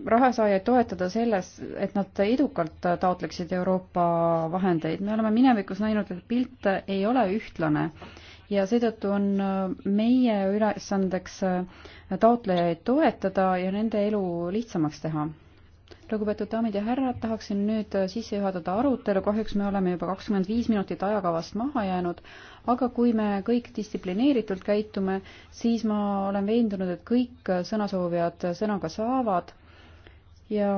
rahasaajaid toetada selles, et nad edukalt taotleksid Euroopa vahendeid. me oleme minevikus näinud, et pilt ei ole ühtlane ja seetõttu on äh, meie ülesandeks äh, taotlejaid toetada ja nende elu lihtsamaks teha. lugupeetud daamid ja härrad, tahaksin nüüd äh, sisse juhatada arutelu, kahjuks me oleme juba kakskümmend viis minutit ajakavast maha jäänud, aga kui me kõik distsiplineeritult käitume, siis ma olen veendunud, et kõik sõnasoovijad sõna ka saavad ja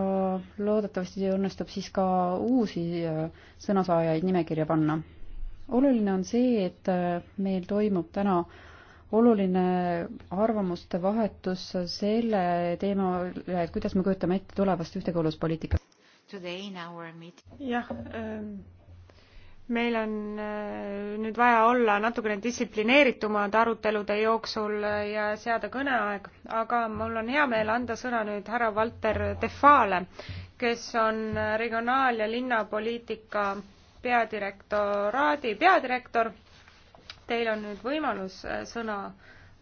loodetavasti õnnestub siis ka uusi sõnasaajaid nimekirja panna oluline on see, et äh, meil toimub täna oluline arvamuste vahetus selle teema üle, et kuidas me kujutame ette tulevast ühtekooluspoliitikat. jah, ähm, meil on äh, nüüd vaja olla natukene distsiplineeritumad arutelude jooksul äh, ja seada kõneaeg, aga mul on hea meel anda sõna nüüd härra Valter Tehvale, kes on regionaal- ja linnapoliitika peadirektoraadi peadirektor. Teil on nüüd võimalus äh, sõna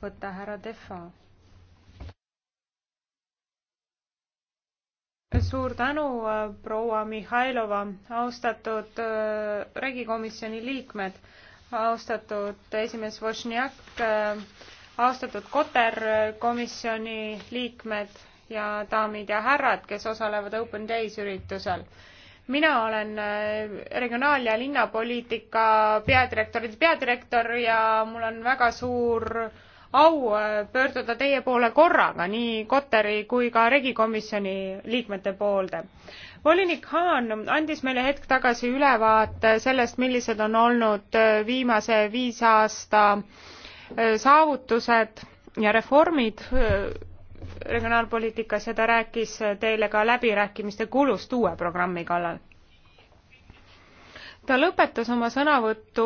võtta, härra Defa. suur tänu, äh, proua Mihhailova, austatud äh, regikomisjoni liikmed, austatud esimees Vošniak, austatud Koter komisjoni liikmed ja daamid ja härrad, kes osalevad Open Days üritusel mina olen äh, regionaal- ja linnapoliitika peadirektori peadirektor ja mul on väga suur au äh, pöörduda teie poole korraga, nii Kotari kui ka regikomisjoni liikmete poolde. volinik Haan andis meile hetk tagasi ülevaate sellest, millised on olnud äh, viimase viis aasta saavutused ja reformid regionaalpoliitikas ja ta rääkis teile ka läbirääkimiste kulust uue programmi kallal. ta lõpetas oma sõnavõttu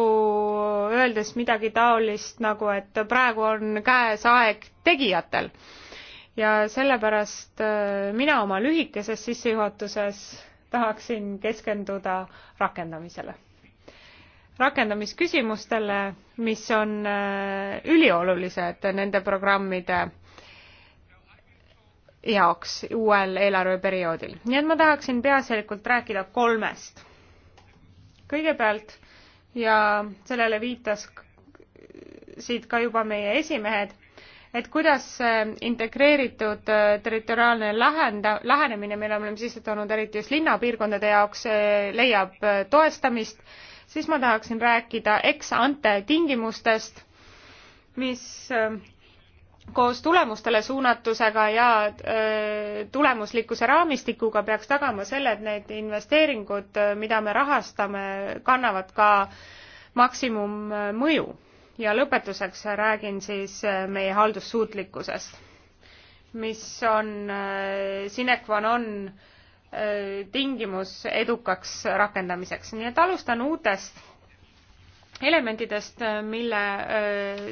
öeldes midagi taolist nagu, et praegu on käes aeg tegijatel. ja sellepärast äh, mina oma lühikeses sissejuhatuses tahaksin keskenduda rakendamisele rakendamisküsimustele mis on äh, üliolulised nende programmide jaoks uuel eelarveperioodil. nii et ma tahaksin peaasjalikult rääkida kolmest. kõigepealt ja sellele viitas siit ka juba meie esimehed, et kuidas integreeritud äh, territoriaalne lähenda, lähenemine, mille me oleme sisse toonud eriti just linnapiirkondade jaoks, äh, leiab äh, toestamist, siis ma tahaksin rääkida ex-ante tingimustest, mis koos tulemustele suunatusega ja tulemuslikkuse raamistikuga peaks tagama selle, et need investeeringud, mida me rahastame, kannavad ka maksimummõju. ja lõpetuseks räägin siis meie haldussuutlikkusest, mis on sine qua non tingimus edukaks rakendamiseks, nii et alustan uutest elementidest, mille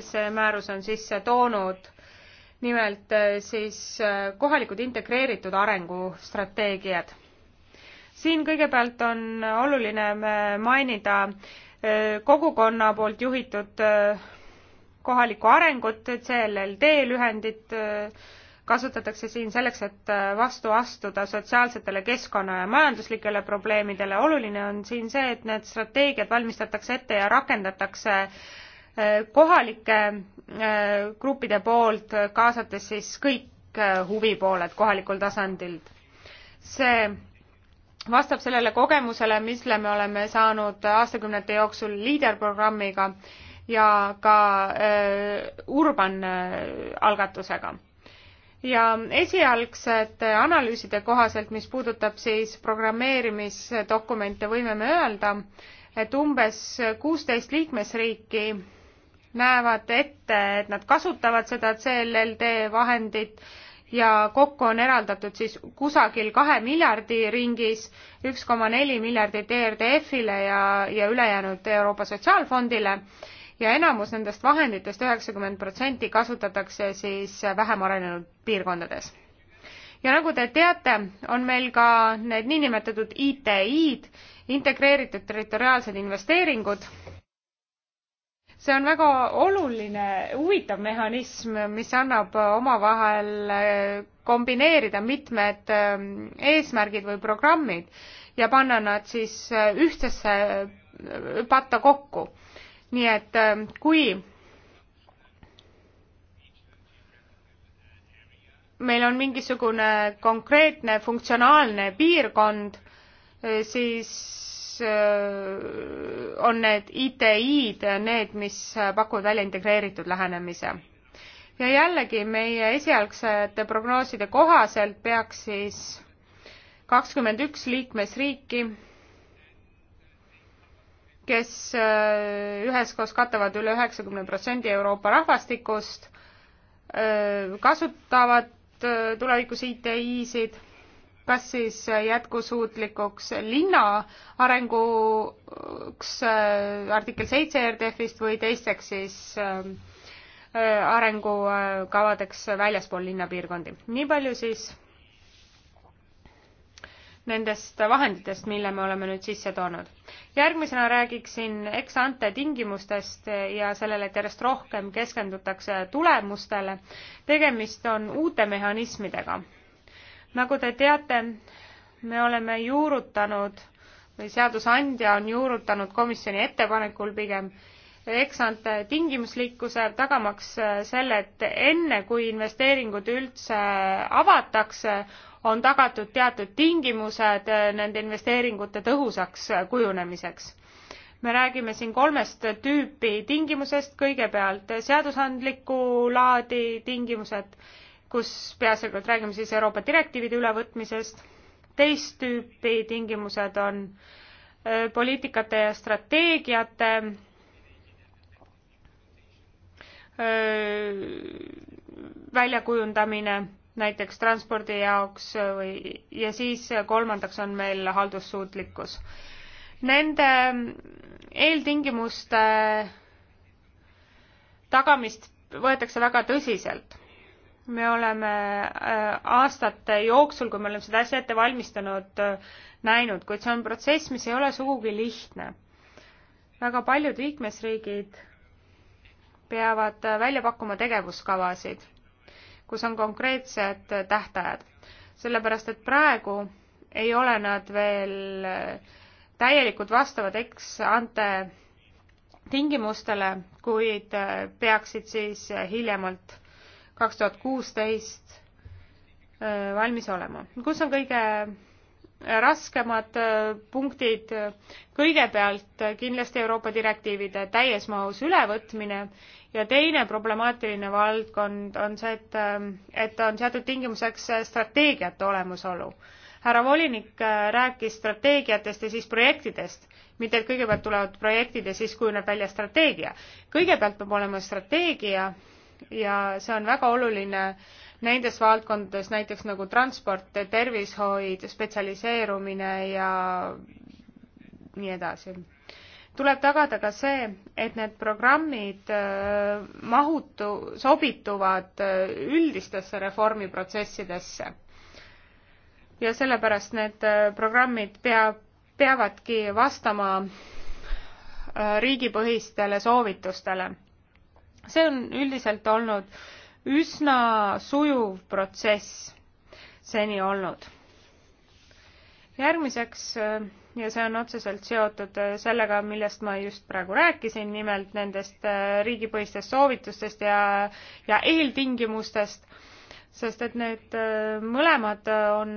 see määrus on sisse toonud nimelt äh, siis äh, kohalikud integreeritud arengustrateegiad. siin kõigepealt on oluline äh, mainida kogukonna poolt juhitud kohalikku arengut, CLLD lühendit kasutatakse siin selleks, et vastu astuda sotsiaalsetele keskkonna ja majanduslikele probleemidele. oluline on siin see, et need strateegiad valmistatakse ette ja rakendatakse äh, kohalike äh, gruppide poolt, kaasates siis kõik äh, huvipooled kohalikul tasandilt. see vastab sellele kogemusele, mille me oleme saanud aastakümnete jooksul liiderprogrammiga ja ka äh, Urban algatusega ja esialgsete analüüside kohaselt, mis puudutab siis programmeerimisdokumente, võime me öelda, et umbes kuusteist liikmesriiki näevad ette, et nad kasutavad seda CLLD vahendit ja kokku on eraldatud siis kusagil kahe miljardi ringis üks koma neli miljardit ERDF-ile ja, ja ülejäänud Euroopa Sotsiaalfondile ja enamus nendest vahenditest, üheksakümmend protsenti, kasutatakse siis vähem arenenud piirkondades. ja nagu te teate, on meil ka need niinimetatud ITI-d, integreeritud territoriaalsed investeeringud see on väga oluline, huvitav mehhanism, mis annab omavahel äh, kombineerida mitmed äh, eesmärgid või programmid ja panna nad siis äh, ühtsesse patta kokku. nii et kui meil on mingisugune konkreetne funktsionaalne piirkond, siis Äh, on need ITI-d need, mis pakuvad välja integreeritud lähenemise. ja jällegi meie esialgsete prognooside kohaselt peaks siis kakskümmend üks liikmesriiki, kes äh, üheskoos katavad üle üheksakümne protsendi Euroopa rahvastikust, äh, kasutavad tulevikus ITI-sid kas siis jätkusuutlikuks linna arenguks äh, artikkel seitse RDF-ist või teisteks siis äh, arengukavadeks väljaspool linnapiirkondi. nii palju siis nendest vahenditest, mille me oleme nüüd sisse toonud. järgmisena räägiksin ex-ante tingimustest ja sellele, et järjest rohkem keskendutakse tulemustele. tegemist on uute mehhanismidega nagu te teate, me oleme juurutanud või seadusandja on juurutanud komisjoni ettepanekul pigem eksante tingimuslikkuse, tagamaks äh, selle, et enne kui investeeringud üldse äh, avatakse, on tagatud teatud tingimused äh, nende investeeringute tõhusaks kujunemiseks. me räägime siin kolmest tüüpi tingimusest, kõigepealt seadusandliku laadi tingimused kus peaasjalikult räägime siis Euroopa direktiivide ülevõtmisest, teist tüüpi tingimused on poliitikate ja strateegiate väljakujundamine näiteks transpordi jaoks või, ja siis kolmandaks on meil haldussuutlikkus. Nende eeltingimuste tagamist võetakse väga tõsiselt me oleme äh, aastate jooksul, kui me oleme seda asja ette valmistanud, äh, näinud, kuid see on protsess, mis ei ole sugugi lihtne. väga paljud liikmesriigid peavad äh, välja pakkuma tegevuskavasid, kus on konkreetsed tähtajad, sellepärast et praegu ei ole nad veel täielikult vastavad ex-ante tingimustele, kuid peaksid siis hiljemalt kaks tuhat kuusteist äh, valmis olema. kus on kõige raskemad äh, punktid, kõigepealt äh, kindlasti Euroopa direktiivide täies mahus ülevõtmine ja teine problemaatiline valdkond on see, et, et on seatud tingimuseks strateegiate olemasolu. härra volinik rääkis strateegiatest ja siis projektidest, mitte et kõigepealt tulevad projektid ja siis kujuneb välja strateegia. kõigepealt peab olema strateegia ja see on väga oluline nendes valdkondades, näiteks nagu transport, tervishoid, spetsialiseerumine ja nii edasi. tuleb tagada ka see, et need programmid äh, mahutu, sobituvad äh, üldistesse reformiprotsessidesse. ja sellepärast need äh, programmid peab, peavadki vastama riigipõhistele soovitustele see on üldiselt olnud üsna sujuv protsess seni olnud. järgmiseks äh, ja see on otseselt seotud äh, sellega, millest ma just praegu rääkisin, nimelt nendest äh, riigipõhistest soovitustest ja, ja eeltingimustest, sest et need mõlemad on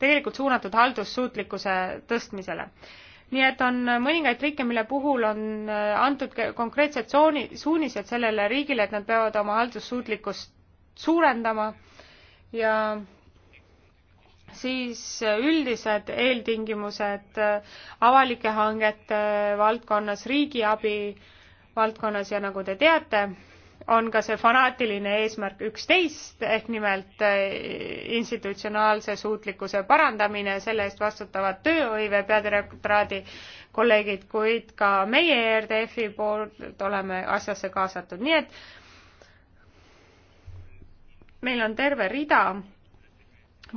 tegelikult suunatud haldussuutlikkuse tõstmisele nii et on mõningaid riike, mille puhul on äh, antud konkreetsed tsooni, suunised sellele riigile, et nad peavad oma haldussuutlikkust suurendama ja siis äh, üldised eeltingimused äh, avalike hangete valdkonnas, riigiabi valdkonnas ja nagu te teate, on ka see fanaatiline eesmärk üksteist ehk nimelt eh, institutsionaalse suutlikkuse parandamine, selle eest vastutavad tööhõive peadirektoraadi kolleegid, kuid ka meie ERDF-i poolt oleme asjasse kaasatud, nii et meil on terve rida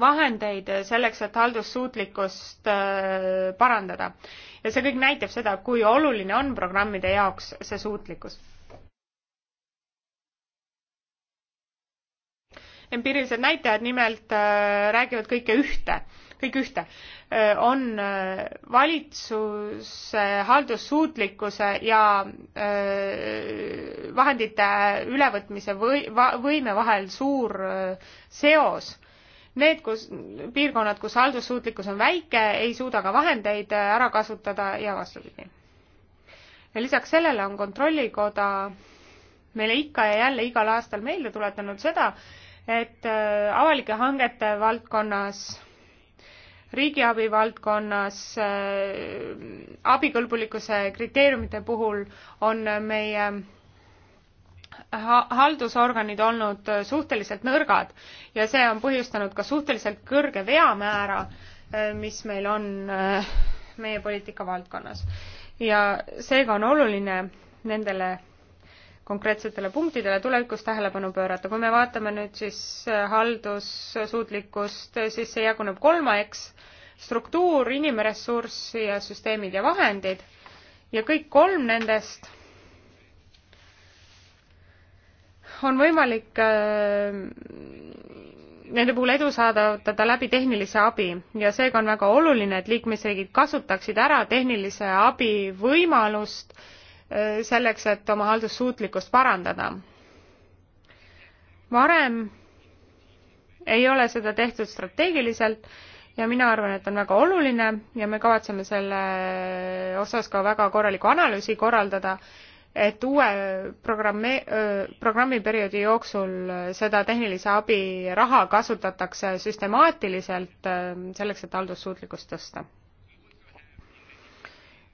vahendeid selleks, et haldussuutlikkust eh, parandada. ja see kõik näitab seda, kui oluline on programmide jaoks see suutlikkus empiirilised näitajad nimelt äh, räägivad kõike ühte, kõik ühte. Äh, on äh, valitsuse haldussuutlikkuse ja vahendite ülevõtmise või võime vahel suur seos need, kus, piirkonnad, kus haldussuutlikkus on väike, ei suuda ka vahendeid ära kasutada ja vastupidi. ja lisaks sellele on Kontrollikoda meile ikka ja jälle igal aastal meelde tuletanud seda, et äh, avalike hangete valdkonnas riigiabi valdkonnas äh, abikõlbulikkuse kriteeriumite puhul on meie haldusorganid olnud suhteliselt nõrgad ja see on põhjustanud ka suhteliselt kõrge veamäära, äh, mis meil on meie poliitika valdkonnas. ja seega on oluline nendele konkreetsetele punktidele tulevikus tähelepanu pöörata. kui me vaatame nüüd siis äh, haldussuutlikkust, äh, siis see jaguneb kolmeks, struktuur, inimressurss ja süsteemid ja vahendid ja kõik kolm nendest on võimalik äh, nende puhul edu saavutada läbi tehnilise abi ja seega on väga oluline, et liikmesriigid kasutaksid ära tehnilise abi võimalust äh, selleks, et oma haldussuutlikkust parandada. varem ei ole seda tehtud strateegiliselt ja mina arvan, et on väga oluline ja me kavatseme selle osas ka väga korraliku analüüsi korraldada, et uue programmi, programmiperioodi jooksul seda tehnilise abi raha kasutatakse süstemaatiliselt selleks, et haldussuutlikkust tõsta.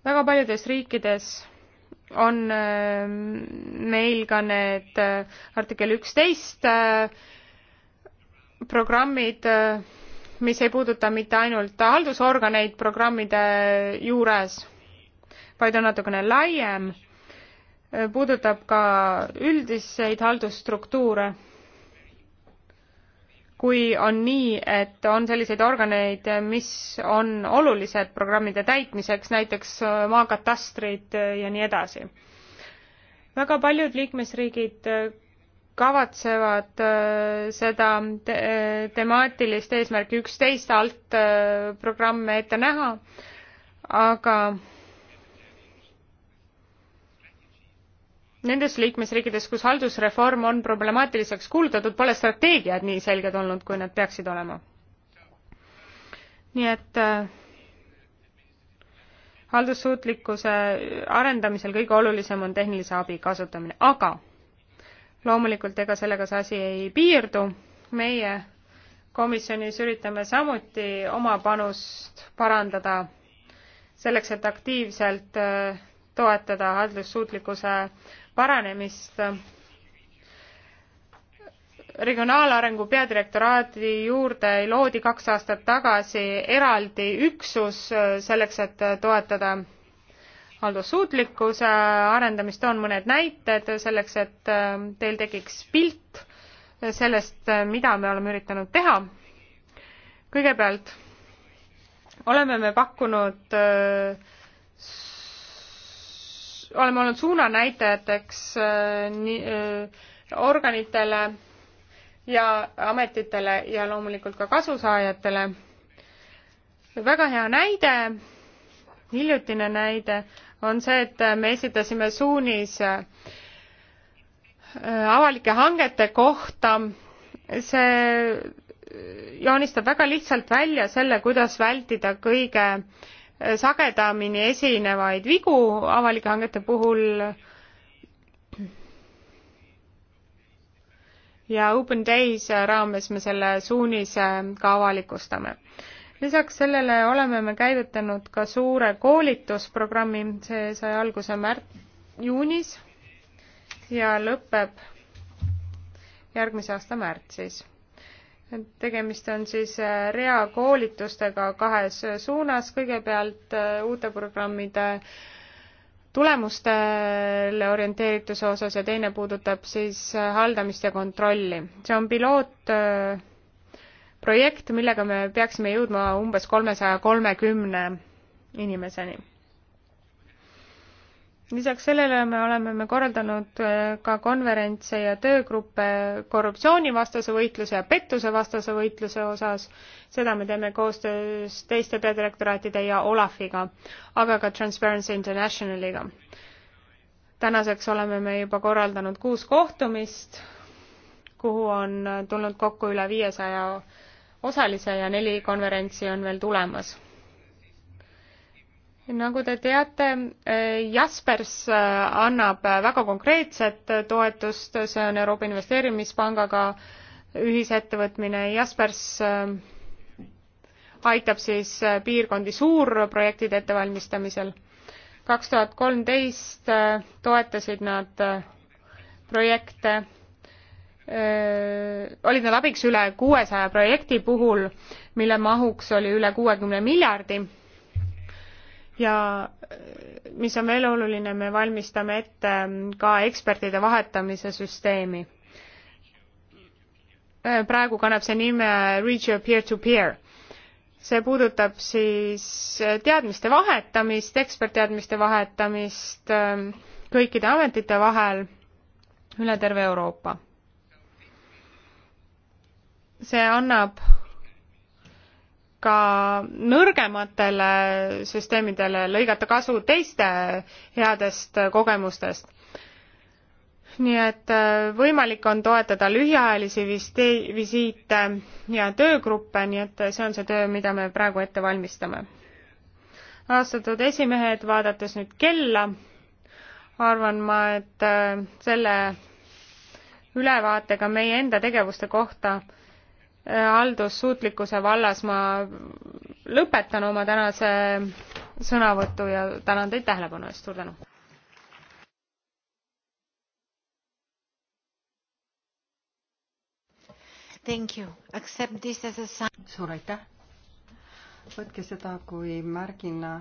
väga paljudes riikides on ähm, meil ka need äh, artikkel üksteist äh, programmid, äh, mis ei puuduta mitte ainult haldusorganeid programmide juures, vaid on natukene laiem, puudutab ka üldiseid haldusstruktuure kui on nii, et on selliseid organeid, mis on olulised programmide täitmiseks, näiteks äh, maakatastrid äh, ja nii edasi. väga paljud liikmesriigid äh, kavatsevad seda te temaatilist eesmärki üksteist alt programme ette näha, aga nendes liikmesriikides, kus haldusreform on problemaatiliseks kuulutatud, pole strateegiad nii selged olnud, kui nad peaksid olema. nii et äh, haldussuutlikkuse arendamisel kõige olulisem on tehnilise abi kasutamine, aga loomulikult ega sellega see asi ei piirdu, meie komisjonis üritame samuti oma panust parandada selleks, et aktiivselt äh, toetada haldussuutlikkuse paranemist. regionaalarengu peadirektoraadi juurde loodi kaks aastat tagasi eraldi üksus selleks, et toetada haldussuutlikkuse arendamist, toon mõned näited selleks, et teil tekiks pilt sellest, mida me oleme üritanud teha. kõigepealt oleme me pakkunud äh, oleme olnud suunanäitajateks äh, nii, äh, organitele ja ametitele ja loomulikult ka kasusaajatele. väga hea näide, hiljutine näide on see, et me esitasime suunise äh, avalike hangete kohta. see joonistab väga lihtsalt välja selle, kuidas vältida kõige äh, sagedamini esinevaid vigu avalike hangete puhul ja Open Days raames me selle suunise ka avalikustame. lisaks sellele oleme me käivitanud ka suure koolitusprogrammi, see sai alguse märt-, juunis ja lõpeb järgmise aasta märtsis tegemist on siis äh, rea koolitustega kahes suunas, kõigepealt äh, uute programmide tulemustele orienteerituse osas ja teine puudutab siis äh, haldamist ja kontrolli. see on pilootprojekt, millega me peaksime jõudma umbes kolmesaja kolmekümne inimeseni lisaks sellele me oleme me korraldanud äh, ka konverentse ja töögruppe korruptsioonivastase võitluse ja pettusevastase võitluse osas. seda me teeme koostöös teiste peadirektoraatide ja Olafiga, aga ka Transparency Internationaliga. tänaseks oleme me juba korraldanud kuus kohtumist, kuhu on tulnud kokku üle viiesaja osalise ja neli konverentsi on veel tulemas nagu te teate, eh, Jaspers eh, annab eh, väga konkreetset toetust, see on Euroopa Investeerimispangaga ühisettevõtmine, Jaspers aitab siis piirkondi suurprojektide ettevalmistamisel. kaks tuhat kolmteist toetasid nad projekte, olid nad abiks üle kuuesaja projekti puhul, mille mahuks oli üle kuuekümne miljardi ja äh, mis on veel oluline, me valmistame ette ähm, ka ekspertide vahetamise süsteemi. Äh, praegu kannab see nime Reach Your Peer to Peer. see puudutab siis äh, teadmiste vahetamist, ekspertteadmiste vahetamist ähm, kõikide ametite vahel üle terve Euroopa. see annab ka nõrgematele süsteemidele lõigata kasu teiste headest kogemustest. nii et äh, võimalik on toetada lühiajalisi visiite ja töögruppe, nii et see on see töö, mida me praegu ette valmistame. austatud esimehed, vaadates nüüd kella, arvan ma, et äh, selle ülevaatega meie enda tegevuste kohta haldussuutlikkuse vallas ma lõpetan oma tänase sõnavõtu ja tänan teid tähelepanu eest, suur tänu! suur aitäh! võtke seda kui märgina,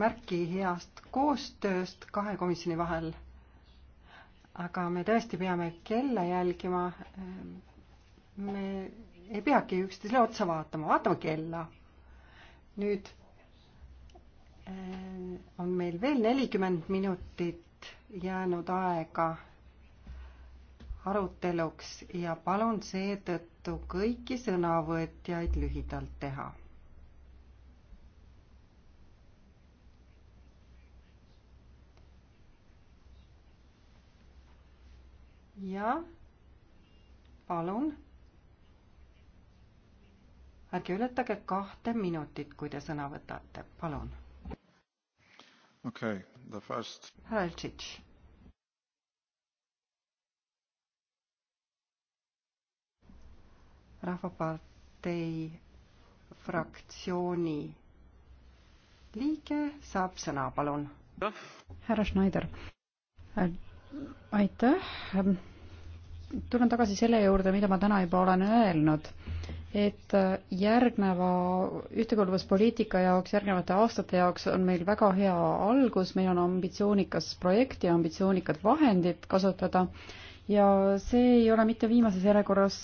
märki heast koostööst kahe komisjoni vahel. aga me tõesti peame kella jälgima. me ei peagi üksteisele otsa vaatama, vaatame kella. nüüd eh, on meil veel nelikümmend minutit jäänud aega aruteluks ja palun seetõttu kõiki sõnavõtjaid lühidalt teha. ja palun ärge ületage kahte minutit, kui te sõna võtate, palun. okei okay,, the first. härra Eltšitš. rahvapartei fraktsiooni liige saab sõna, palun. härra Schneider. aitäh tulen tagasi selle juurde, mida ma täna juba olen öelnud, et järgneva ühtekuuluvuspoliitika jaoks, järgnevate aastate jaoks on meil väga hea algus, meil on ambitsioonikas projekt ja ambitsioonikad vahendid kasutada ja see ei ole mitte viimases järjekorras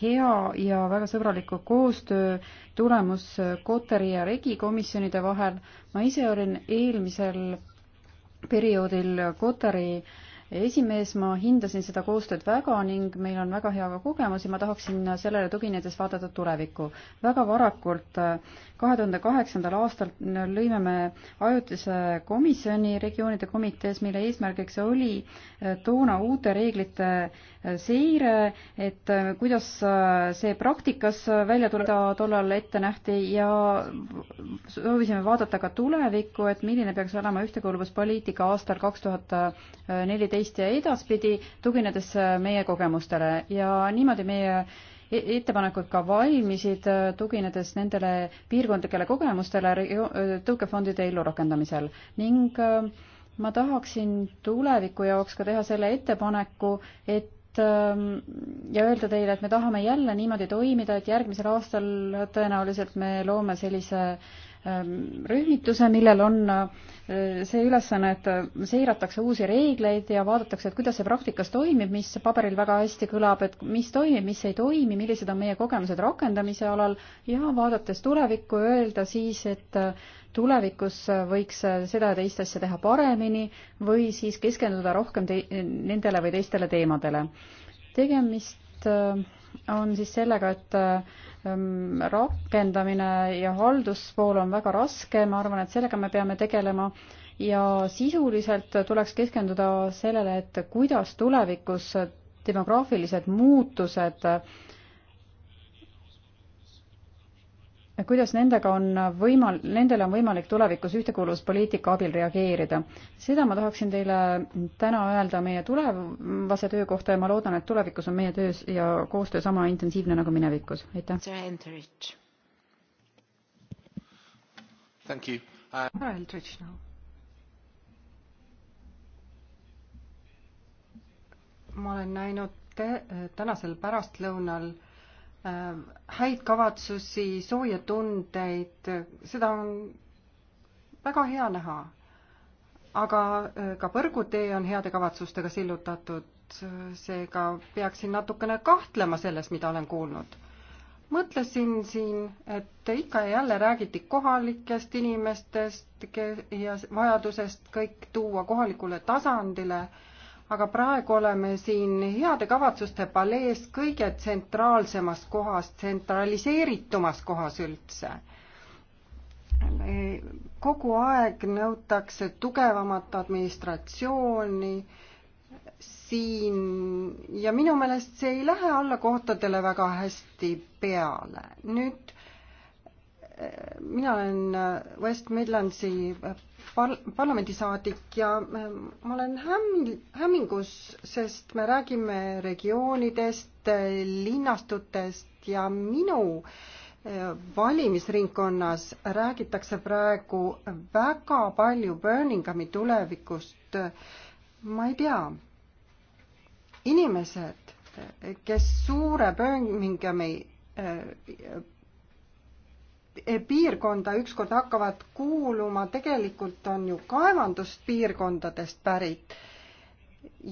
hea ja väga sõbraliku koostöö tulemus Kotari ja Regi komisjonide vahel. ma ise olin eelmisel perioodil Kotari äh, esimees, ma hindasin seda koostööd väga ning meil on väga hea ka kogemus ja ma tahaksin sellele tuginedes vaadata tulevikku. väga varakult, äh, kahe tuhande kaheksandal aastal lõime me ajutise komisjoni regioonide komitees, mille eesmärgiks oli äh, toona uute reeglite äh, seire, et kuidas see praktikas välja tuleb, tollal ette nähti ja soovisime vaadata ka tulevikku, et milline peaks olema ühtekuuluvuspoliitika aastal kaks tuhat neliteist üksteist ja edaspidi, tuginedes äh, meie kogemustele ja niimoodi meie e-, ettepanekud ka valmisid, äh, tuginedes nendele piirkondlikele kogemustele äh, tõukefondide ellurakendamisel ning ma tahaksin tuleviku jaoks ka teha selle ettepaneku, et ähm, ja öelda teile, et me tahame jälle niimoodi toimida, et järgmisel aastal tõenäoliselt me loome sellise Ähm, rühmituse, millel on äh, see ülesanne, et äh, seiratakse uusi reegleid ja vaadatakse, et kuidas see praktikas toimib, mis paberil väga hästi kõlab, et mis toimib, mis ei toimi, millised on meie kogemused rakendamise alal ja vaadates tulevikku, öelda siis, et äh, tulevikus võiks seda ja teist asja teha paremini või siis keskenduda rohkem te nendele või teistele teemadele. tegemist äh, on siis sellega, et ähm, rakendamine ja halduspool on väga raske, ma arvan, et sellega me peame tegelema ja sisuliselt tuleks keskenduda sellele, et kuidas tulevikus demograafilised muutused äh, kuidas nendega on võimal-, nendele on võimalik tulevikus ühtekuuluvuspoliitika abil reageerida. seda ma tahaksin teile täna öelda meie tulevase töö kohta ja ma loodan, et tulevikus on meie töös ja koostöö sama intensiivne nagu minevikus. aitäh. härra Eldridge, no. ma olen näinud te, tänasel pärastlõunal äh, Ähm, häid kavatsusi, sooje tundeid, seda on väga hea näha. aga äh, ka põrgutee on heade kavatsustega sillutatud, seega peaksin natukene kahtlema selles, mida olen kuulnud. mõtlesin siin, et ikka ja jälle räägiti kohalikest inimestest ja vajadusest kõik tuua kohalikule tasandile aga praegu oleme siin heade kavatsuste palees kõige tsentraalsemas kohas, tsentraliseeritumas kohas üldse. kogu aeg nõutakse tugevamat administratsiooni siin ja minu meelest see ei lähe allakohtadele väga hästi peale. nüüd mina olen äh, West Midlandsi äh, par-, parlamendisaadik ja äh, ma olen hämm-, hämmingus, sest me räägime regioonidest, linnastutest ja minu valimisringkonnas räägitakse praegu väga palju Birminghami tulevikust. ma ei tea, inimesed, kes suure Birminghami Eh, piirkonda ükskord hakkavad kuuluma, tegelikult on ju kaevanduspiirkondadest pärit.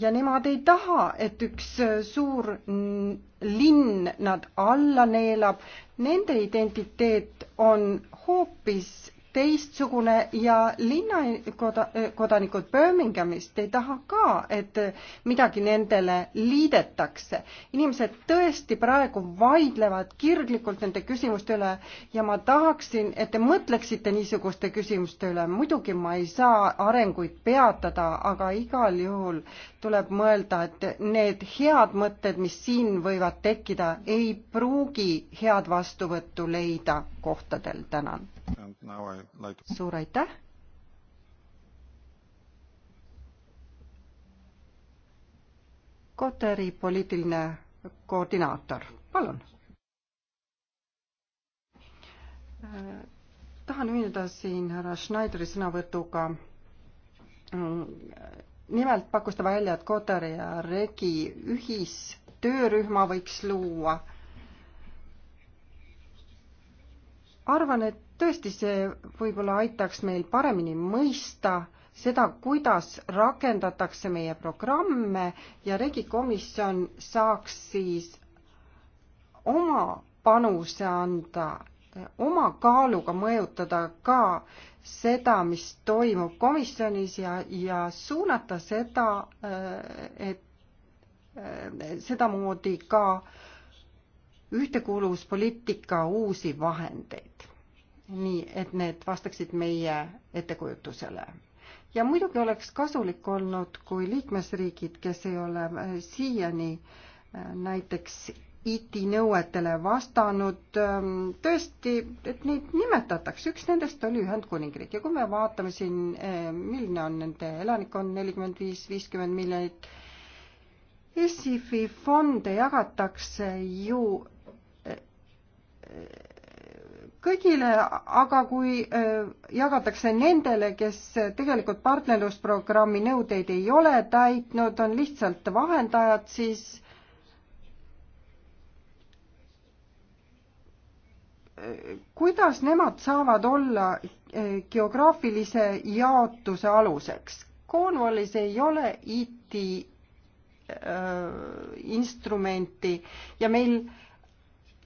ja nemad ei taha, et üks eh, suur mm, linn nad alla neelab. Nende identiteet on hoopis teistsugune ja linnakodanikud Birminghamist ei taha ka, et midagi nendele liidetakse. inimesed tõesti praegu vaidlevad kirglikult nende küsimuste üle ja ma tahaksin, et te mõtleksite niisuguste küsimuste üle. muidugi ma ei saa arenguid peatada, aga igal juhul tuleb mõelda, et need head mõtted, mis siin võivad tekkida, ei pruugi head vastuvõttu leida kohtadel. tänan. And now I like... suur aitäh. Kotari poliitiline koordinaator, palun. tahan ühineda siin härra Schneideri sõnavõtuga. nimelt pakkus ta välja, et Kotari ja Regi ühistöörühma võiks luua arvan, et tõesti, see võib-olla aitaks meil paremini mõista seda, kuidas rakendatakse meie programme ja regikomisjon saaks siis oma panuse anda, oma kaaluga mõjutada ka seda, mis toimub komisjonis ja, ja suunata seda, äh, et äh, sedamoodi ka ühtekuuluvuspoliitika uusi vahendeid nii et need vastaksid meie ettekujutusele. ja muidugi oleks kasulik olnud, kui liikmesriigid, kes ei ole äh, siiani äh, näiteks IT nõuetele vastanud, ähm, tõesti, et neid nimetatakse, üks nendest oli Ühendkuningriik ja kui me vaatame siin, äh, milline on nende elanikkond, nelikümmend viis, viiskümmend miljonit, ESIF-i fonde jagatakse ju kõigile, aga kui äh, jagatakse nendele, kes tegelikult partnerlusprogrammi nõudeid ei ole täitnud, on lihtsalt vahendajad, siis äh, kuidas nemad saavad olla äh, geograafilise jaotuse aluseks? Cornwallis ei ole IT instrumenti ja meil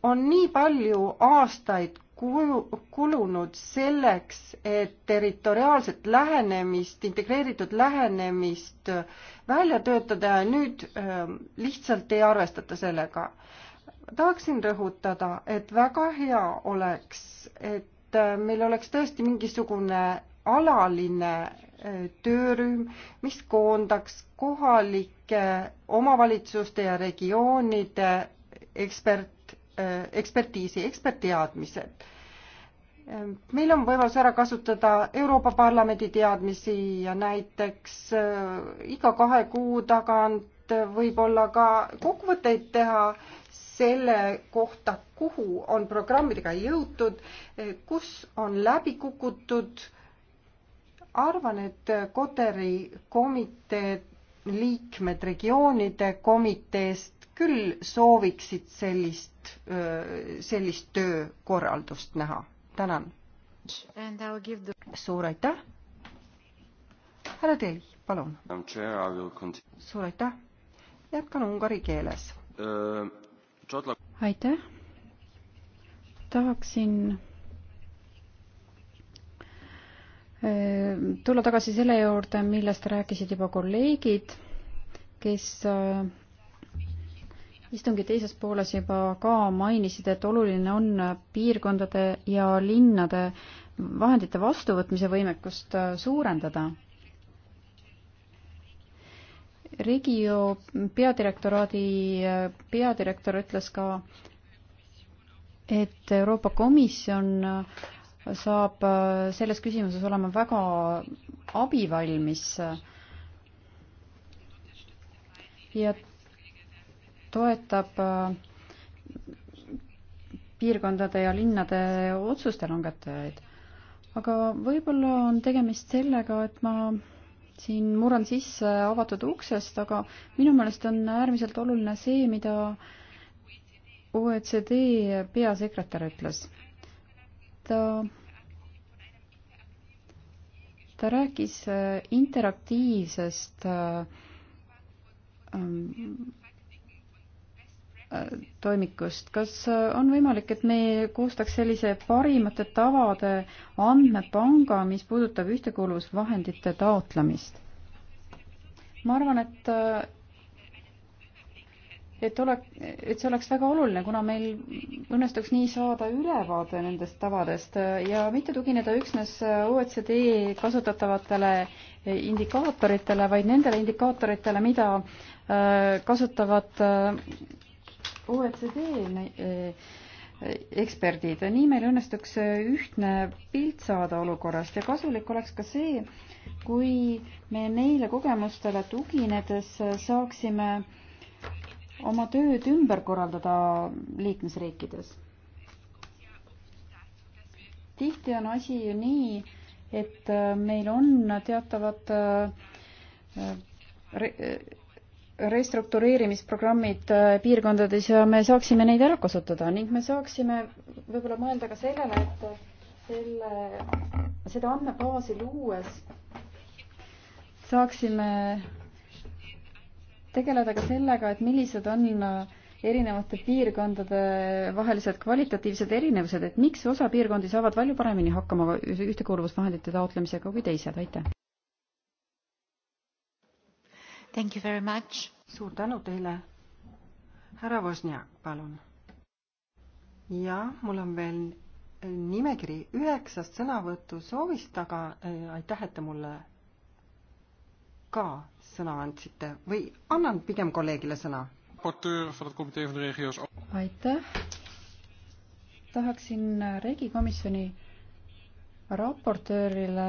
on nii palju aastaid kulu, kulunud selleks, et territoriaalset lähenemist, integreeritud lähenemist välja töötada ja nüüd ähm, lihtsalt ei arvestata sellega. tahaksin rõhutada, et väga hea oleks, et äh, meil oleks tõesti mingisugune alaline äh, töörühm, mis koondaks kohalike omavalitsuste ja regioonide ekspert, Äh, ekspertiisi, ekspertteadmised. Äh, meil on võimalus ära kasutada Euroopa Parlamendi teadmisi ja näiteks äh, iga kahe kuu tagant võib-olla ka kokkuvõtteid teha selle kohta, kuhu on programmidega jõutud, kus on läbi kukutud. arvan, et Kotari komitee liikmed regioonide komiteest küll sooviksid sellist, sellist töökorraldust näha. tänan. The... suur aitäh. härra Tei, palun. suur aitäh. jätkan ungari keeles uh,. Tšotla... aitäh. tahaksin tulla tagasi selle juurde, millest rääkisid juba kolleegid, kes istungi teises pooles juba ka mainisid, et oluline on piirkondade ja linnade vahendite vastuvõtmise võimekust äh, suurendada Regio peadirektoraadi äh, peadirektor ütles ka, et Euroopa Komisjon äh, saab selles küsimuses olema väga abivalmis ja toetab äh, piirkondade ja linnade otsuste langetajaid. aga võib-olla on tegemist sellega, et ma siin murran sisse avatud uksest, aga minu meelest on äärmiselt oluline see, mida OECD peasekretär ütles. ta, ta rääkis äh, interaktiivsest äh, ähm, toimikust. kas äh, on võimalik, et me koostaks sellise parimate tavade andmepanga, mis puudutab ühtekuuluvusvahendite taotlemist? ma arvan, et äh, et ole, et see oleks väga oluline, kuna meil õnnestuks nii saada ülevaade nendest tavadest äh, ja mitte tugineda üksnes OECD kasutatavatele indikaatoritele, vaid nendele indikaatoritele, mida kasutavad OECD eh, eksperdid, nii meil õnnestuks ühtne pilt saada olukorrast ja kasulik oleks ka see, kui me neile kogemustele tuginedes saaksime oma tööd ümber korraldada liikmesriikides. tihti on asi ju nii, et meil on teatavad eh, restruktureerimisprogrammid äh, piirkondades ja me saaksime neid ära kasutada ning me saaksime võib-olla mõelda ka sellele, et selle, seda andmebaasi luues saaksime tegeleda ka sellega, et millised on äh, erinevate piirkondade vahelised kvalitatiivsed erinevused, et miks osa piirkondi saavad palju paremini hakkama ühtekuuluvusvahendite taotlemisega kui teised, aitäh! suur tänu teile. härra Vosniak, palun. ja mul on veel eh, nimekiri üheksast sõnavõtusoovist, aga äh, aitäh, et te mulle ka sõna andsite või annan pigem kolleegile sõna. aitäh. tahaksin regikomisjoni raportöörile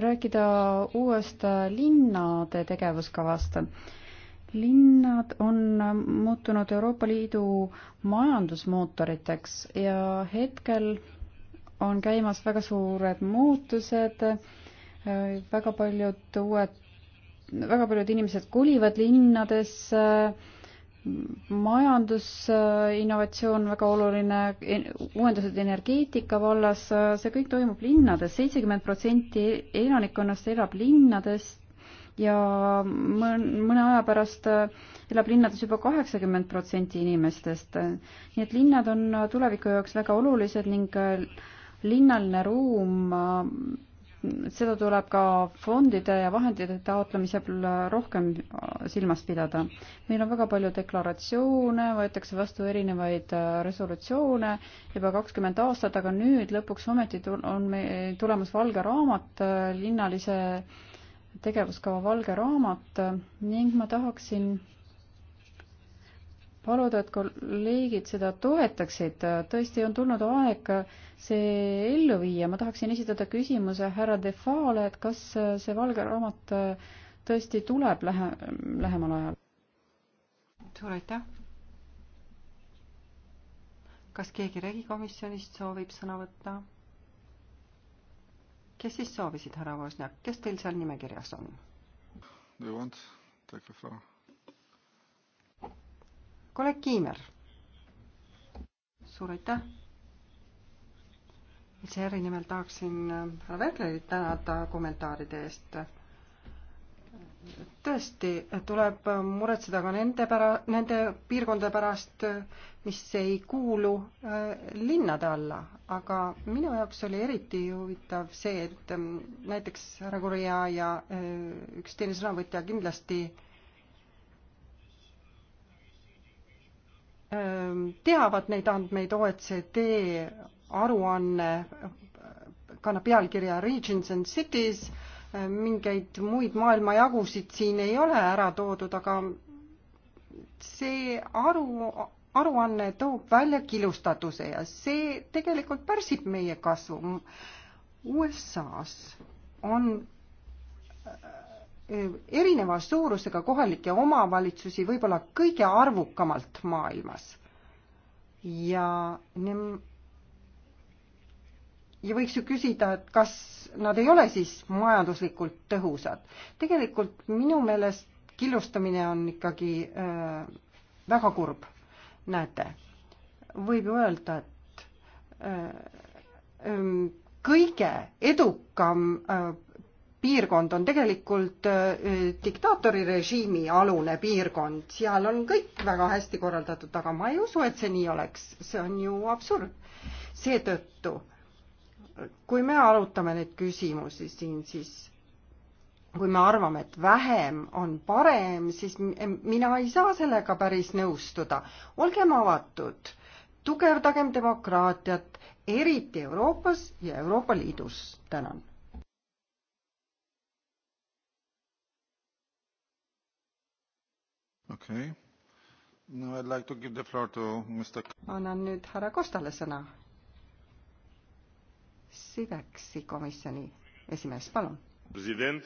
rääkida uuest linnade tegevuskavast. linnad on muutunud Euroopa Liidu majandusmootoriteks ja hetkel on käimas väga suured muutused, väga paljud uued, väga paljud inimesed kolivad linnadesse majandusinnovatsioon väga oluline, uuendused energeetika vallas, see kõik toimub linnades, seitsekümmend protsenti elanikkonnast elab linnades ja mõne aja pärast äh, elab linnades juba kaheksakümmend protsenti inimestest. nii et linnad on tuleviku jaoks väga olulised ning äh, linnaline ruum äh, seda tuleb ka fondide ja vahendite taotlemisel rohkem silmas pidada. meil on väga palju deklaratsioone, võetakse vastu erinevaid äh, resolutsioone juba kakskümmend aastat, aga nüüd lõpuks ometi on meil tulemas valge raamat äh, linnalise tegevuskava valge raamat äh, ning ma tahaksin paluda, et kolleegid seda toetaksid. tõesti on tulnud aeg see ellu viia. ma tahaksin esitada küsimuse härra Defale, et kas see valge raamat tõesti tuleb lähe, lähemal ajal? suur aitäh! kas keegi regikomisjonist soovib sõna võtta? kes siis soovisid, härra Vosniak, kes teil seal nimekirjas on? Do you want to take the floor? kolleeg Kiimer. suur aitäh. ICR-i nimel tahaksin äh, härra Verklerit tänada kommentaaride eest. tõesti, tuleb muretseda ka nende pära-, nende piirkondade pärast, mis ei kuulu äh, linnade alla, aga minu jaoks oli eriti huvitav see, et mm, näiteks härra Kurja ja äh, üks teine sõnavõtja kindlasti äh, Ehm, teavad neid andmeid, OECD aruanne kannab pealkirja Regions and Cities, ehm, mingeid muid maailmajagusid siin ei ole ära toodud, aga see aru, aruanne toob välja killustatuse ja see tegelikult pärsib meie kasvu. USA-s on erineva suurusega kohalikke omavalitsusi võib-olla kõige arvukamalt maailmas. ja nem-, ja võiks ju küsida, et kas nad ei ole siis majanduslikult tõhusad. tegelikult minu meelest killustamine on ikkagi äh, väga kurb. näete, võib ju öelda, et äh, ähm, kõige edukam äh, piirkond on tegelikult äh, diktaatorirežiimi alune piirkond, seal on kõik väga hästi korraldatud, aga ma ei usu, et see nii oleks, see on ju absurd. seetõttu, kui me arutame neid küsimusi siin, siis kui me arvame, et vähem on parem, siis mina ei saa sellega päris nõustuda. olgem avatud, tugevdagem demokraatiat, eriti Euroopas ja Euroopa Liidus. tänan okei okay.. No I'd like to give the floor to Mr. annan nüüd härra Kostale sõna. Siveksi komisjoni esimees, palun. president,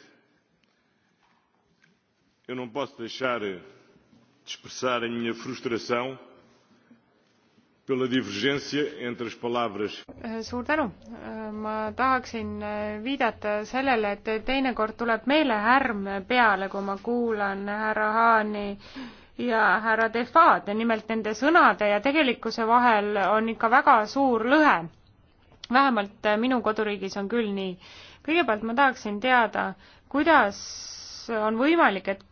eu não posso deixar de expressar a minha frustração pela divergência entre as palavras. Eh, suur tänu, eh, ma tahaksin eh, viidata sellele, et teinekord tuleb meelehärm peale, kui ma kuulan härra Haani ja härra Defaad ja nimelt nende sõnade ja tegelikkuse vahel on ikka väga suur lõhe. vähemalt minu koduriigis on küll nii. kõigepealt ma tahaksin teada, kuidas on võimalik, et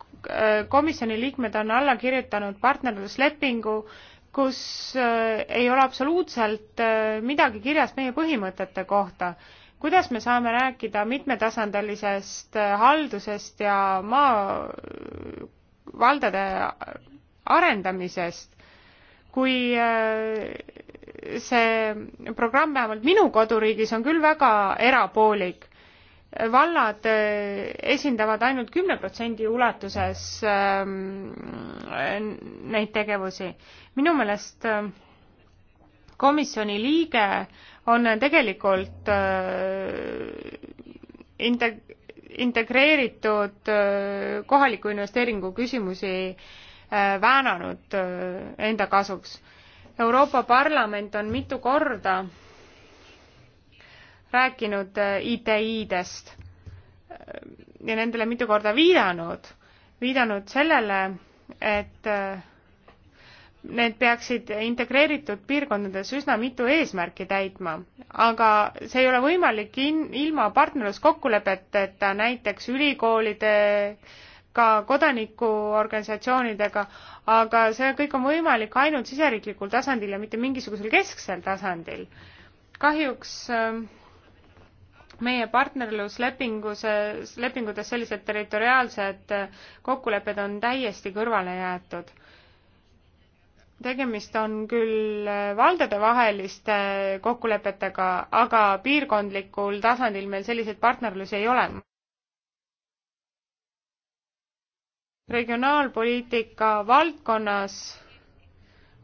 komisjoni liikmed on alla kirjutanud partnerluslepingu, kus äh, ei ole absoluutselt äh, midagi kirjas meie põhimõtete kohta. kuidas me saame rääkida mitmetasandilisest äh, haldusest ja maavaldade arendamisest, kui see programm vähemalt minu koduriigis on küll väga erapoolik vallad eh, esindavad ainult kümne protsendi ulatuses ehm, neid tegevusi. minu meelest eh, komisjoni liige on tegelikult eh, integ-, integreeritud kohaliku investeeringu küsimusi väänanud enda kasuks. Euroopa Parlament on mitu korda rääkinud äh, ITI-dest äh, ja nendele mitu korda viidanud, viidanud sellele, et äh, need peaksid integreeritud piirkondades üsna mitu eesmärki täitma, aga see ei ole võimalik in-, ilma partnerluskokkulepeteta näiteks ülikoolide ka kodanikuorganisatsioonidega, aga see kõik on võimalik ainult siseriiklikul tasandil ja mitte mingisugusel kesksel tasandil. kahjuks äh, meie partnerluslepinguses, lepingutes sellised territoriaalsed kokkulepped on täiesti kõrvale jäetud. tegemist on küll valdadevaheliste kokkulepetega, aga piirkondlikul tasandil meil selliseid partnerlusi ei ole. regionaalpoliitika valdkonnas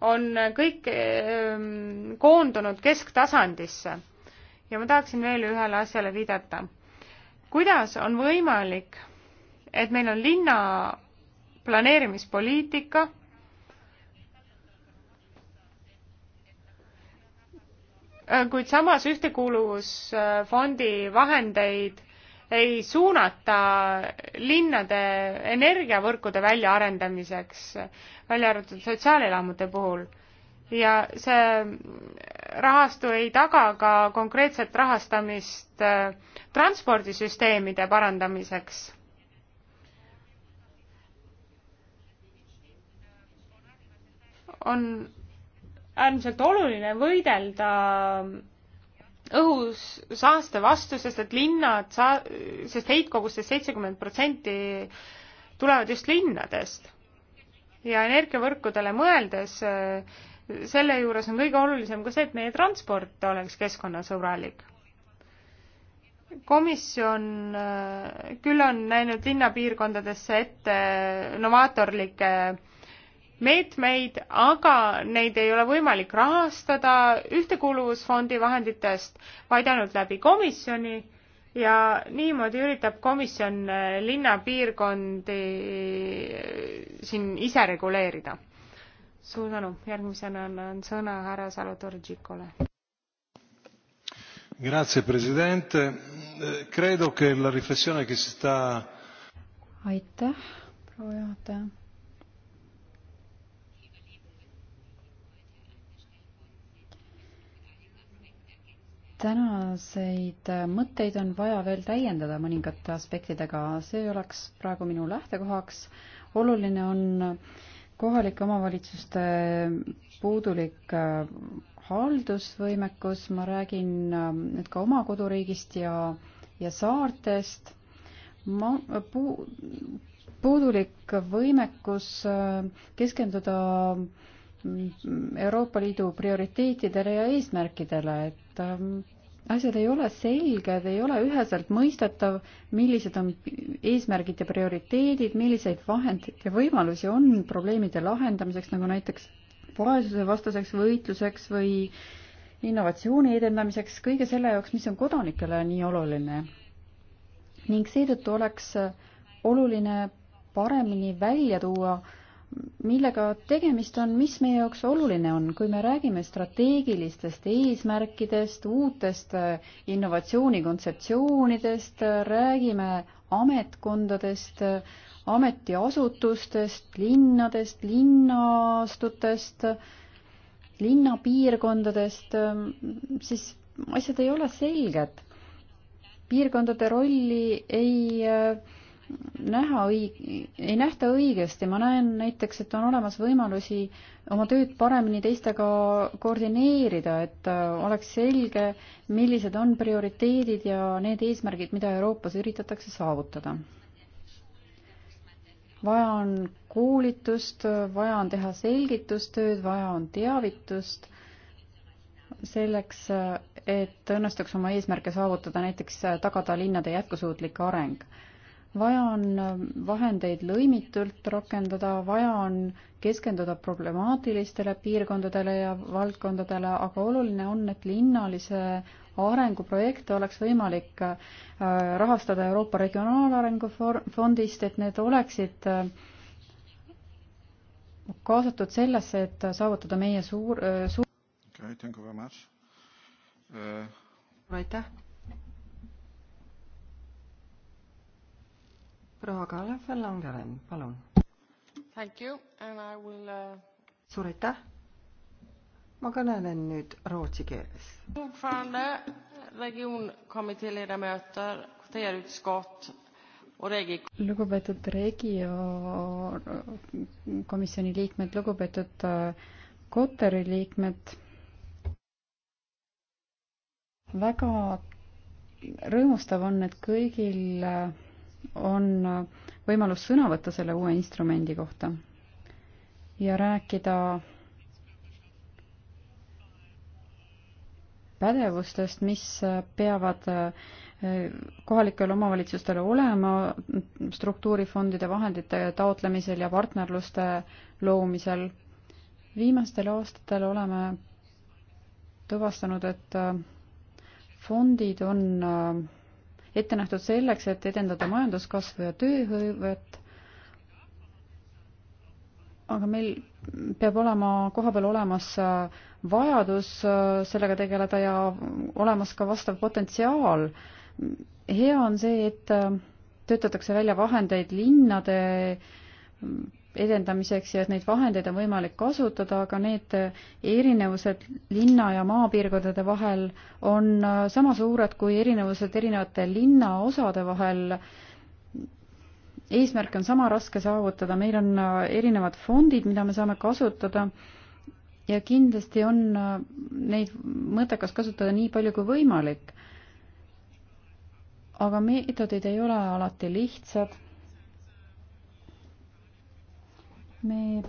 on kõik ähm, koondunud kesktasandisse ja ma tahaksin veel ühele asjale viidata. kuidas on võimalik, et meil on linna planeerimispoliitika, kuid samas ühtekuuluvusfondi vahendeid ei suunata linnade energiavõrkude väljaarendamiseks, välja arvatud sotsiaalelamute puhul. ja see rahastu ei taga ka konkreetset rahastamist äh, transpordisüsteemide parandamiseks on äärmiselt oluline võidelda õhus saaste vastu, sest et linnad saa-, sest heitkogustest seitsekümmend protsenti tulevad just linnadest. ja energiavõrkudele mõeldes äh, selle juures on kõige olulisem ka see, et meie transport oleks keskkonnasõbralik. komisjon äh, küll on näinud linnapiirkondadesse ette novaatorlikke meetmeid, aga neid ei ole võimalik rahastada ühtekuuluvusfondi vahenditest, vaid ainult läbi komisjoni ja niimoodi üritab komisjon äh, linnapiirkondi äh, siin ise reguleerida suur tänu, järgmisena annan sõna härra Salvatore Tšikole. Grazie presidente, credo che la riflessione che si sta. aitäh, proua juhataja. tänaseid mõtteid on vaja veel täiendada mõningate aspektidega, see oleks praegu minu lähtekohaks. oluline on äh, kohalike omavalitsuste puudulik äh, haldusvõimekus, ma räägin nüüd äh, ka oma koduriigist ja, ja saartest. ma, äh, puu-, puudulik võimekus keskenduda mm, Euroopa Liidu prioriteetidele ja eesmärkidele, et ähm, asjad ei ole selged, ei ole üheselt mõistetav, millised on eesmärgid ja prioriteedid, milliseid vahendeid ja võimalusi on probleemide lahendamiseks, nagu näiteks vaesusevastaseks võitluseks või innovatsiooni edendamiseks, kõige selle jaoks, mis on kodanikele nii oluline. ning seetõttu oleks oluline paremini välja tuua äh, millega tegemist on, mis meie jaoks oluline on, kui me räägime strateegilistest eesmärkidest, uutest äh, innovatsioonikontseptsioonidest, äh, räägime ametkondadest, äh, ametiasutustest, linnadest, linnastutest, linnapiirkondadest, siis asjad ei ole selged. piirkondade rolli ei äh, näha õig-, ei nähta õigesti, ma näen näiteks, et on olemas võimalusi oma tööd paremini teistega koordineerida, et äh, oleks selge, millised on prioriteedid ja need eesmärgid, mida Euroopas üritatakse saavutada. vaja on koolitust, vaja on teha selgitustööd, vaja on teavitust selleks, äh, et õnnestuks oma eesmärke saavutada, näiteks äh, tagada linnade jätkusuutlik areng vaja on äh, vahendeid lõimitult rakendada, vaja on keskenduda problemaatilistele piirkondadele ja valdkondadele, aga oluline on, et linnalise arenguprojekte oleks võimalik äh, rahastada Euroopa Regionaalarengu Fondist, et need oleksid äh, kaasatud sellesse, et saavutada meie suur, suur okay, uh... aitäh proua Kalle von Langelen, palun. Will... Uh, suur aitäh. ma kõnelen nüüd rootsi keeles. lugupeetud regio komisjoni liikmed, lugupeetud äh, Kotari liikmed. väga rõõmustav on, et kõigil äh, on võimalus sõna võtta selle uue instrumendi kohta ja rääkida pädevustest, mis peavad eh, kohalikel omavalitsustel olema struktuurifondide vahendite taotlemisel ja partnerluste loomisel. viimastel aastatel oleme tuvastanud, et eh, fondid on eh, ette nähtud selleks, et edendada majanduskasvu ja tööhõivet, aga meil peab olema kohapeal olemas vajadus sellega tegeleda ja olemas ka vastav potentsiaal. hea on see, et töötatakse välja vahendeid linnade edendamiseks ja et neid vahendeid on võimalik kasutada, aga need erinevused linna ja maapiirkondade vahel on äh, sama suured kui erinevused erinevate linnaosade vahel. eesmärk on sama raske saavutada, meil on äh, erinevad fondid, mida me saame kasutada ja kindlasti on äh, neid mõttekas kasutada nii palju kui võimalik. aga meetodid ei ole alati lihtsad me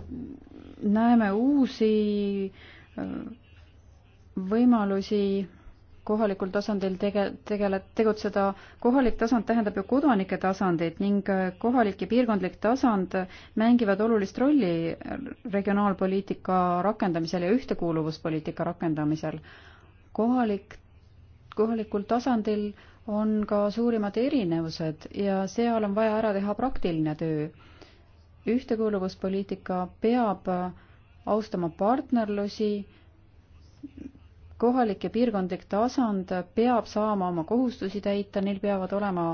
näeme uusi äh, võimalusi kohalikul tasandil tege-, tegele-, tegutseda, kohalik tasand tähendab ju kodanike tasandit ning äh, kohalik ja piirkondlik tasand mängivad olulist rolli regionaalpoliitika rakendamisel ja ühtekuuluvuspoliitika rakendamisel. kohalik, kohalikul tasandil on ka suurimad erinevused ja seal on vaja ära teha praktiline töö ühtekuuluvuspoliitika peab austama partnerlusi, kohalik ja piirkondlik tasand peab saama oma kohustusi täita, neil peavad olema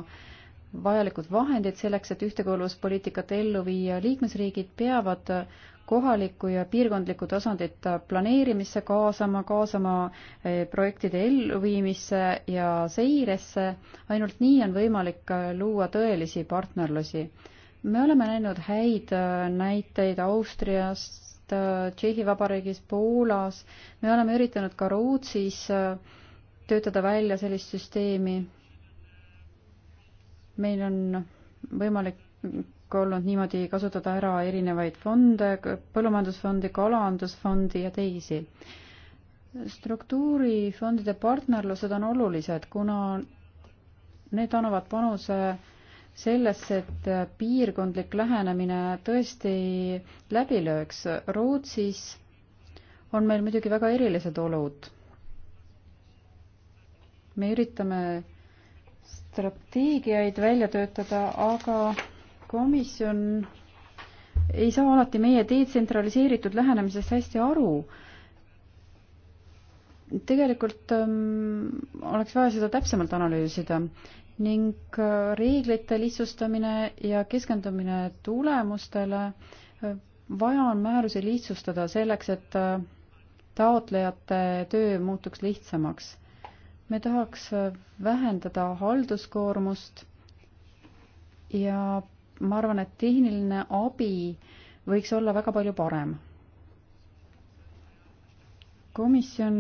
vajalikud vahendid selleks, et ühtekuuluvuspoliitikat ellu viia, liikmesriigid peavad kohalikku ja piirkondlikku tasandit planeerimisse kaasama, kaasama eh, projektide elluviimisse ja seiresse, ainult nii on võimalik eh, luua tõelisi partnerlusi me oleme näinud häid äh, näiteid Austriast, äh, Tšehhi Vabariigis, Poolas, me oleme üritanud ka Rootsis äh, töötada välja sellist süsteemi. meil on võimalik olnud niimoodi kasutada ära erinevaid fonde, põllumajandusfondi, kalandusfondi ja teisi. struktuurifondide partnerlused on olulised, kuna need annavad panuse sellesse, et piirkondlik lähenemine tõesti läbi lööks. Rootsis on meil muidugi väga erilised olud. me üritame strateegiaid välja töötada, aga komisjon ei saa alati meie detsentraliseeritud lähenemisest hästi aru. tegelikult ähm, oleks vaja seda täpsemalt analüüsida ning äh, reeglite lihtsustamine ja keskendumine tulemustele. Äh, vaja on määrusi lihtsustada selleks, et äh, taotlejate töö muutuks lihtsamaks. me tahaks vähendada halduskoormust ja ma arvan, et tehniline abi võiks olla väga palju parem. komisjon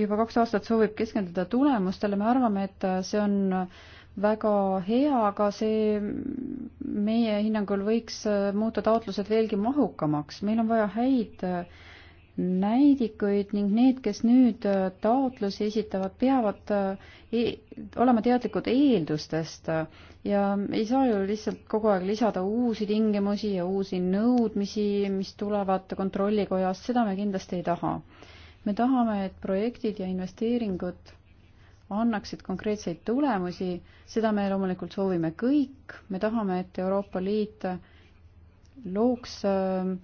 juba kaks aastat soovib keskenduda tulemustele, me arvame, et see on väga hea, aga see meie hinnangul võiks muuta taotlused veelgi mahukamaks, meil on vaja häid näidikuid ning need, kes nüüd taotlusi esitavad, peavad e olema teadlikud eeldustest ja ei saa ju lihtsalt kogu aeg lisada uusi tingimusi ja uusi nõudmisi, mis tulevad kontrollikojast, seda me kindlasti ei taha me tahame, et projektid ja investeeringud annaksid konkreetseid tulemusi, seda me loomulikult soovime kõik, me tahame, et Euroopa Liit looks ähm,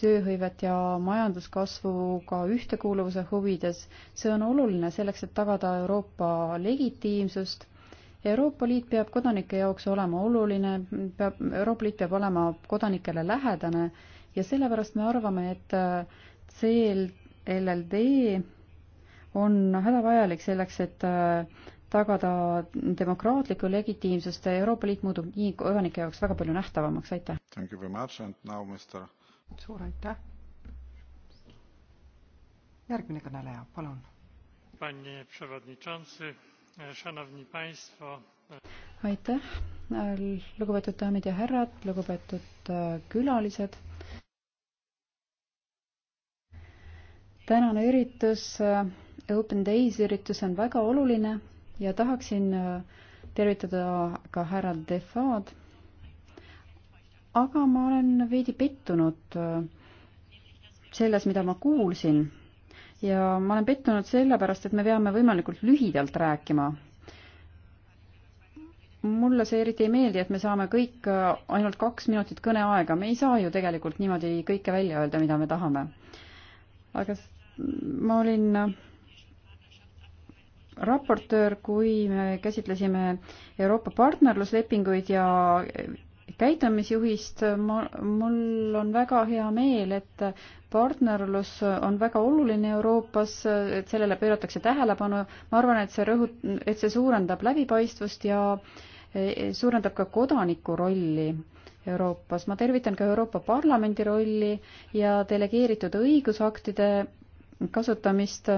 tööhõivet ja majanduskasvuga ühtekuuluvuse huvides, see on oluline selleks, et tagada Euroopa legitiimsust. Euroopa Liit peab kodanike jaoks olema oluline, peab, Euroopa Liit peab olema kodanikele lähedane ja sellepärast me arvame, et CL äh, LLD on hädavajalik selleks, et äh, tagada demokraatlikku legitiimsust. Euroopa Liit muutub nii kodanike jaoks väga palju nähtavamaks, aitäh! suur aitäh! järgmine kõneleja, palun! aitäh, lugupeetud daamid ja härrad, lugupeetud äh, külalised tänane üritus, äh, Open Days üritus on väga oluline ja tahaksin äh, tervitada ka härra Defad. aga ma olen veidi pettunud äh, selles, mida ma kuulsin ja ma olen pettunud sellepärast, et me peame võimalikult lühidalt rääkima. mulle see eriti ei meeldi, et me saame kõik ainult kaks minutit kõneaega, me ei saa ju tegelikult niimoodi kõike välja öelda, mida me tahame. aga ma olin äh, raportöör, kui me käsitlesime Euroopa partnerluslepinguid ja äh, käitumisjuhist, ma, mul on väga hea meel, et partnerlus on väga oluline Euroopas, et sellele pööratakse tähelepanu. ma arvan, et see rõhut-, et see suurendab läbipaistvust ja e, e, suurendab ka kodaniku rolli Euroopas. ma tervitan ka Euroopa Parlamendi rolli ja delegeeritud õigusaktide kasutamist,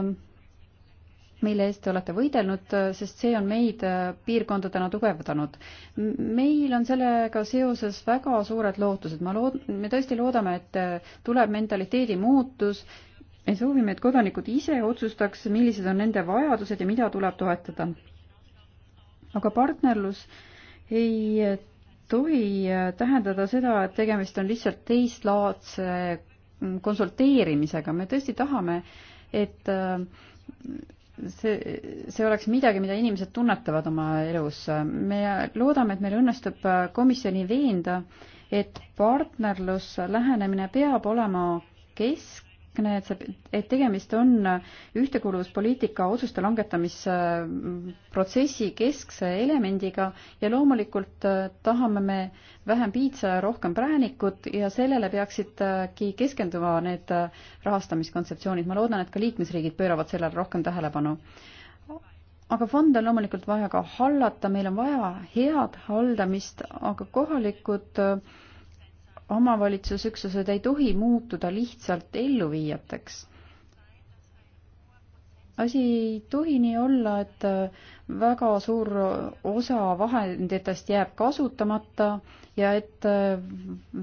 mille eest te olete võidelnud, sest see on meid piirkondadena tugevdanud. meil on sellega seoses väga suured lootused, ma lood-, me tõesti loodame, et tuleb mentaliteedi muutus, me soovime, et kodanikud ise otsustaks, millised on nende vajadused ja mida tuleb toetada. aga partnerlus ei tohi tähendada seda, et tegemist on lihtsalt teistlaadse Mm, konsulteerimisega, me tõesti tahame, et äh, see, see oleks midagi, mida inimesed tunnetavad oma elus. me loodame, et meil õnnestub komisjoni veenda, et partnerlus, lähenemine peab olema kesk, märkne, et see, et tegemist on ühtekuuluvuspoliitika otsuste langetamise protsessi keskse elemendiga ja loomulikult äh, tahame me vähem piitsa ja rohkem präänikut ja sellele peaksidki keskenduma need äh, rahastamiskontseptsioonid. ma loodan, et ka liikmesriigid pööravad sellele rohkem tähelepanu aga fonde on loomulikult vaja ka hallata, meil on vaja head haldamist, aga kohalikud äh, omavalitsusüksused ei tohi muutuda lihtsalt elluviijateks. asi ei tohi nii olla, et äh, väga suur osa vahenditest jääb kasutamata ja et äh,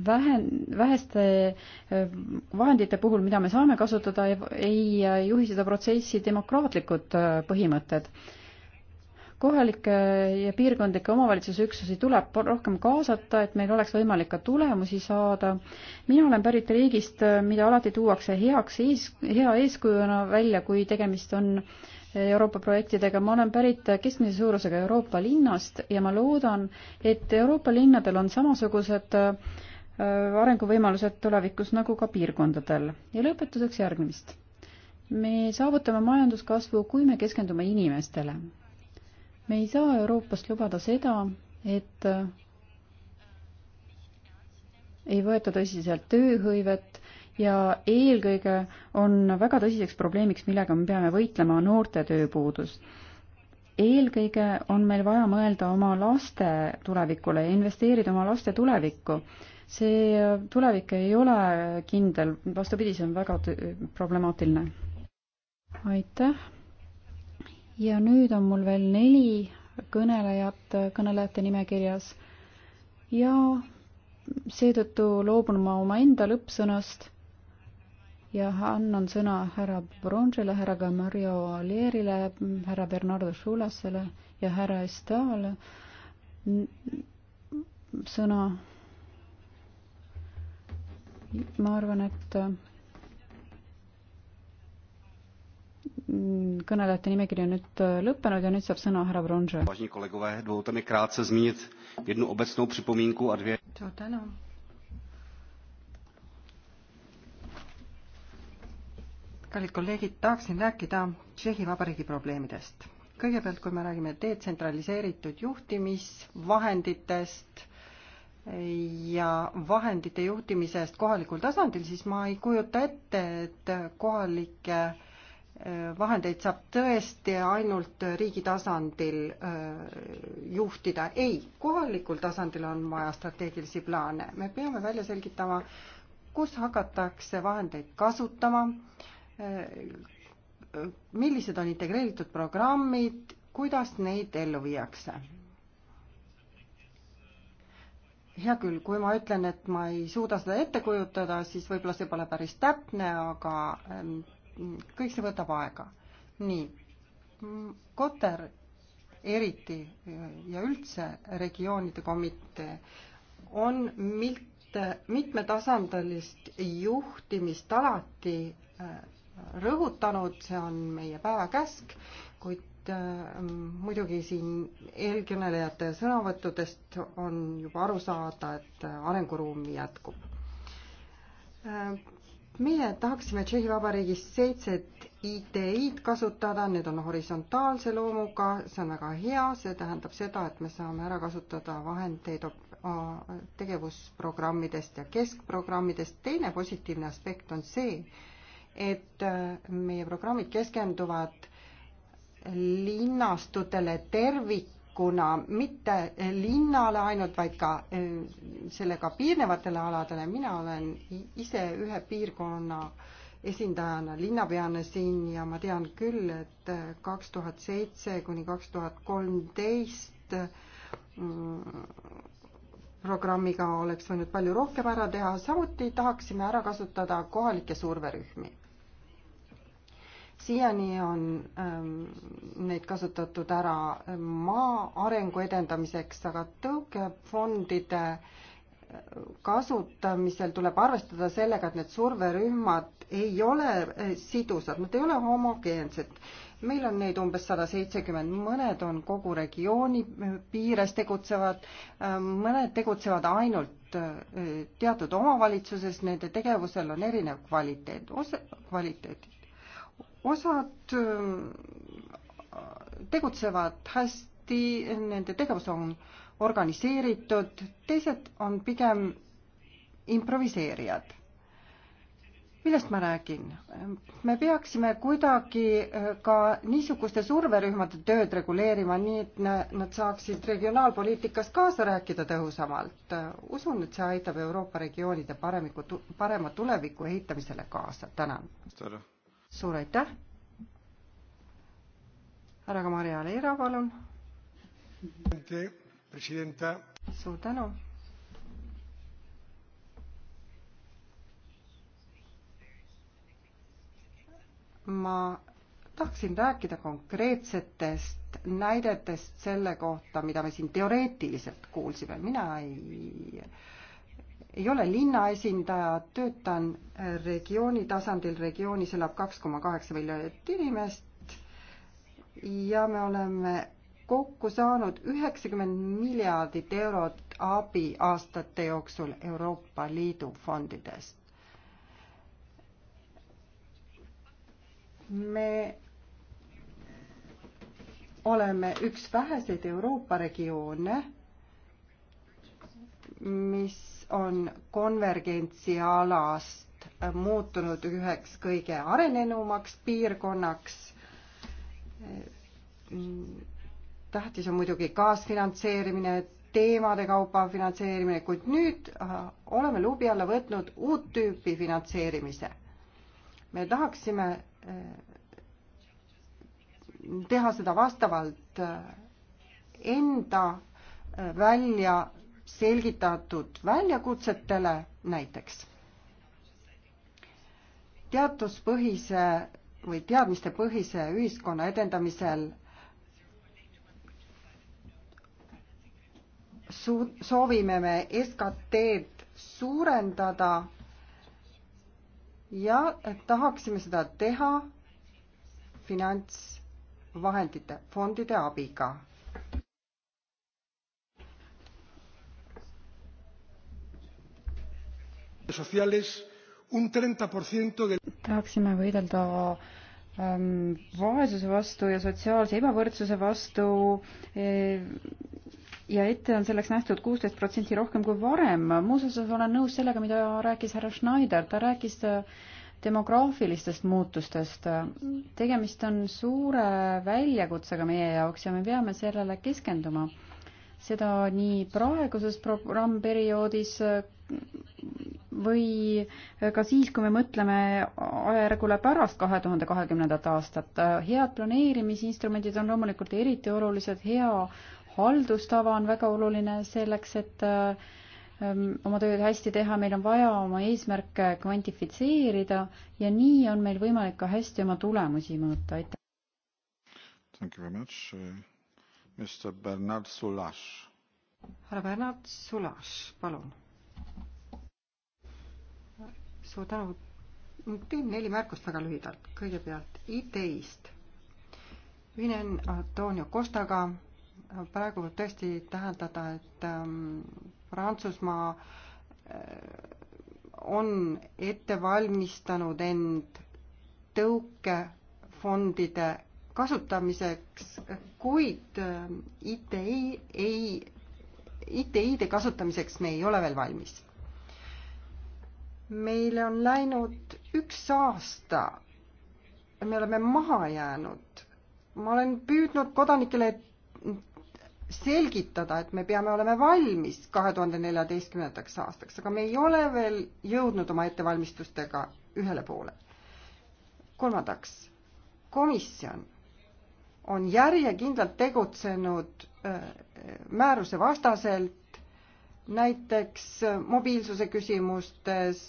vähe, väheste äh, vahendite puhul, mida me saame kasutada, ei juhi seda protsessi demokraatlikud põhimõtted kohalikke ja piirkondlikke omavalitsusüksusi tuleb rohkem kaasata, et meil oleks võimalik ka tulemusi saada. mina olen pärit riigist, mida alati tuuakse heaks ees, hea eeskujuna välja, kui tegemist on Euroopa projektidega. ma olen pärit keskmise suurusega Euroopa linnast ja ma loodan, et Euroopa linnadel on samasugused äh, arenguvõimalused tulevikus nagu ka piirkondadel. ja lõpetuseks järgmist me saavutame majanduskasvu, kui me keskendume inimestele me ei saa Euroopast lubada seda, et ei võeta tõsiselt tööhõivet ja eelkõige on väga tõsiseks probleemiks, millega me peame võitlema, noorte tööpuudus. eelkõige on meil vaja mõelda oma laste tulevikule ja investeerida oma laste tulevikku. see tulevik ei ole kindel, vastupidi, see on väga problemaatiline. aitäh ja nüüd on mul veel neli kõnelejat kõnelejate nimekirjas ja seetõttu loobun ma omaenda lõppsõnast ja annan sõna härra Bronsile, härra Gamario Alierile, härra Bernardo Šulasele ja härra Estale sõna. ma arvan, et Mm, kõnelejate nimekiri on nüüd äh, lõppenud ja nüüd saab sõna härra Bronže. suur tänu. kallid kolleegid, tahaksin rääkida Tšehhi Vabariigi probleemidest. kõigepealt, kui me räägime detsentraliseeritud juhtimisvahenditest ja vahendite juhtimisest kohalikul tasandil, siis ma ei kujuta ette, et kohalike vahendeid saab tõesti ainult riigi tasandil äh, juhtida. ei, kohalikul tasandil on vaja strateegilisi plaane. me peame välja selgitama, kus hakatakse vahendeid kasutama, äh, millised on integreeritud programmid, kuidas neid ellu viiakse. hea küll, kui ma ütlen, et ma ei suuda seda ette kujutada, siis võib-olla see pole päris täpne, aga ähm, kõik see võtab aega. nii, Koter eriti ja üldse regioonide komitee on milte, mitmetasandilist juhtimist alati äh, rõhutanud, see on meie päevakäsk, kuid äh, muidugi siin eelkõnelejate sõnavõttudest on juba aru saada, et äh, arenguruumi jätkub meie tahaksime Tšehhi Vabariigis seitset ITI-d kasutada, need on horisontaalse loomuga, see on väga hea, see tähendab seda, et me saame ära kasutada vahendeid tegevusprogrammidest ja keskprogrammidest. teine positiivne aspekt on see, et äh, meie programmid keskenduvad linnastutele tervik kuna mitte linnale ainult, vaid ka eh, sellega piirnevatele aladele, mina olen ise ühe piirkonna esindajana, linnapeana siin ja ma tean küll, et eh, kaks tuhat seitse kuni kaks tuhat kolmteist mm, programmiga oleks võinud palju rohkem ära teha, samuti tahaksime ära kasutada kohalikke surverühmi siiani on ähm, neid kasutatud ära maa arengu edendamiseks, aga tõukefondide äh, kasutamisel tuleb arvestada sellega, et need surverühmad ei ole äh, sidusad, nad ei ole homogeensed. meil on neid umbes sada seitsekümmend, mõned on kogu regiooni äh, piires tegutsevad, mõned tegutsevad ainult teatud omavalitsuses, nende tegevusel on erinev kvaliteet, osa, kvaliteet osad äh, tegutsevad hästi, nende tegevus on organiseeritud, teised on pigem improviseerijad millest ma räägin? me peaksime kuidagi äh, ka niisuguste surverühmade tööd reguleerima, nii et nad saaksid regionaalpoliitikas kaasa rääkida tõhusamalt. usun, et see aitab Euroopa regioonide paremiku, parema tuleviku ehitamisele kaasa. tänan suur aitäh. härra Maria Leera, palun. suur tänu. ma tahaksin rääkida konkreetsetest näidetest selle kohta, mida me siin teoreetiliselt kuulsime, mina ei äh, ei ole linna esindaja, töötan äh, regiooni tasandil, regioonis elab kaks koma kaheksa miljonit inimest ja me oleme kokku saanud üheksakümmend miljardit eurot abi aastate jooksul Euroopa Liidu fondidest. me oleme üks väheseid Euroopa regioone, mis on konvergentsialast muutunud üheks kõige arenenumaks piirkonnaks. tähtis on muidugi kaasfinantseerimine, teemade kaupa finantseerimine, kuid nüüd äh, oleme luubi alla võtnud uut tüüpi finantseerimise. me tahaksime äh, teha seda vastavalt äh, enda välja selgitatud väljakutsetele, näiteks teaduspõhise või teadmistepõhise ühiskonna edendamisel suu-, soovime me SKT-d suurendada ja tahaksime seda teha finantsvahendite, fondide abiga tahaksime võidelda ähm, vaesuse vastu ja sotsiaalse ebavõrdsuse vastu e, ja ette on selleks nähtud kuusteist protsenti rohkem kui varem. muuseas olen nõus sellega, mida rääkis härra Schneider, ta rääkis äh, demograafilistest muutustest. tegemist on suure väljakutsega meie jaoks ja me peame sellele keskenduma. seda nii praeguses programmperioodis või ka siis, kui me mõtleme ajajärgule pärast kahe tuhande kahekümnendat aastat. head planeerimisinstrumendid on loomulikult eriti olulised, hea haldustava on väga oluline selleks, et ähm, oma tööd hästi teha, meil on vaja oma eesmärke kvantifitseerida ja nii on meil võimalik ka hästi oma tulemusi mõõta, aitäh. Thank you very much. Mr Bernard Soulash. härra Bernard Soulash, palun suur tänu. teen neli märkust väga lühidalt. kõigepealt ideist. ühinen Antonio Costaga. praegu võib tõesti tähendada, et ähm, Prantsusmaa äh, on ette valmistanud end tõukefondide kasutamiseks, kuid ITI äh, ei, ITI-de kasutamiseks me ei ole veel valmis meil on läinud üks aasta, me oleme maha jäänud. ma olen püüdnud kodanikele selgitada, et me peame olema valmis kahe tuhande neljateistkümnendaks aastaks, aga me ei ole veel jõudnud oma ettevalmistustega ühele poole. kolmandaks, komisjon on järjekindlalt tegutsenud äh, määruse vastaselt näiteks mobiilsuse küsimustes,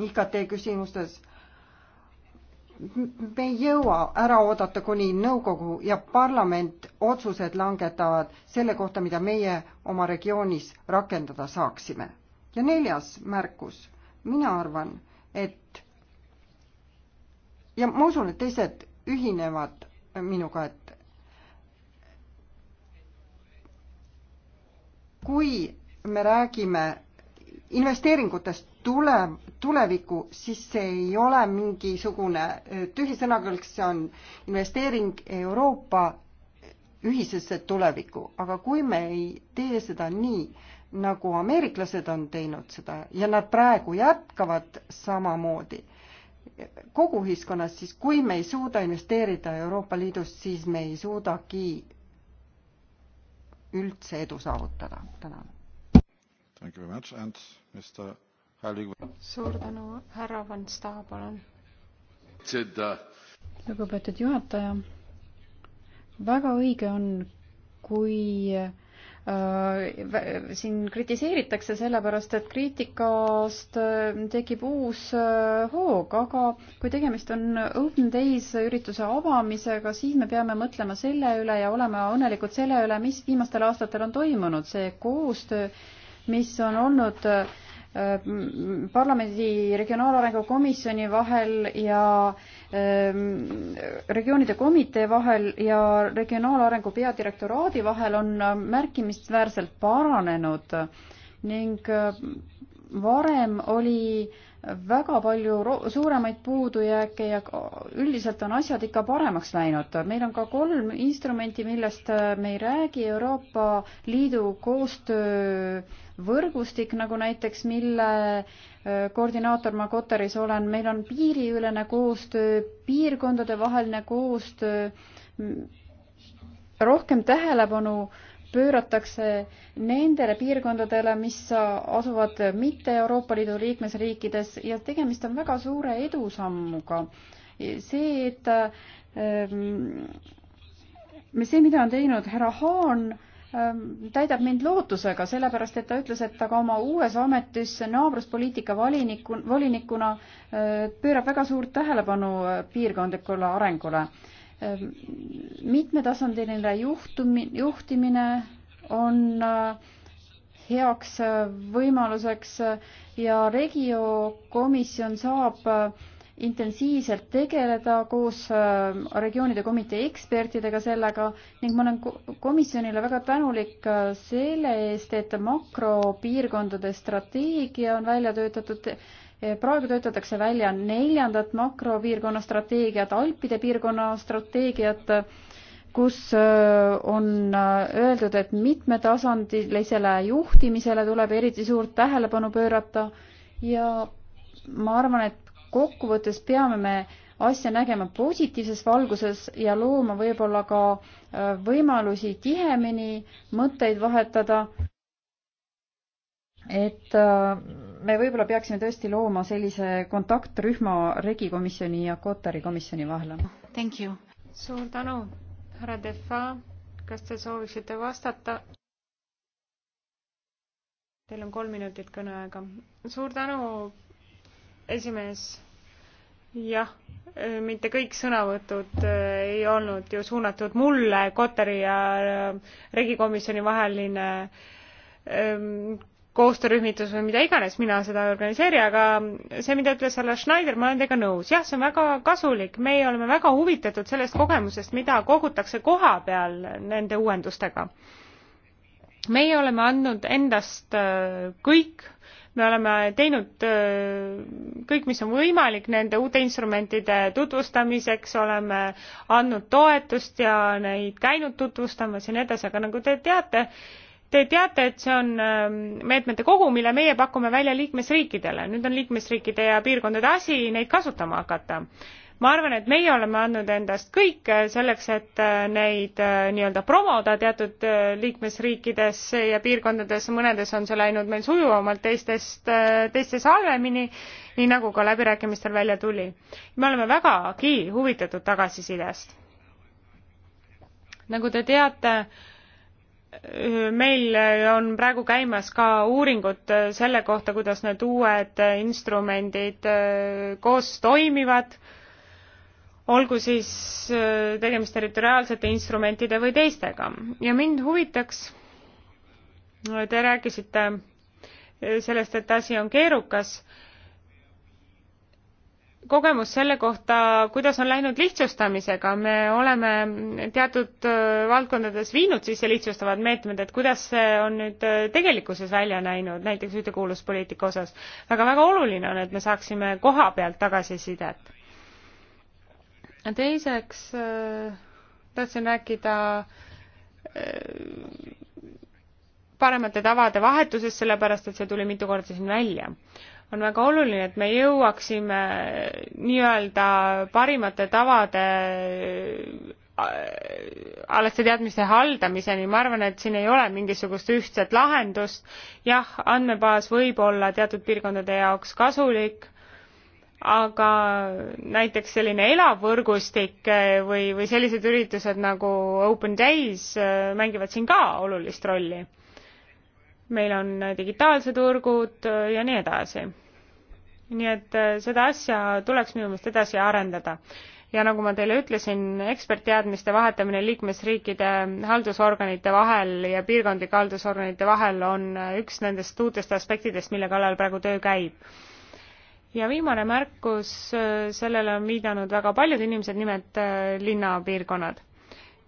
IKT küsimustes. me ei jõua ära oodata, kuni nõukogu ja parlament otsused langetavad selle kohta, mida meie oma regioonis rakendada saaksime. ja neljas märkus, mina arvan, et ja ma usun, et teised ühinevad minuga, et kui me räägime investeeringutest tule, tulevikku, siis see ei ole mingisugune äh, tühi sõnakõlks, see on investeering Euroopa ühisesse tulevikku, aga kui me ei tee seda nii, nagu ameeriklased on teinud seda ja nad praegu jätkavad samamoodi kogu ühiskonnas, siis kui me ei suuda investeerida Euroopa Liidus, siis me ei suudagi üldse edu saavutada. tänan. suur tänu, härra Van Sta, palun. lugupeetud juhataja, väga õige on, kui Äh, siin kritiseeritakse, sellepärast et kriitikast äh, tekib uus äh, hoog, aga kui tegemist on Open Days ürituse avamisega, siis me peame mõtlema selle üle ja olema õnnelikud selle üle, mis viimastel aastatel on toimunud, see koostöö, mis on olnud parlamendi regionaalarengu komisjoni vahel ja äh, Ehm, regioonide komitee vahel ja regionaalarengu peadirektoraadi vahel on äh, märkimisväärselt paranenud ning äh, varem oli väga palju suuremaid puudujääke ja üldiselt on asjad ikka paremaks läinud. meil on ka kolm instrumenti, millest äh, me ei räägi, Euroopa Liidu koostöövõrgustik nagu näiteks, mille koordinaator Makoteris olen, meil on piiriülene koostöö, piirkondade vaheline koostöö, rohkem tähelepanu pööratakse nendele piirkondadele, mis asuvad mitte Euroopa Liidu liikmesriikides ja tegemist on väga suure edusammuga. see, et ähm, see, mida on teinud härra Haan, Ehm, täidab mind lootusega, sellepärast et ta ütles, et ta ka oma uues ametis naabruspoliitika valiniku, volinikuna ehm, pöörab väga suurt tähelepanu ehm, piirkondlikule arengule. mitmetasandiline juhtumi, juhtimine on heaks võimaluseks ja regiokomisjon saab intensiivselt tegeleda koos äh, regioonide komitee ekspertidega sellega ning ma olen komisjonile väga tänulik äh, selle eest, et makropiirkondade strateegia on välja töötatud. praegu töötatakse välja neljandat makropiirkonna strateegiat, Alpide piirkonna strateegiat, kus äh, on öeldud, et mitmetasandilisele juhtimisele tuleb eriti suurt tähelepanu pöörata ja ma arvan, et kokkuvõttes peame me asja nägema positiivses valguses ja looma võib-olla ka äh, võimalusi tihemini mõtteid vahetada. et äh, me võib-olla peaksime tõesti looma sellise kontaktrühma Regi komisjoni ja Kotari komisjoni vahel. suur tänu, härra Defa, kas te sooviksite vastata? Teil on kolm minutit kõneaega. suur tänu esimees jah, mitte kõik sõnavõtud äh, ei olnud ju suunatud mulle, Kotari ja äh, regikomisjoni vaheline ähm, koostöörühmitus või mida iganes, mina seda ei organiseeri, aga see, mida ütles härra Schneider, ma olen teiega nõus, jah, see on väga kasulik, meie oleme väga huvitatud sellest kogemusest, mida kogutakse koha peal nende uuendustega. meie oleme andnud endast äh, kõik me oleme teinud kõik, mis on võimalik nende uute instrumentide tutvustamiseks, oleme andnud toetust ja neid käinud tutvustamas ja nii edasi, aga nagu te teate, te teate, et see on meetmete kogu, mille meie pakume välja liikmesriikidele. nüüd on liikmesriikide ja piirkondade asi neid kasutama hakata ma arvan, et meie oleme andnud endast kõik äh, selleks, et äh, neid äh, nii-öelda promoda teatud liikmesriikides ja piirkondades, mõnedes on see läinud meil sujuvamalt, teistest, teistes halvemini, nii nagu ka läbirääkimistel välja tuli. me oleme vägagi huvitatud tagasisidest. nagu te teate, meil on praegu käimas ka uuringud selle kohta, kuidas need uued instrumendid koos toimivad olgu siis äh, tegemist territoriaalsete instrumentide või teistega. ja mind huvitaks, äh, te rääkisite äh, sellest, et asi on keerukas, kogemus selle kohta, kuidas on läinud lihtsustamisega, me oleme teatud valdkondades viinud sisse lihtsustavad meetmed, et kuidas see on nüüd tegelikkuses välja näinud, näiteks ühtekuuluvuspoliitika osas. aga väga oluline on, et me saaksime koha pealt tagasisidet teiseks äh, tahtsin rääkida äh, paremate tavade vahetusest, sellepärast et see tuli mitu korda siin välja. on väga oluline, et me jõuaksime äh, nii-öelda parimate tavade alaste teadmiste haldamiseni, ma arvan, et siin ei ole mingisugust ühtset lahendust. jah, andmebaas võib olla teatud piirkondade jaoks kasulik aga näiteks selline elav võrgustik eh, või, või sellised üritused nagu Open Days eh, mängivad siin ka olulist rolli. meil on digitaalsed võrgud eh, ja nii edasi. nii et seda asja tuleks minu meelest edasi arendada. ja nagu ma teile ütlesin, ekspertteadmiste vahetamine liikmesriikide haldusorganite vahel ja piirkondlike haldusorganite vahel on üks nendest uutest aspektidest, mille kallal praegu töö käib ja viimane märkus, äh, sellele on viidanud väga paljud inimesed, nimelt äh, linnapiirkonnad.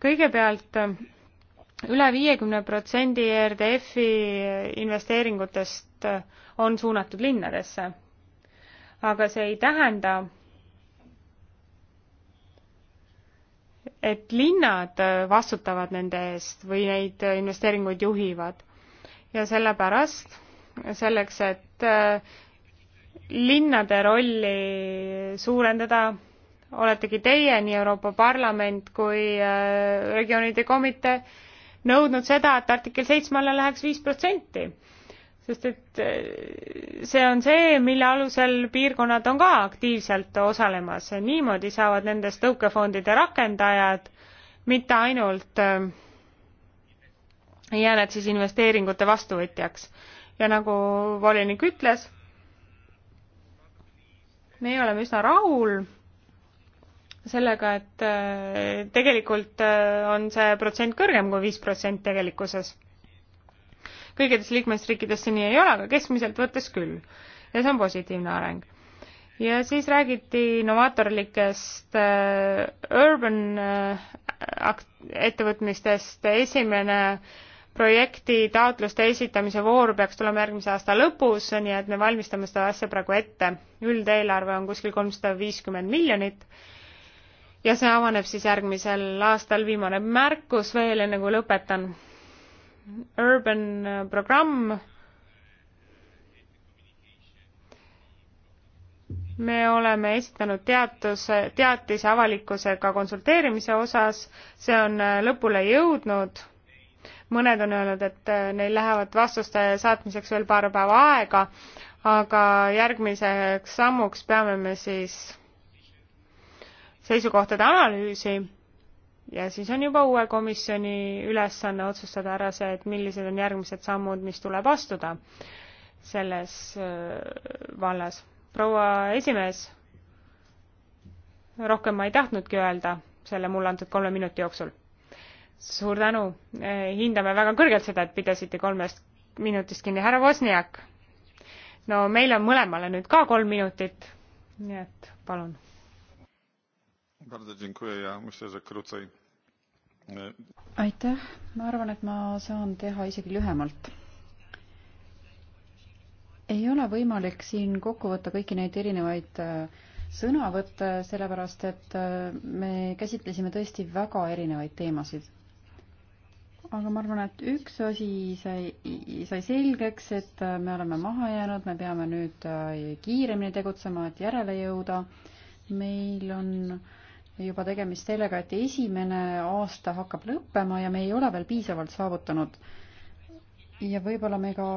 kõigepealt äh, üle viiekümne protsendi e RDF-i investeeringutest on suunatud linnadesse. aga see ei tähenda, et linnad vastutavad nende eest või neid investeeringuid juhivad. ja sellepärast, selleks, et linnade rolli suurendada, oletegi teie, nii Euroopa Parlament kui äh, regioonide komitee, nõudnud seda, et artikkel seitsme alla läheks viis protsenti. sest et äh, see on see, mille alusel piirkonnad on ka aktiivselt osalemas, niimoodi saavad nendest tõukefondide rakendajad mitte ainult äh, ei jää nad siis investeeringute vastuvõtjaks. ja nagu volinik ütles meie oleme üsna rahul sellega, et äh, tegelikult äh, on see protsent kõrgem kui viis protsenti tegelikkuses. kõikides liikmesriikides see nii ei ole, aga keskmiselt võttes küll. ja see on positiivne areng. ja siis räägiti novaatorlikest äh, urban ettevõtmistest, esimene äh, projekti taotluste esitamise voor peaks tulema järgmise aasta lõpus, nii et me valmistame seda asja praegu ette. üldeelarve on kuskil kolmsada viiskümmend miljonit ja see avaneb siis järgmisel aastal. viimane märkus veel, enne kui lõpetan. Urban programm. me oleme esitanud teatus, teatise avalikkusega konsulteerimise osas, see on lõpule jõudnud mõned on öelnud, et äh, neil lähevad vastuste saatmiseks veel paar päeva aega, aga järgmiseks sammuks peame me siis seisukohtade analüüsi ja siis on juba uue komisjoni ülesanne otsustada ära see, et millised on järgmised sammud, mis tuleb astuda selles äh, vallas. proua esimees, rohkem ma ei tahtnudki öelda selle mulle antud kolme minuti jooksul suur tänu, eh, hindame väga kõrgelt seda, et pidasite kolmest minutist kinni, härra Vosniak. no meil on mõlemale nüüd ka kolm minutit, nii et palun. aitäh, ma arvan, et ma saan teha isegi lühemalt ei ole võimalik siin kokku võtta kõiki neid erinevaid äh, sõnavõtte, sellepärast et äh, me käsitlesime tõesti väga erinevaid teemasid aga ma arvan, et üks asi sai, sai selgeks, et me oleme maha jäänud, me peame nüüd äh, kiiremini tegutsema, et järele jõuda. meil on juba tegemist sellega, et esimene aasta hakkab lõppema ja me ei ole veel piisavalt saavutanud. ja võib-olla me ka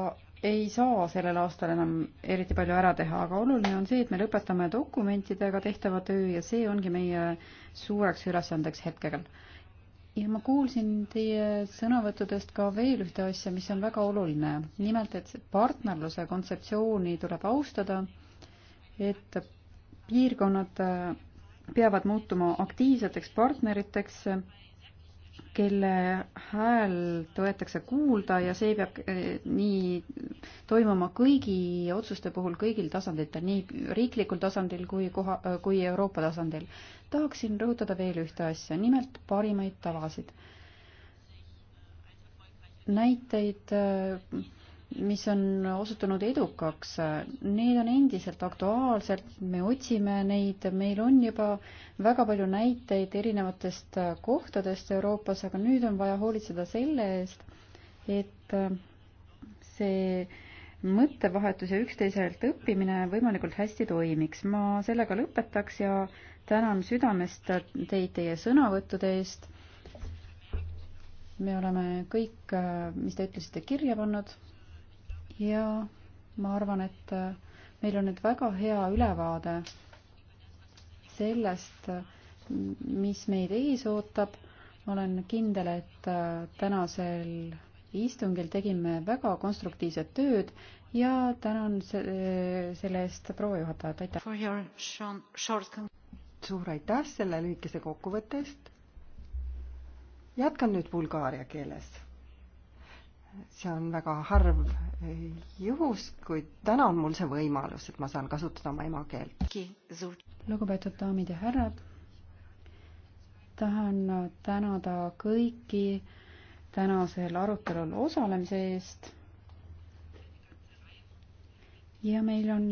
ei saa sellel aastal enam eriti palju ära teha, aga oluline on see, et me lõpetame dokumentidega tehtava töö ja see ongi meie suureks ülesandeks hetkel ja ma kuulsin teie sõnavõttudest ka veel ühte asja, mis on väga oluline. nimelt, et partnerluse kontseptsiooni tuleb austada, et piirkonnad peavad muutuma aktiivseteks partneriteks kelle hääl toetakse kuulda ja see peab eh, nii toimuma kõigi otsuste puhul kõigil tasanditel, nii riiklikul tasandil kui koha, kui Euroopa tasandil. tahaksin rõhutada veel ühte asja, nimelt parimaid tavasid. näiteid äh, mis on osutunud edukaks, need on endiselt aktuaalsed, me otsime neid, meil on juba väga palju näiteid erinevatest kohtadest Euroopas, aga nüüd on vaja hoolitseda selle eest, et see mõttevahetus ja üksteiselt õppimine võimalikult hästi toimiks. ma sellega lõpetaks ja tänan südamest teid teie sõnavõttude eest. me oleme kõik, mis te ütlesite, kirja pannud ja ma arvan, et äh, meil on nüüd väga hea ülevaade sellest, mis meid ees ootab. ma olen kindel, et äh, tänasel istungil tegime väga konstruktiivset tööd ja tänan selle eest proua juhatajat, aitäh! suur aitäh selle lühikese kokkuvõtte eest! jätkan nüüd bulgaaria keeles see on väga harv juhus, kuid täna on mul see võimalus, et ma saan kasutada oma emakeelt. lugupeetud daamid ja härrad, tahan tänada kõiki tänasel arutelul osalemise eest. ja meil on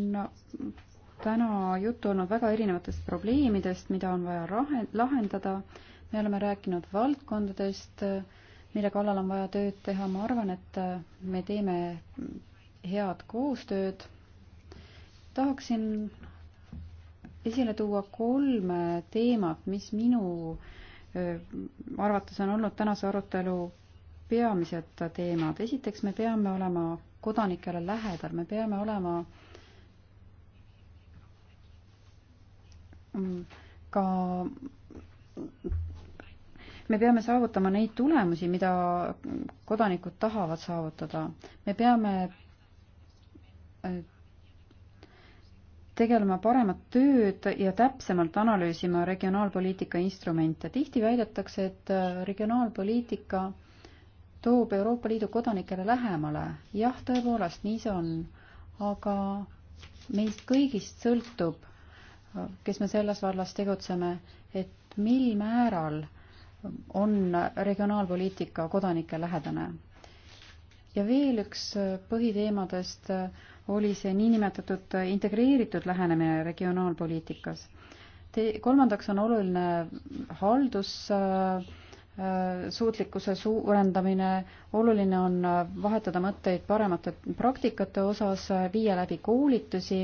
täna juttu olnud väga erinevatest probleemidest, mida on vaja lahendada. me oleme rääkinud valdkondadest mille kallal on vaja tööd teha, ma arvan, et äh, me teeme head koostööd. tahaksin esile tuua kolme teemat, mis minu äh, arvates on olnud tänase arutelu peamised teemad. esiteks, me peame olema kodanikele lähedal, me peame olema mm, ka me peame saavutama neid tulemusi, mida kodanikud tahavad saavutada. me peame äh, tegelema paremat tööd ja täpsemalt analüüsima regionaalpoliitika instrumente. tihti väidetakse, et äh, regionaalpoliitika toob Euroopa Liidu kodanikele lähemale. jah, tõepoolest, nii see on, aga meist kõigist sõltub, äh, kes me selles vallas tegutseme, et mil määral äh, on regionaalpoliitika kodanike lähedane. ja veel üks põhiteemadest oli see niinimetatud integreeritud lähenemine regionaalpoliitikas. kolmandaks on oluline haldus äh, suutlikkuse suurendamine, oluline on vahetada mõtteid paremate praktikate osas, viia läbi koolitusi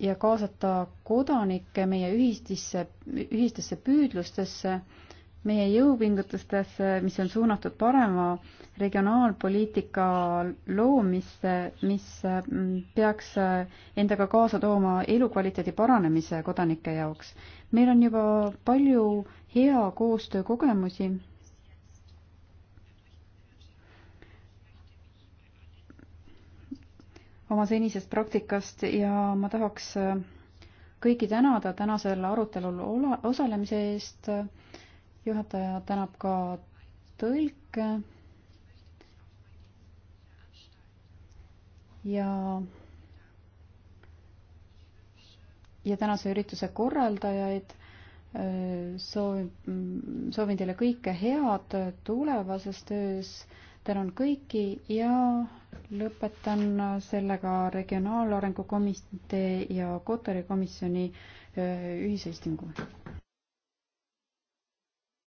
ja kaasata kodanikke meie ühistisse, ühistesse püüdlustesse meie jõupingutustes, mis on suunatud parema regionaalpoliitika loomisse, mis mm, peaks endaga kaasa tooma elukvaliteedi paranemise kodanike jaoks. meil on juba palju hea koostöökogemusi. oma senisest praktikast ja ma tahaks kõiki tänada tänasel arutelul osalemise eest juhataja tänab ka tõlke. ja ja tänase ürituse korraldajaid. Äh, soovib, soovin teile kõike head tulevases töös. tänan kõiki ja lõpetan sellega Regionaalarengu Komitee ja Kotari komisjoni äh, ühisistingu.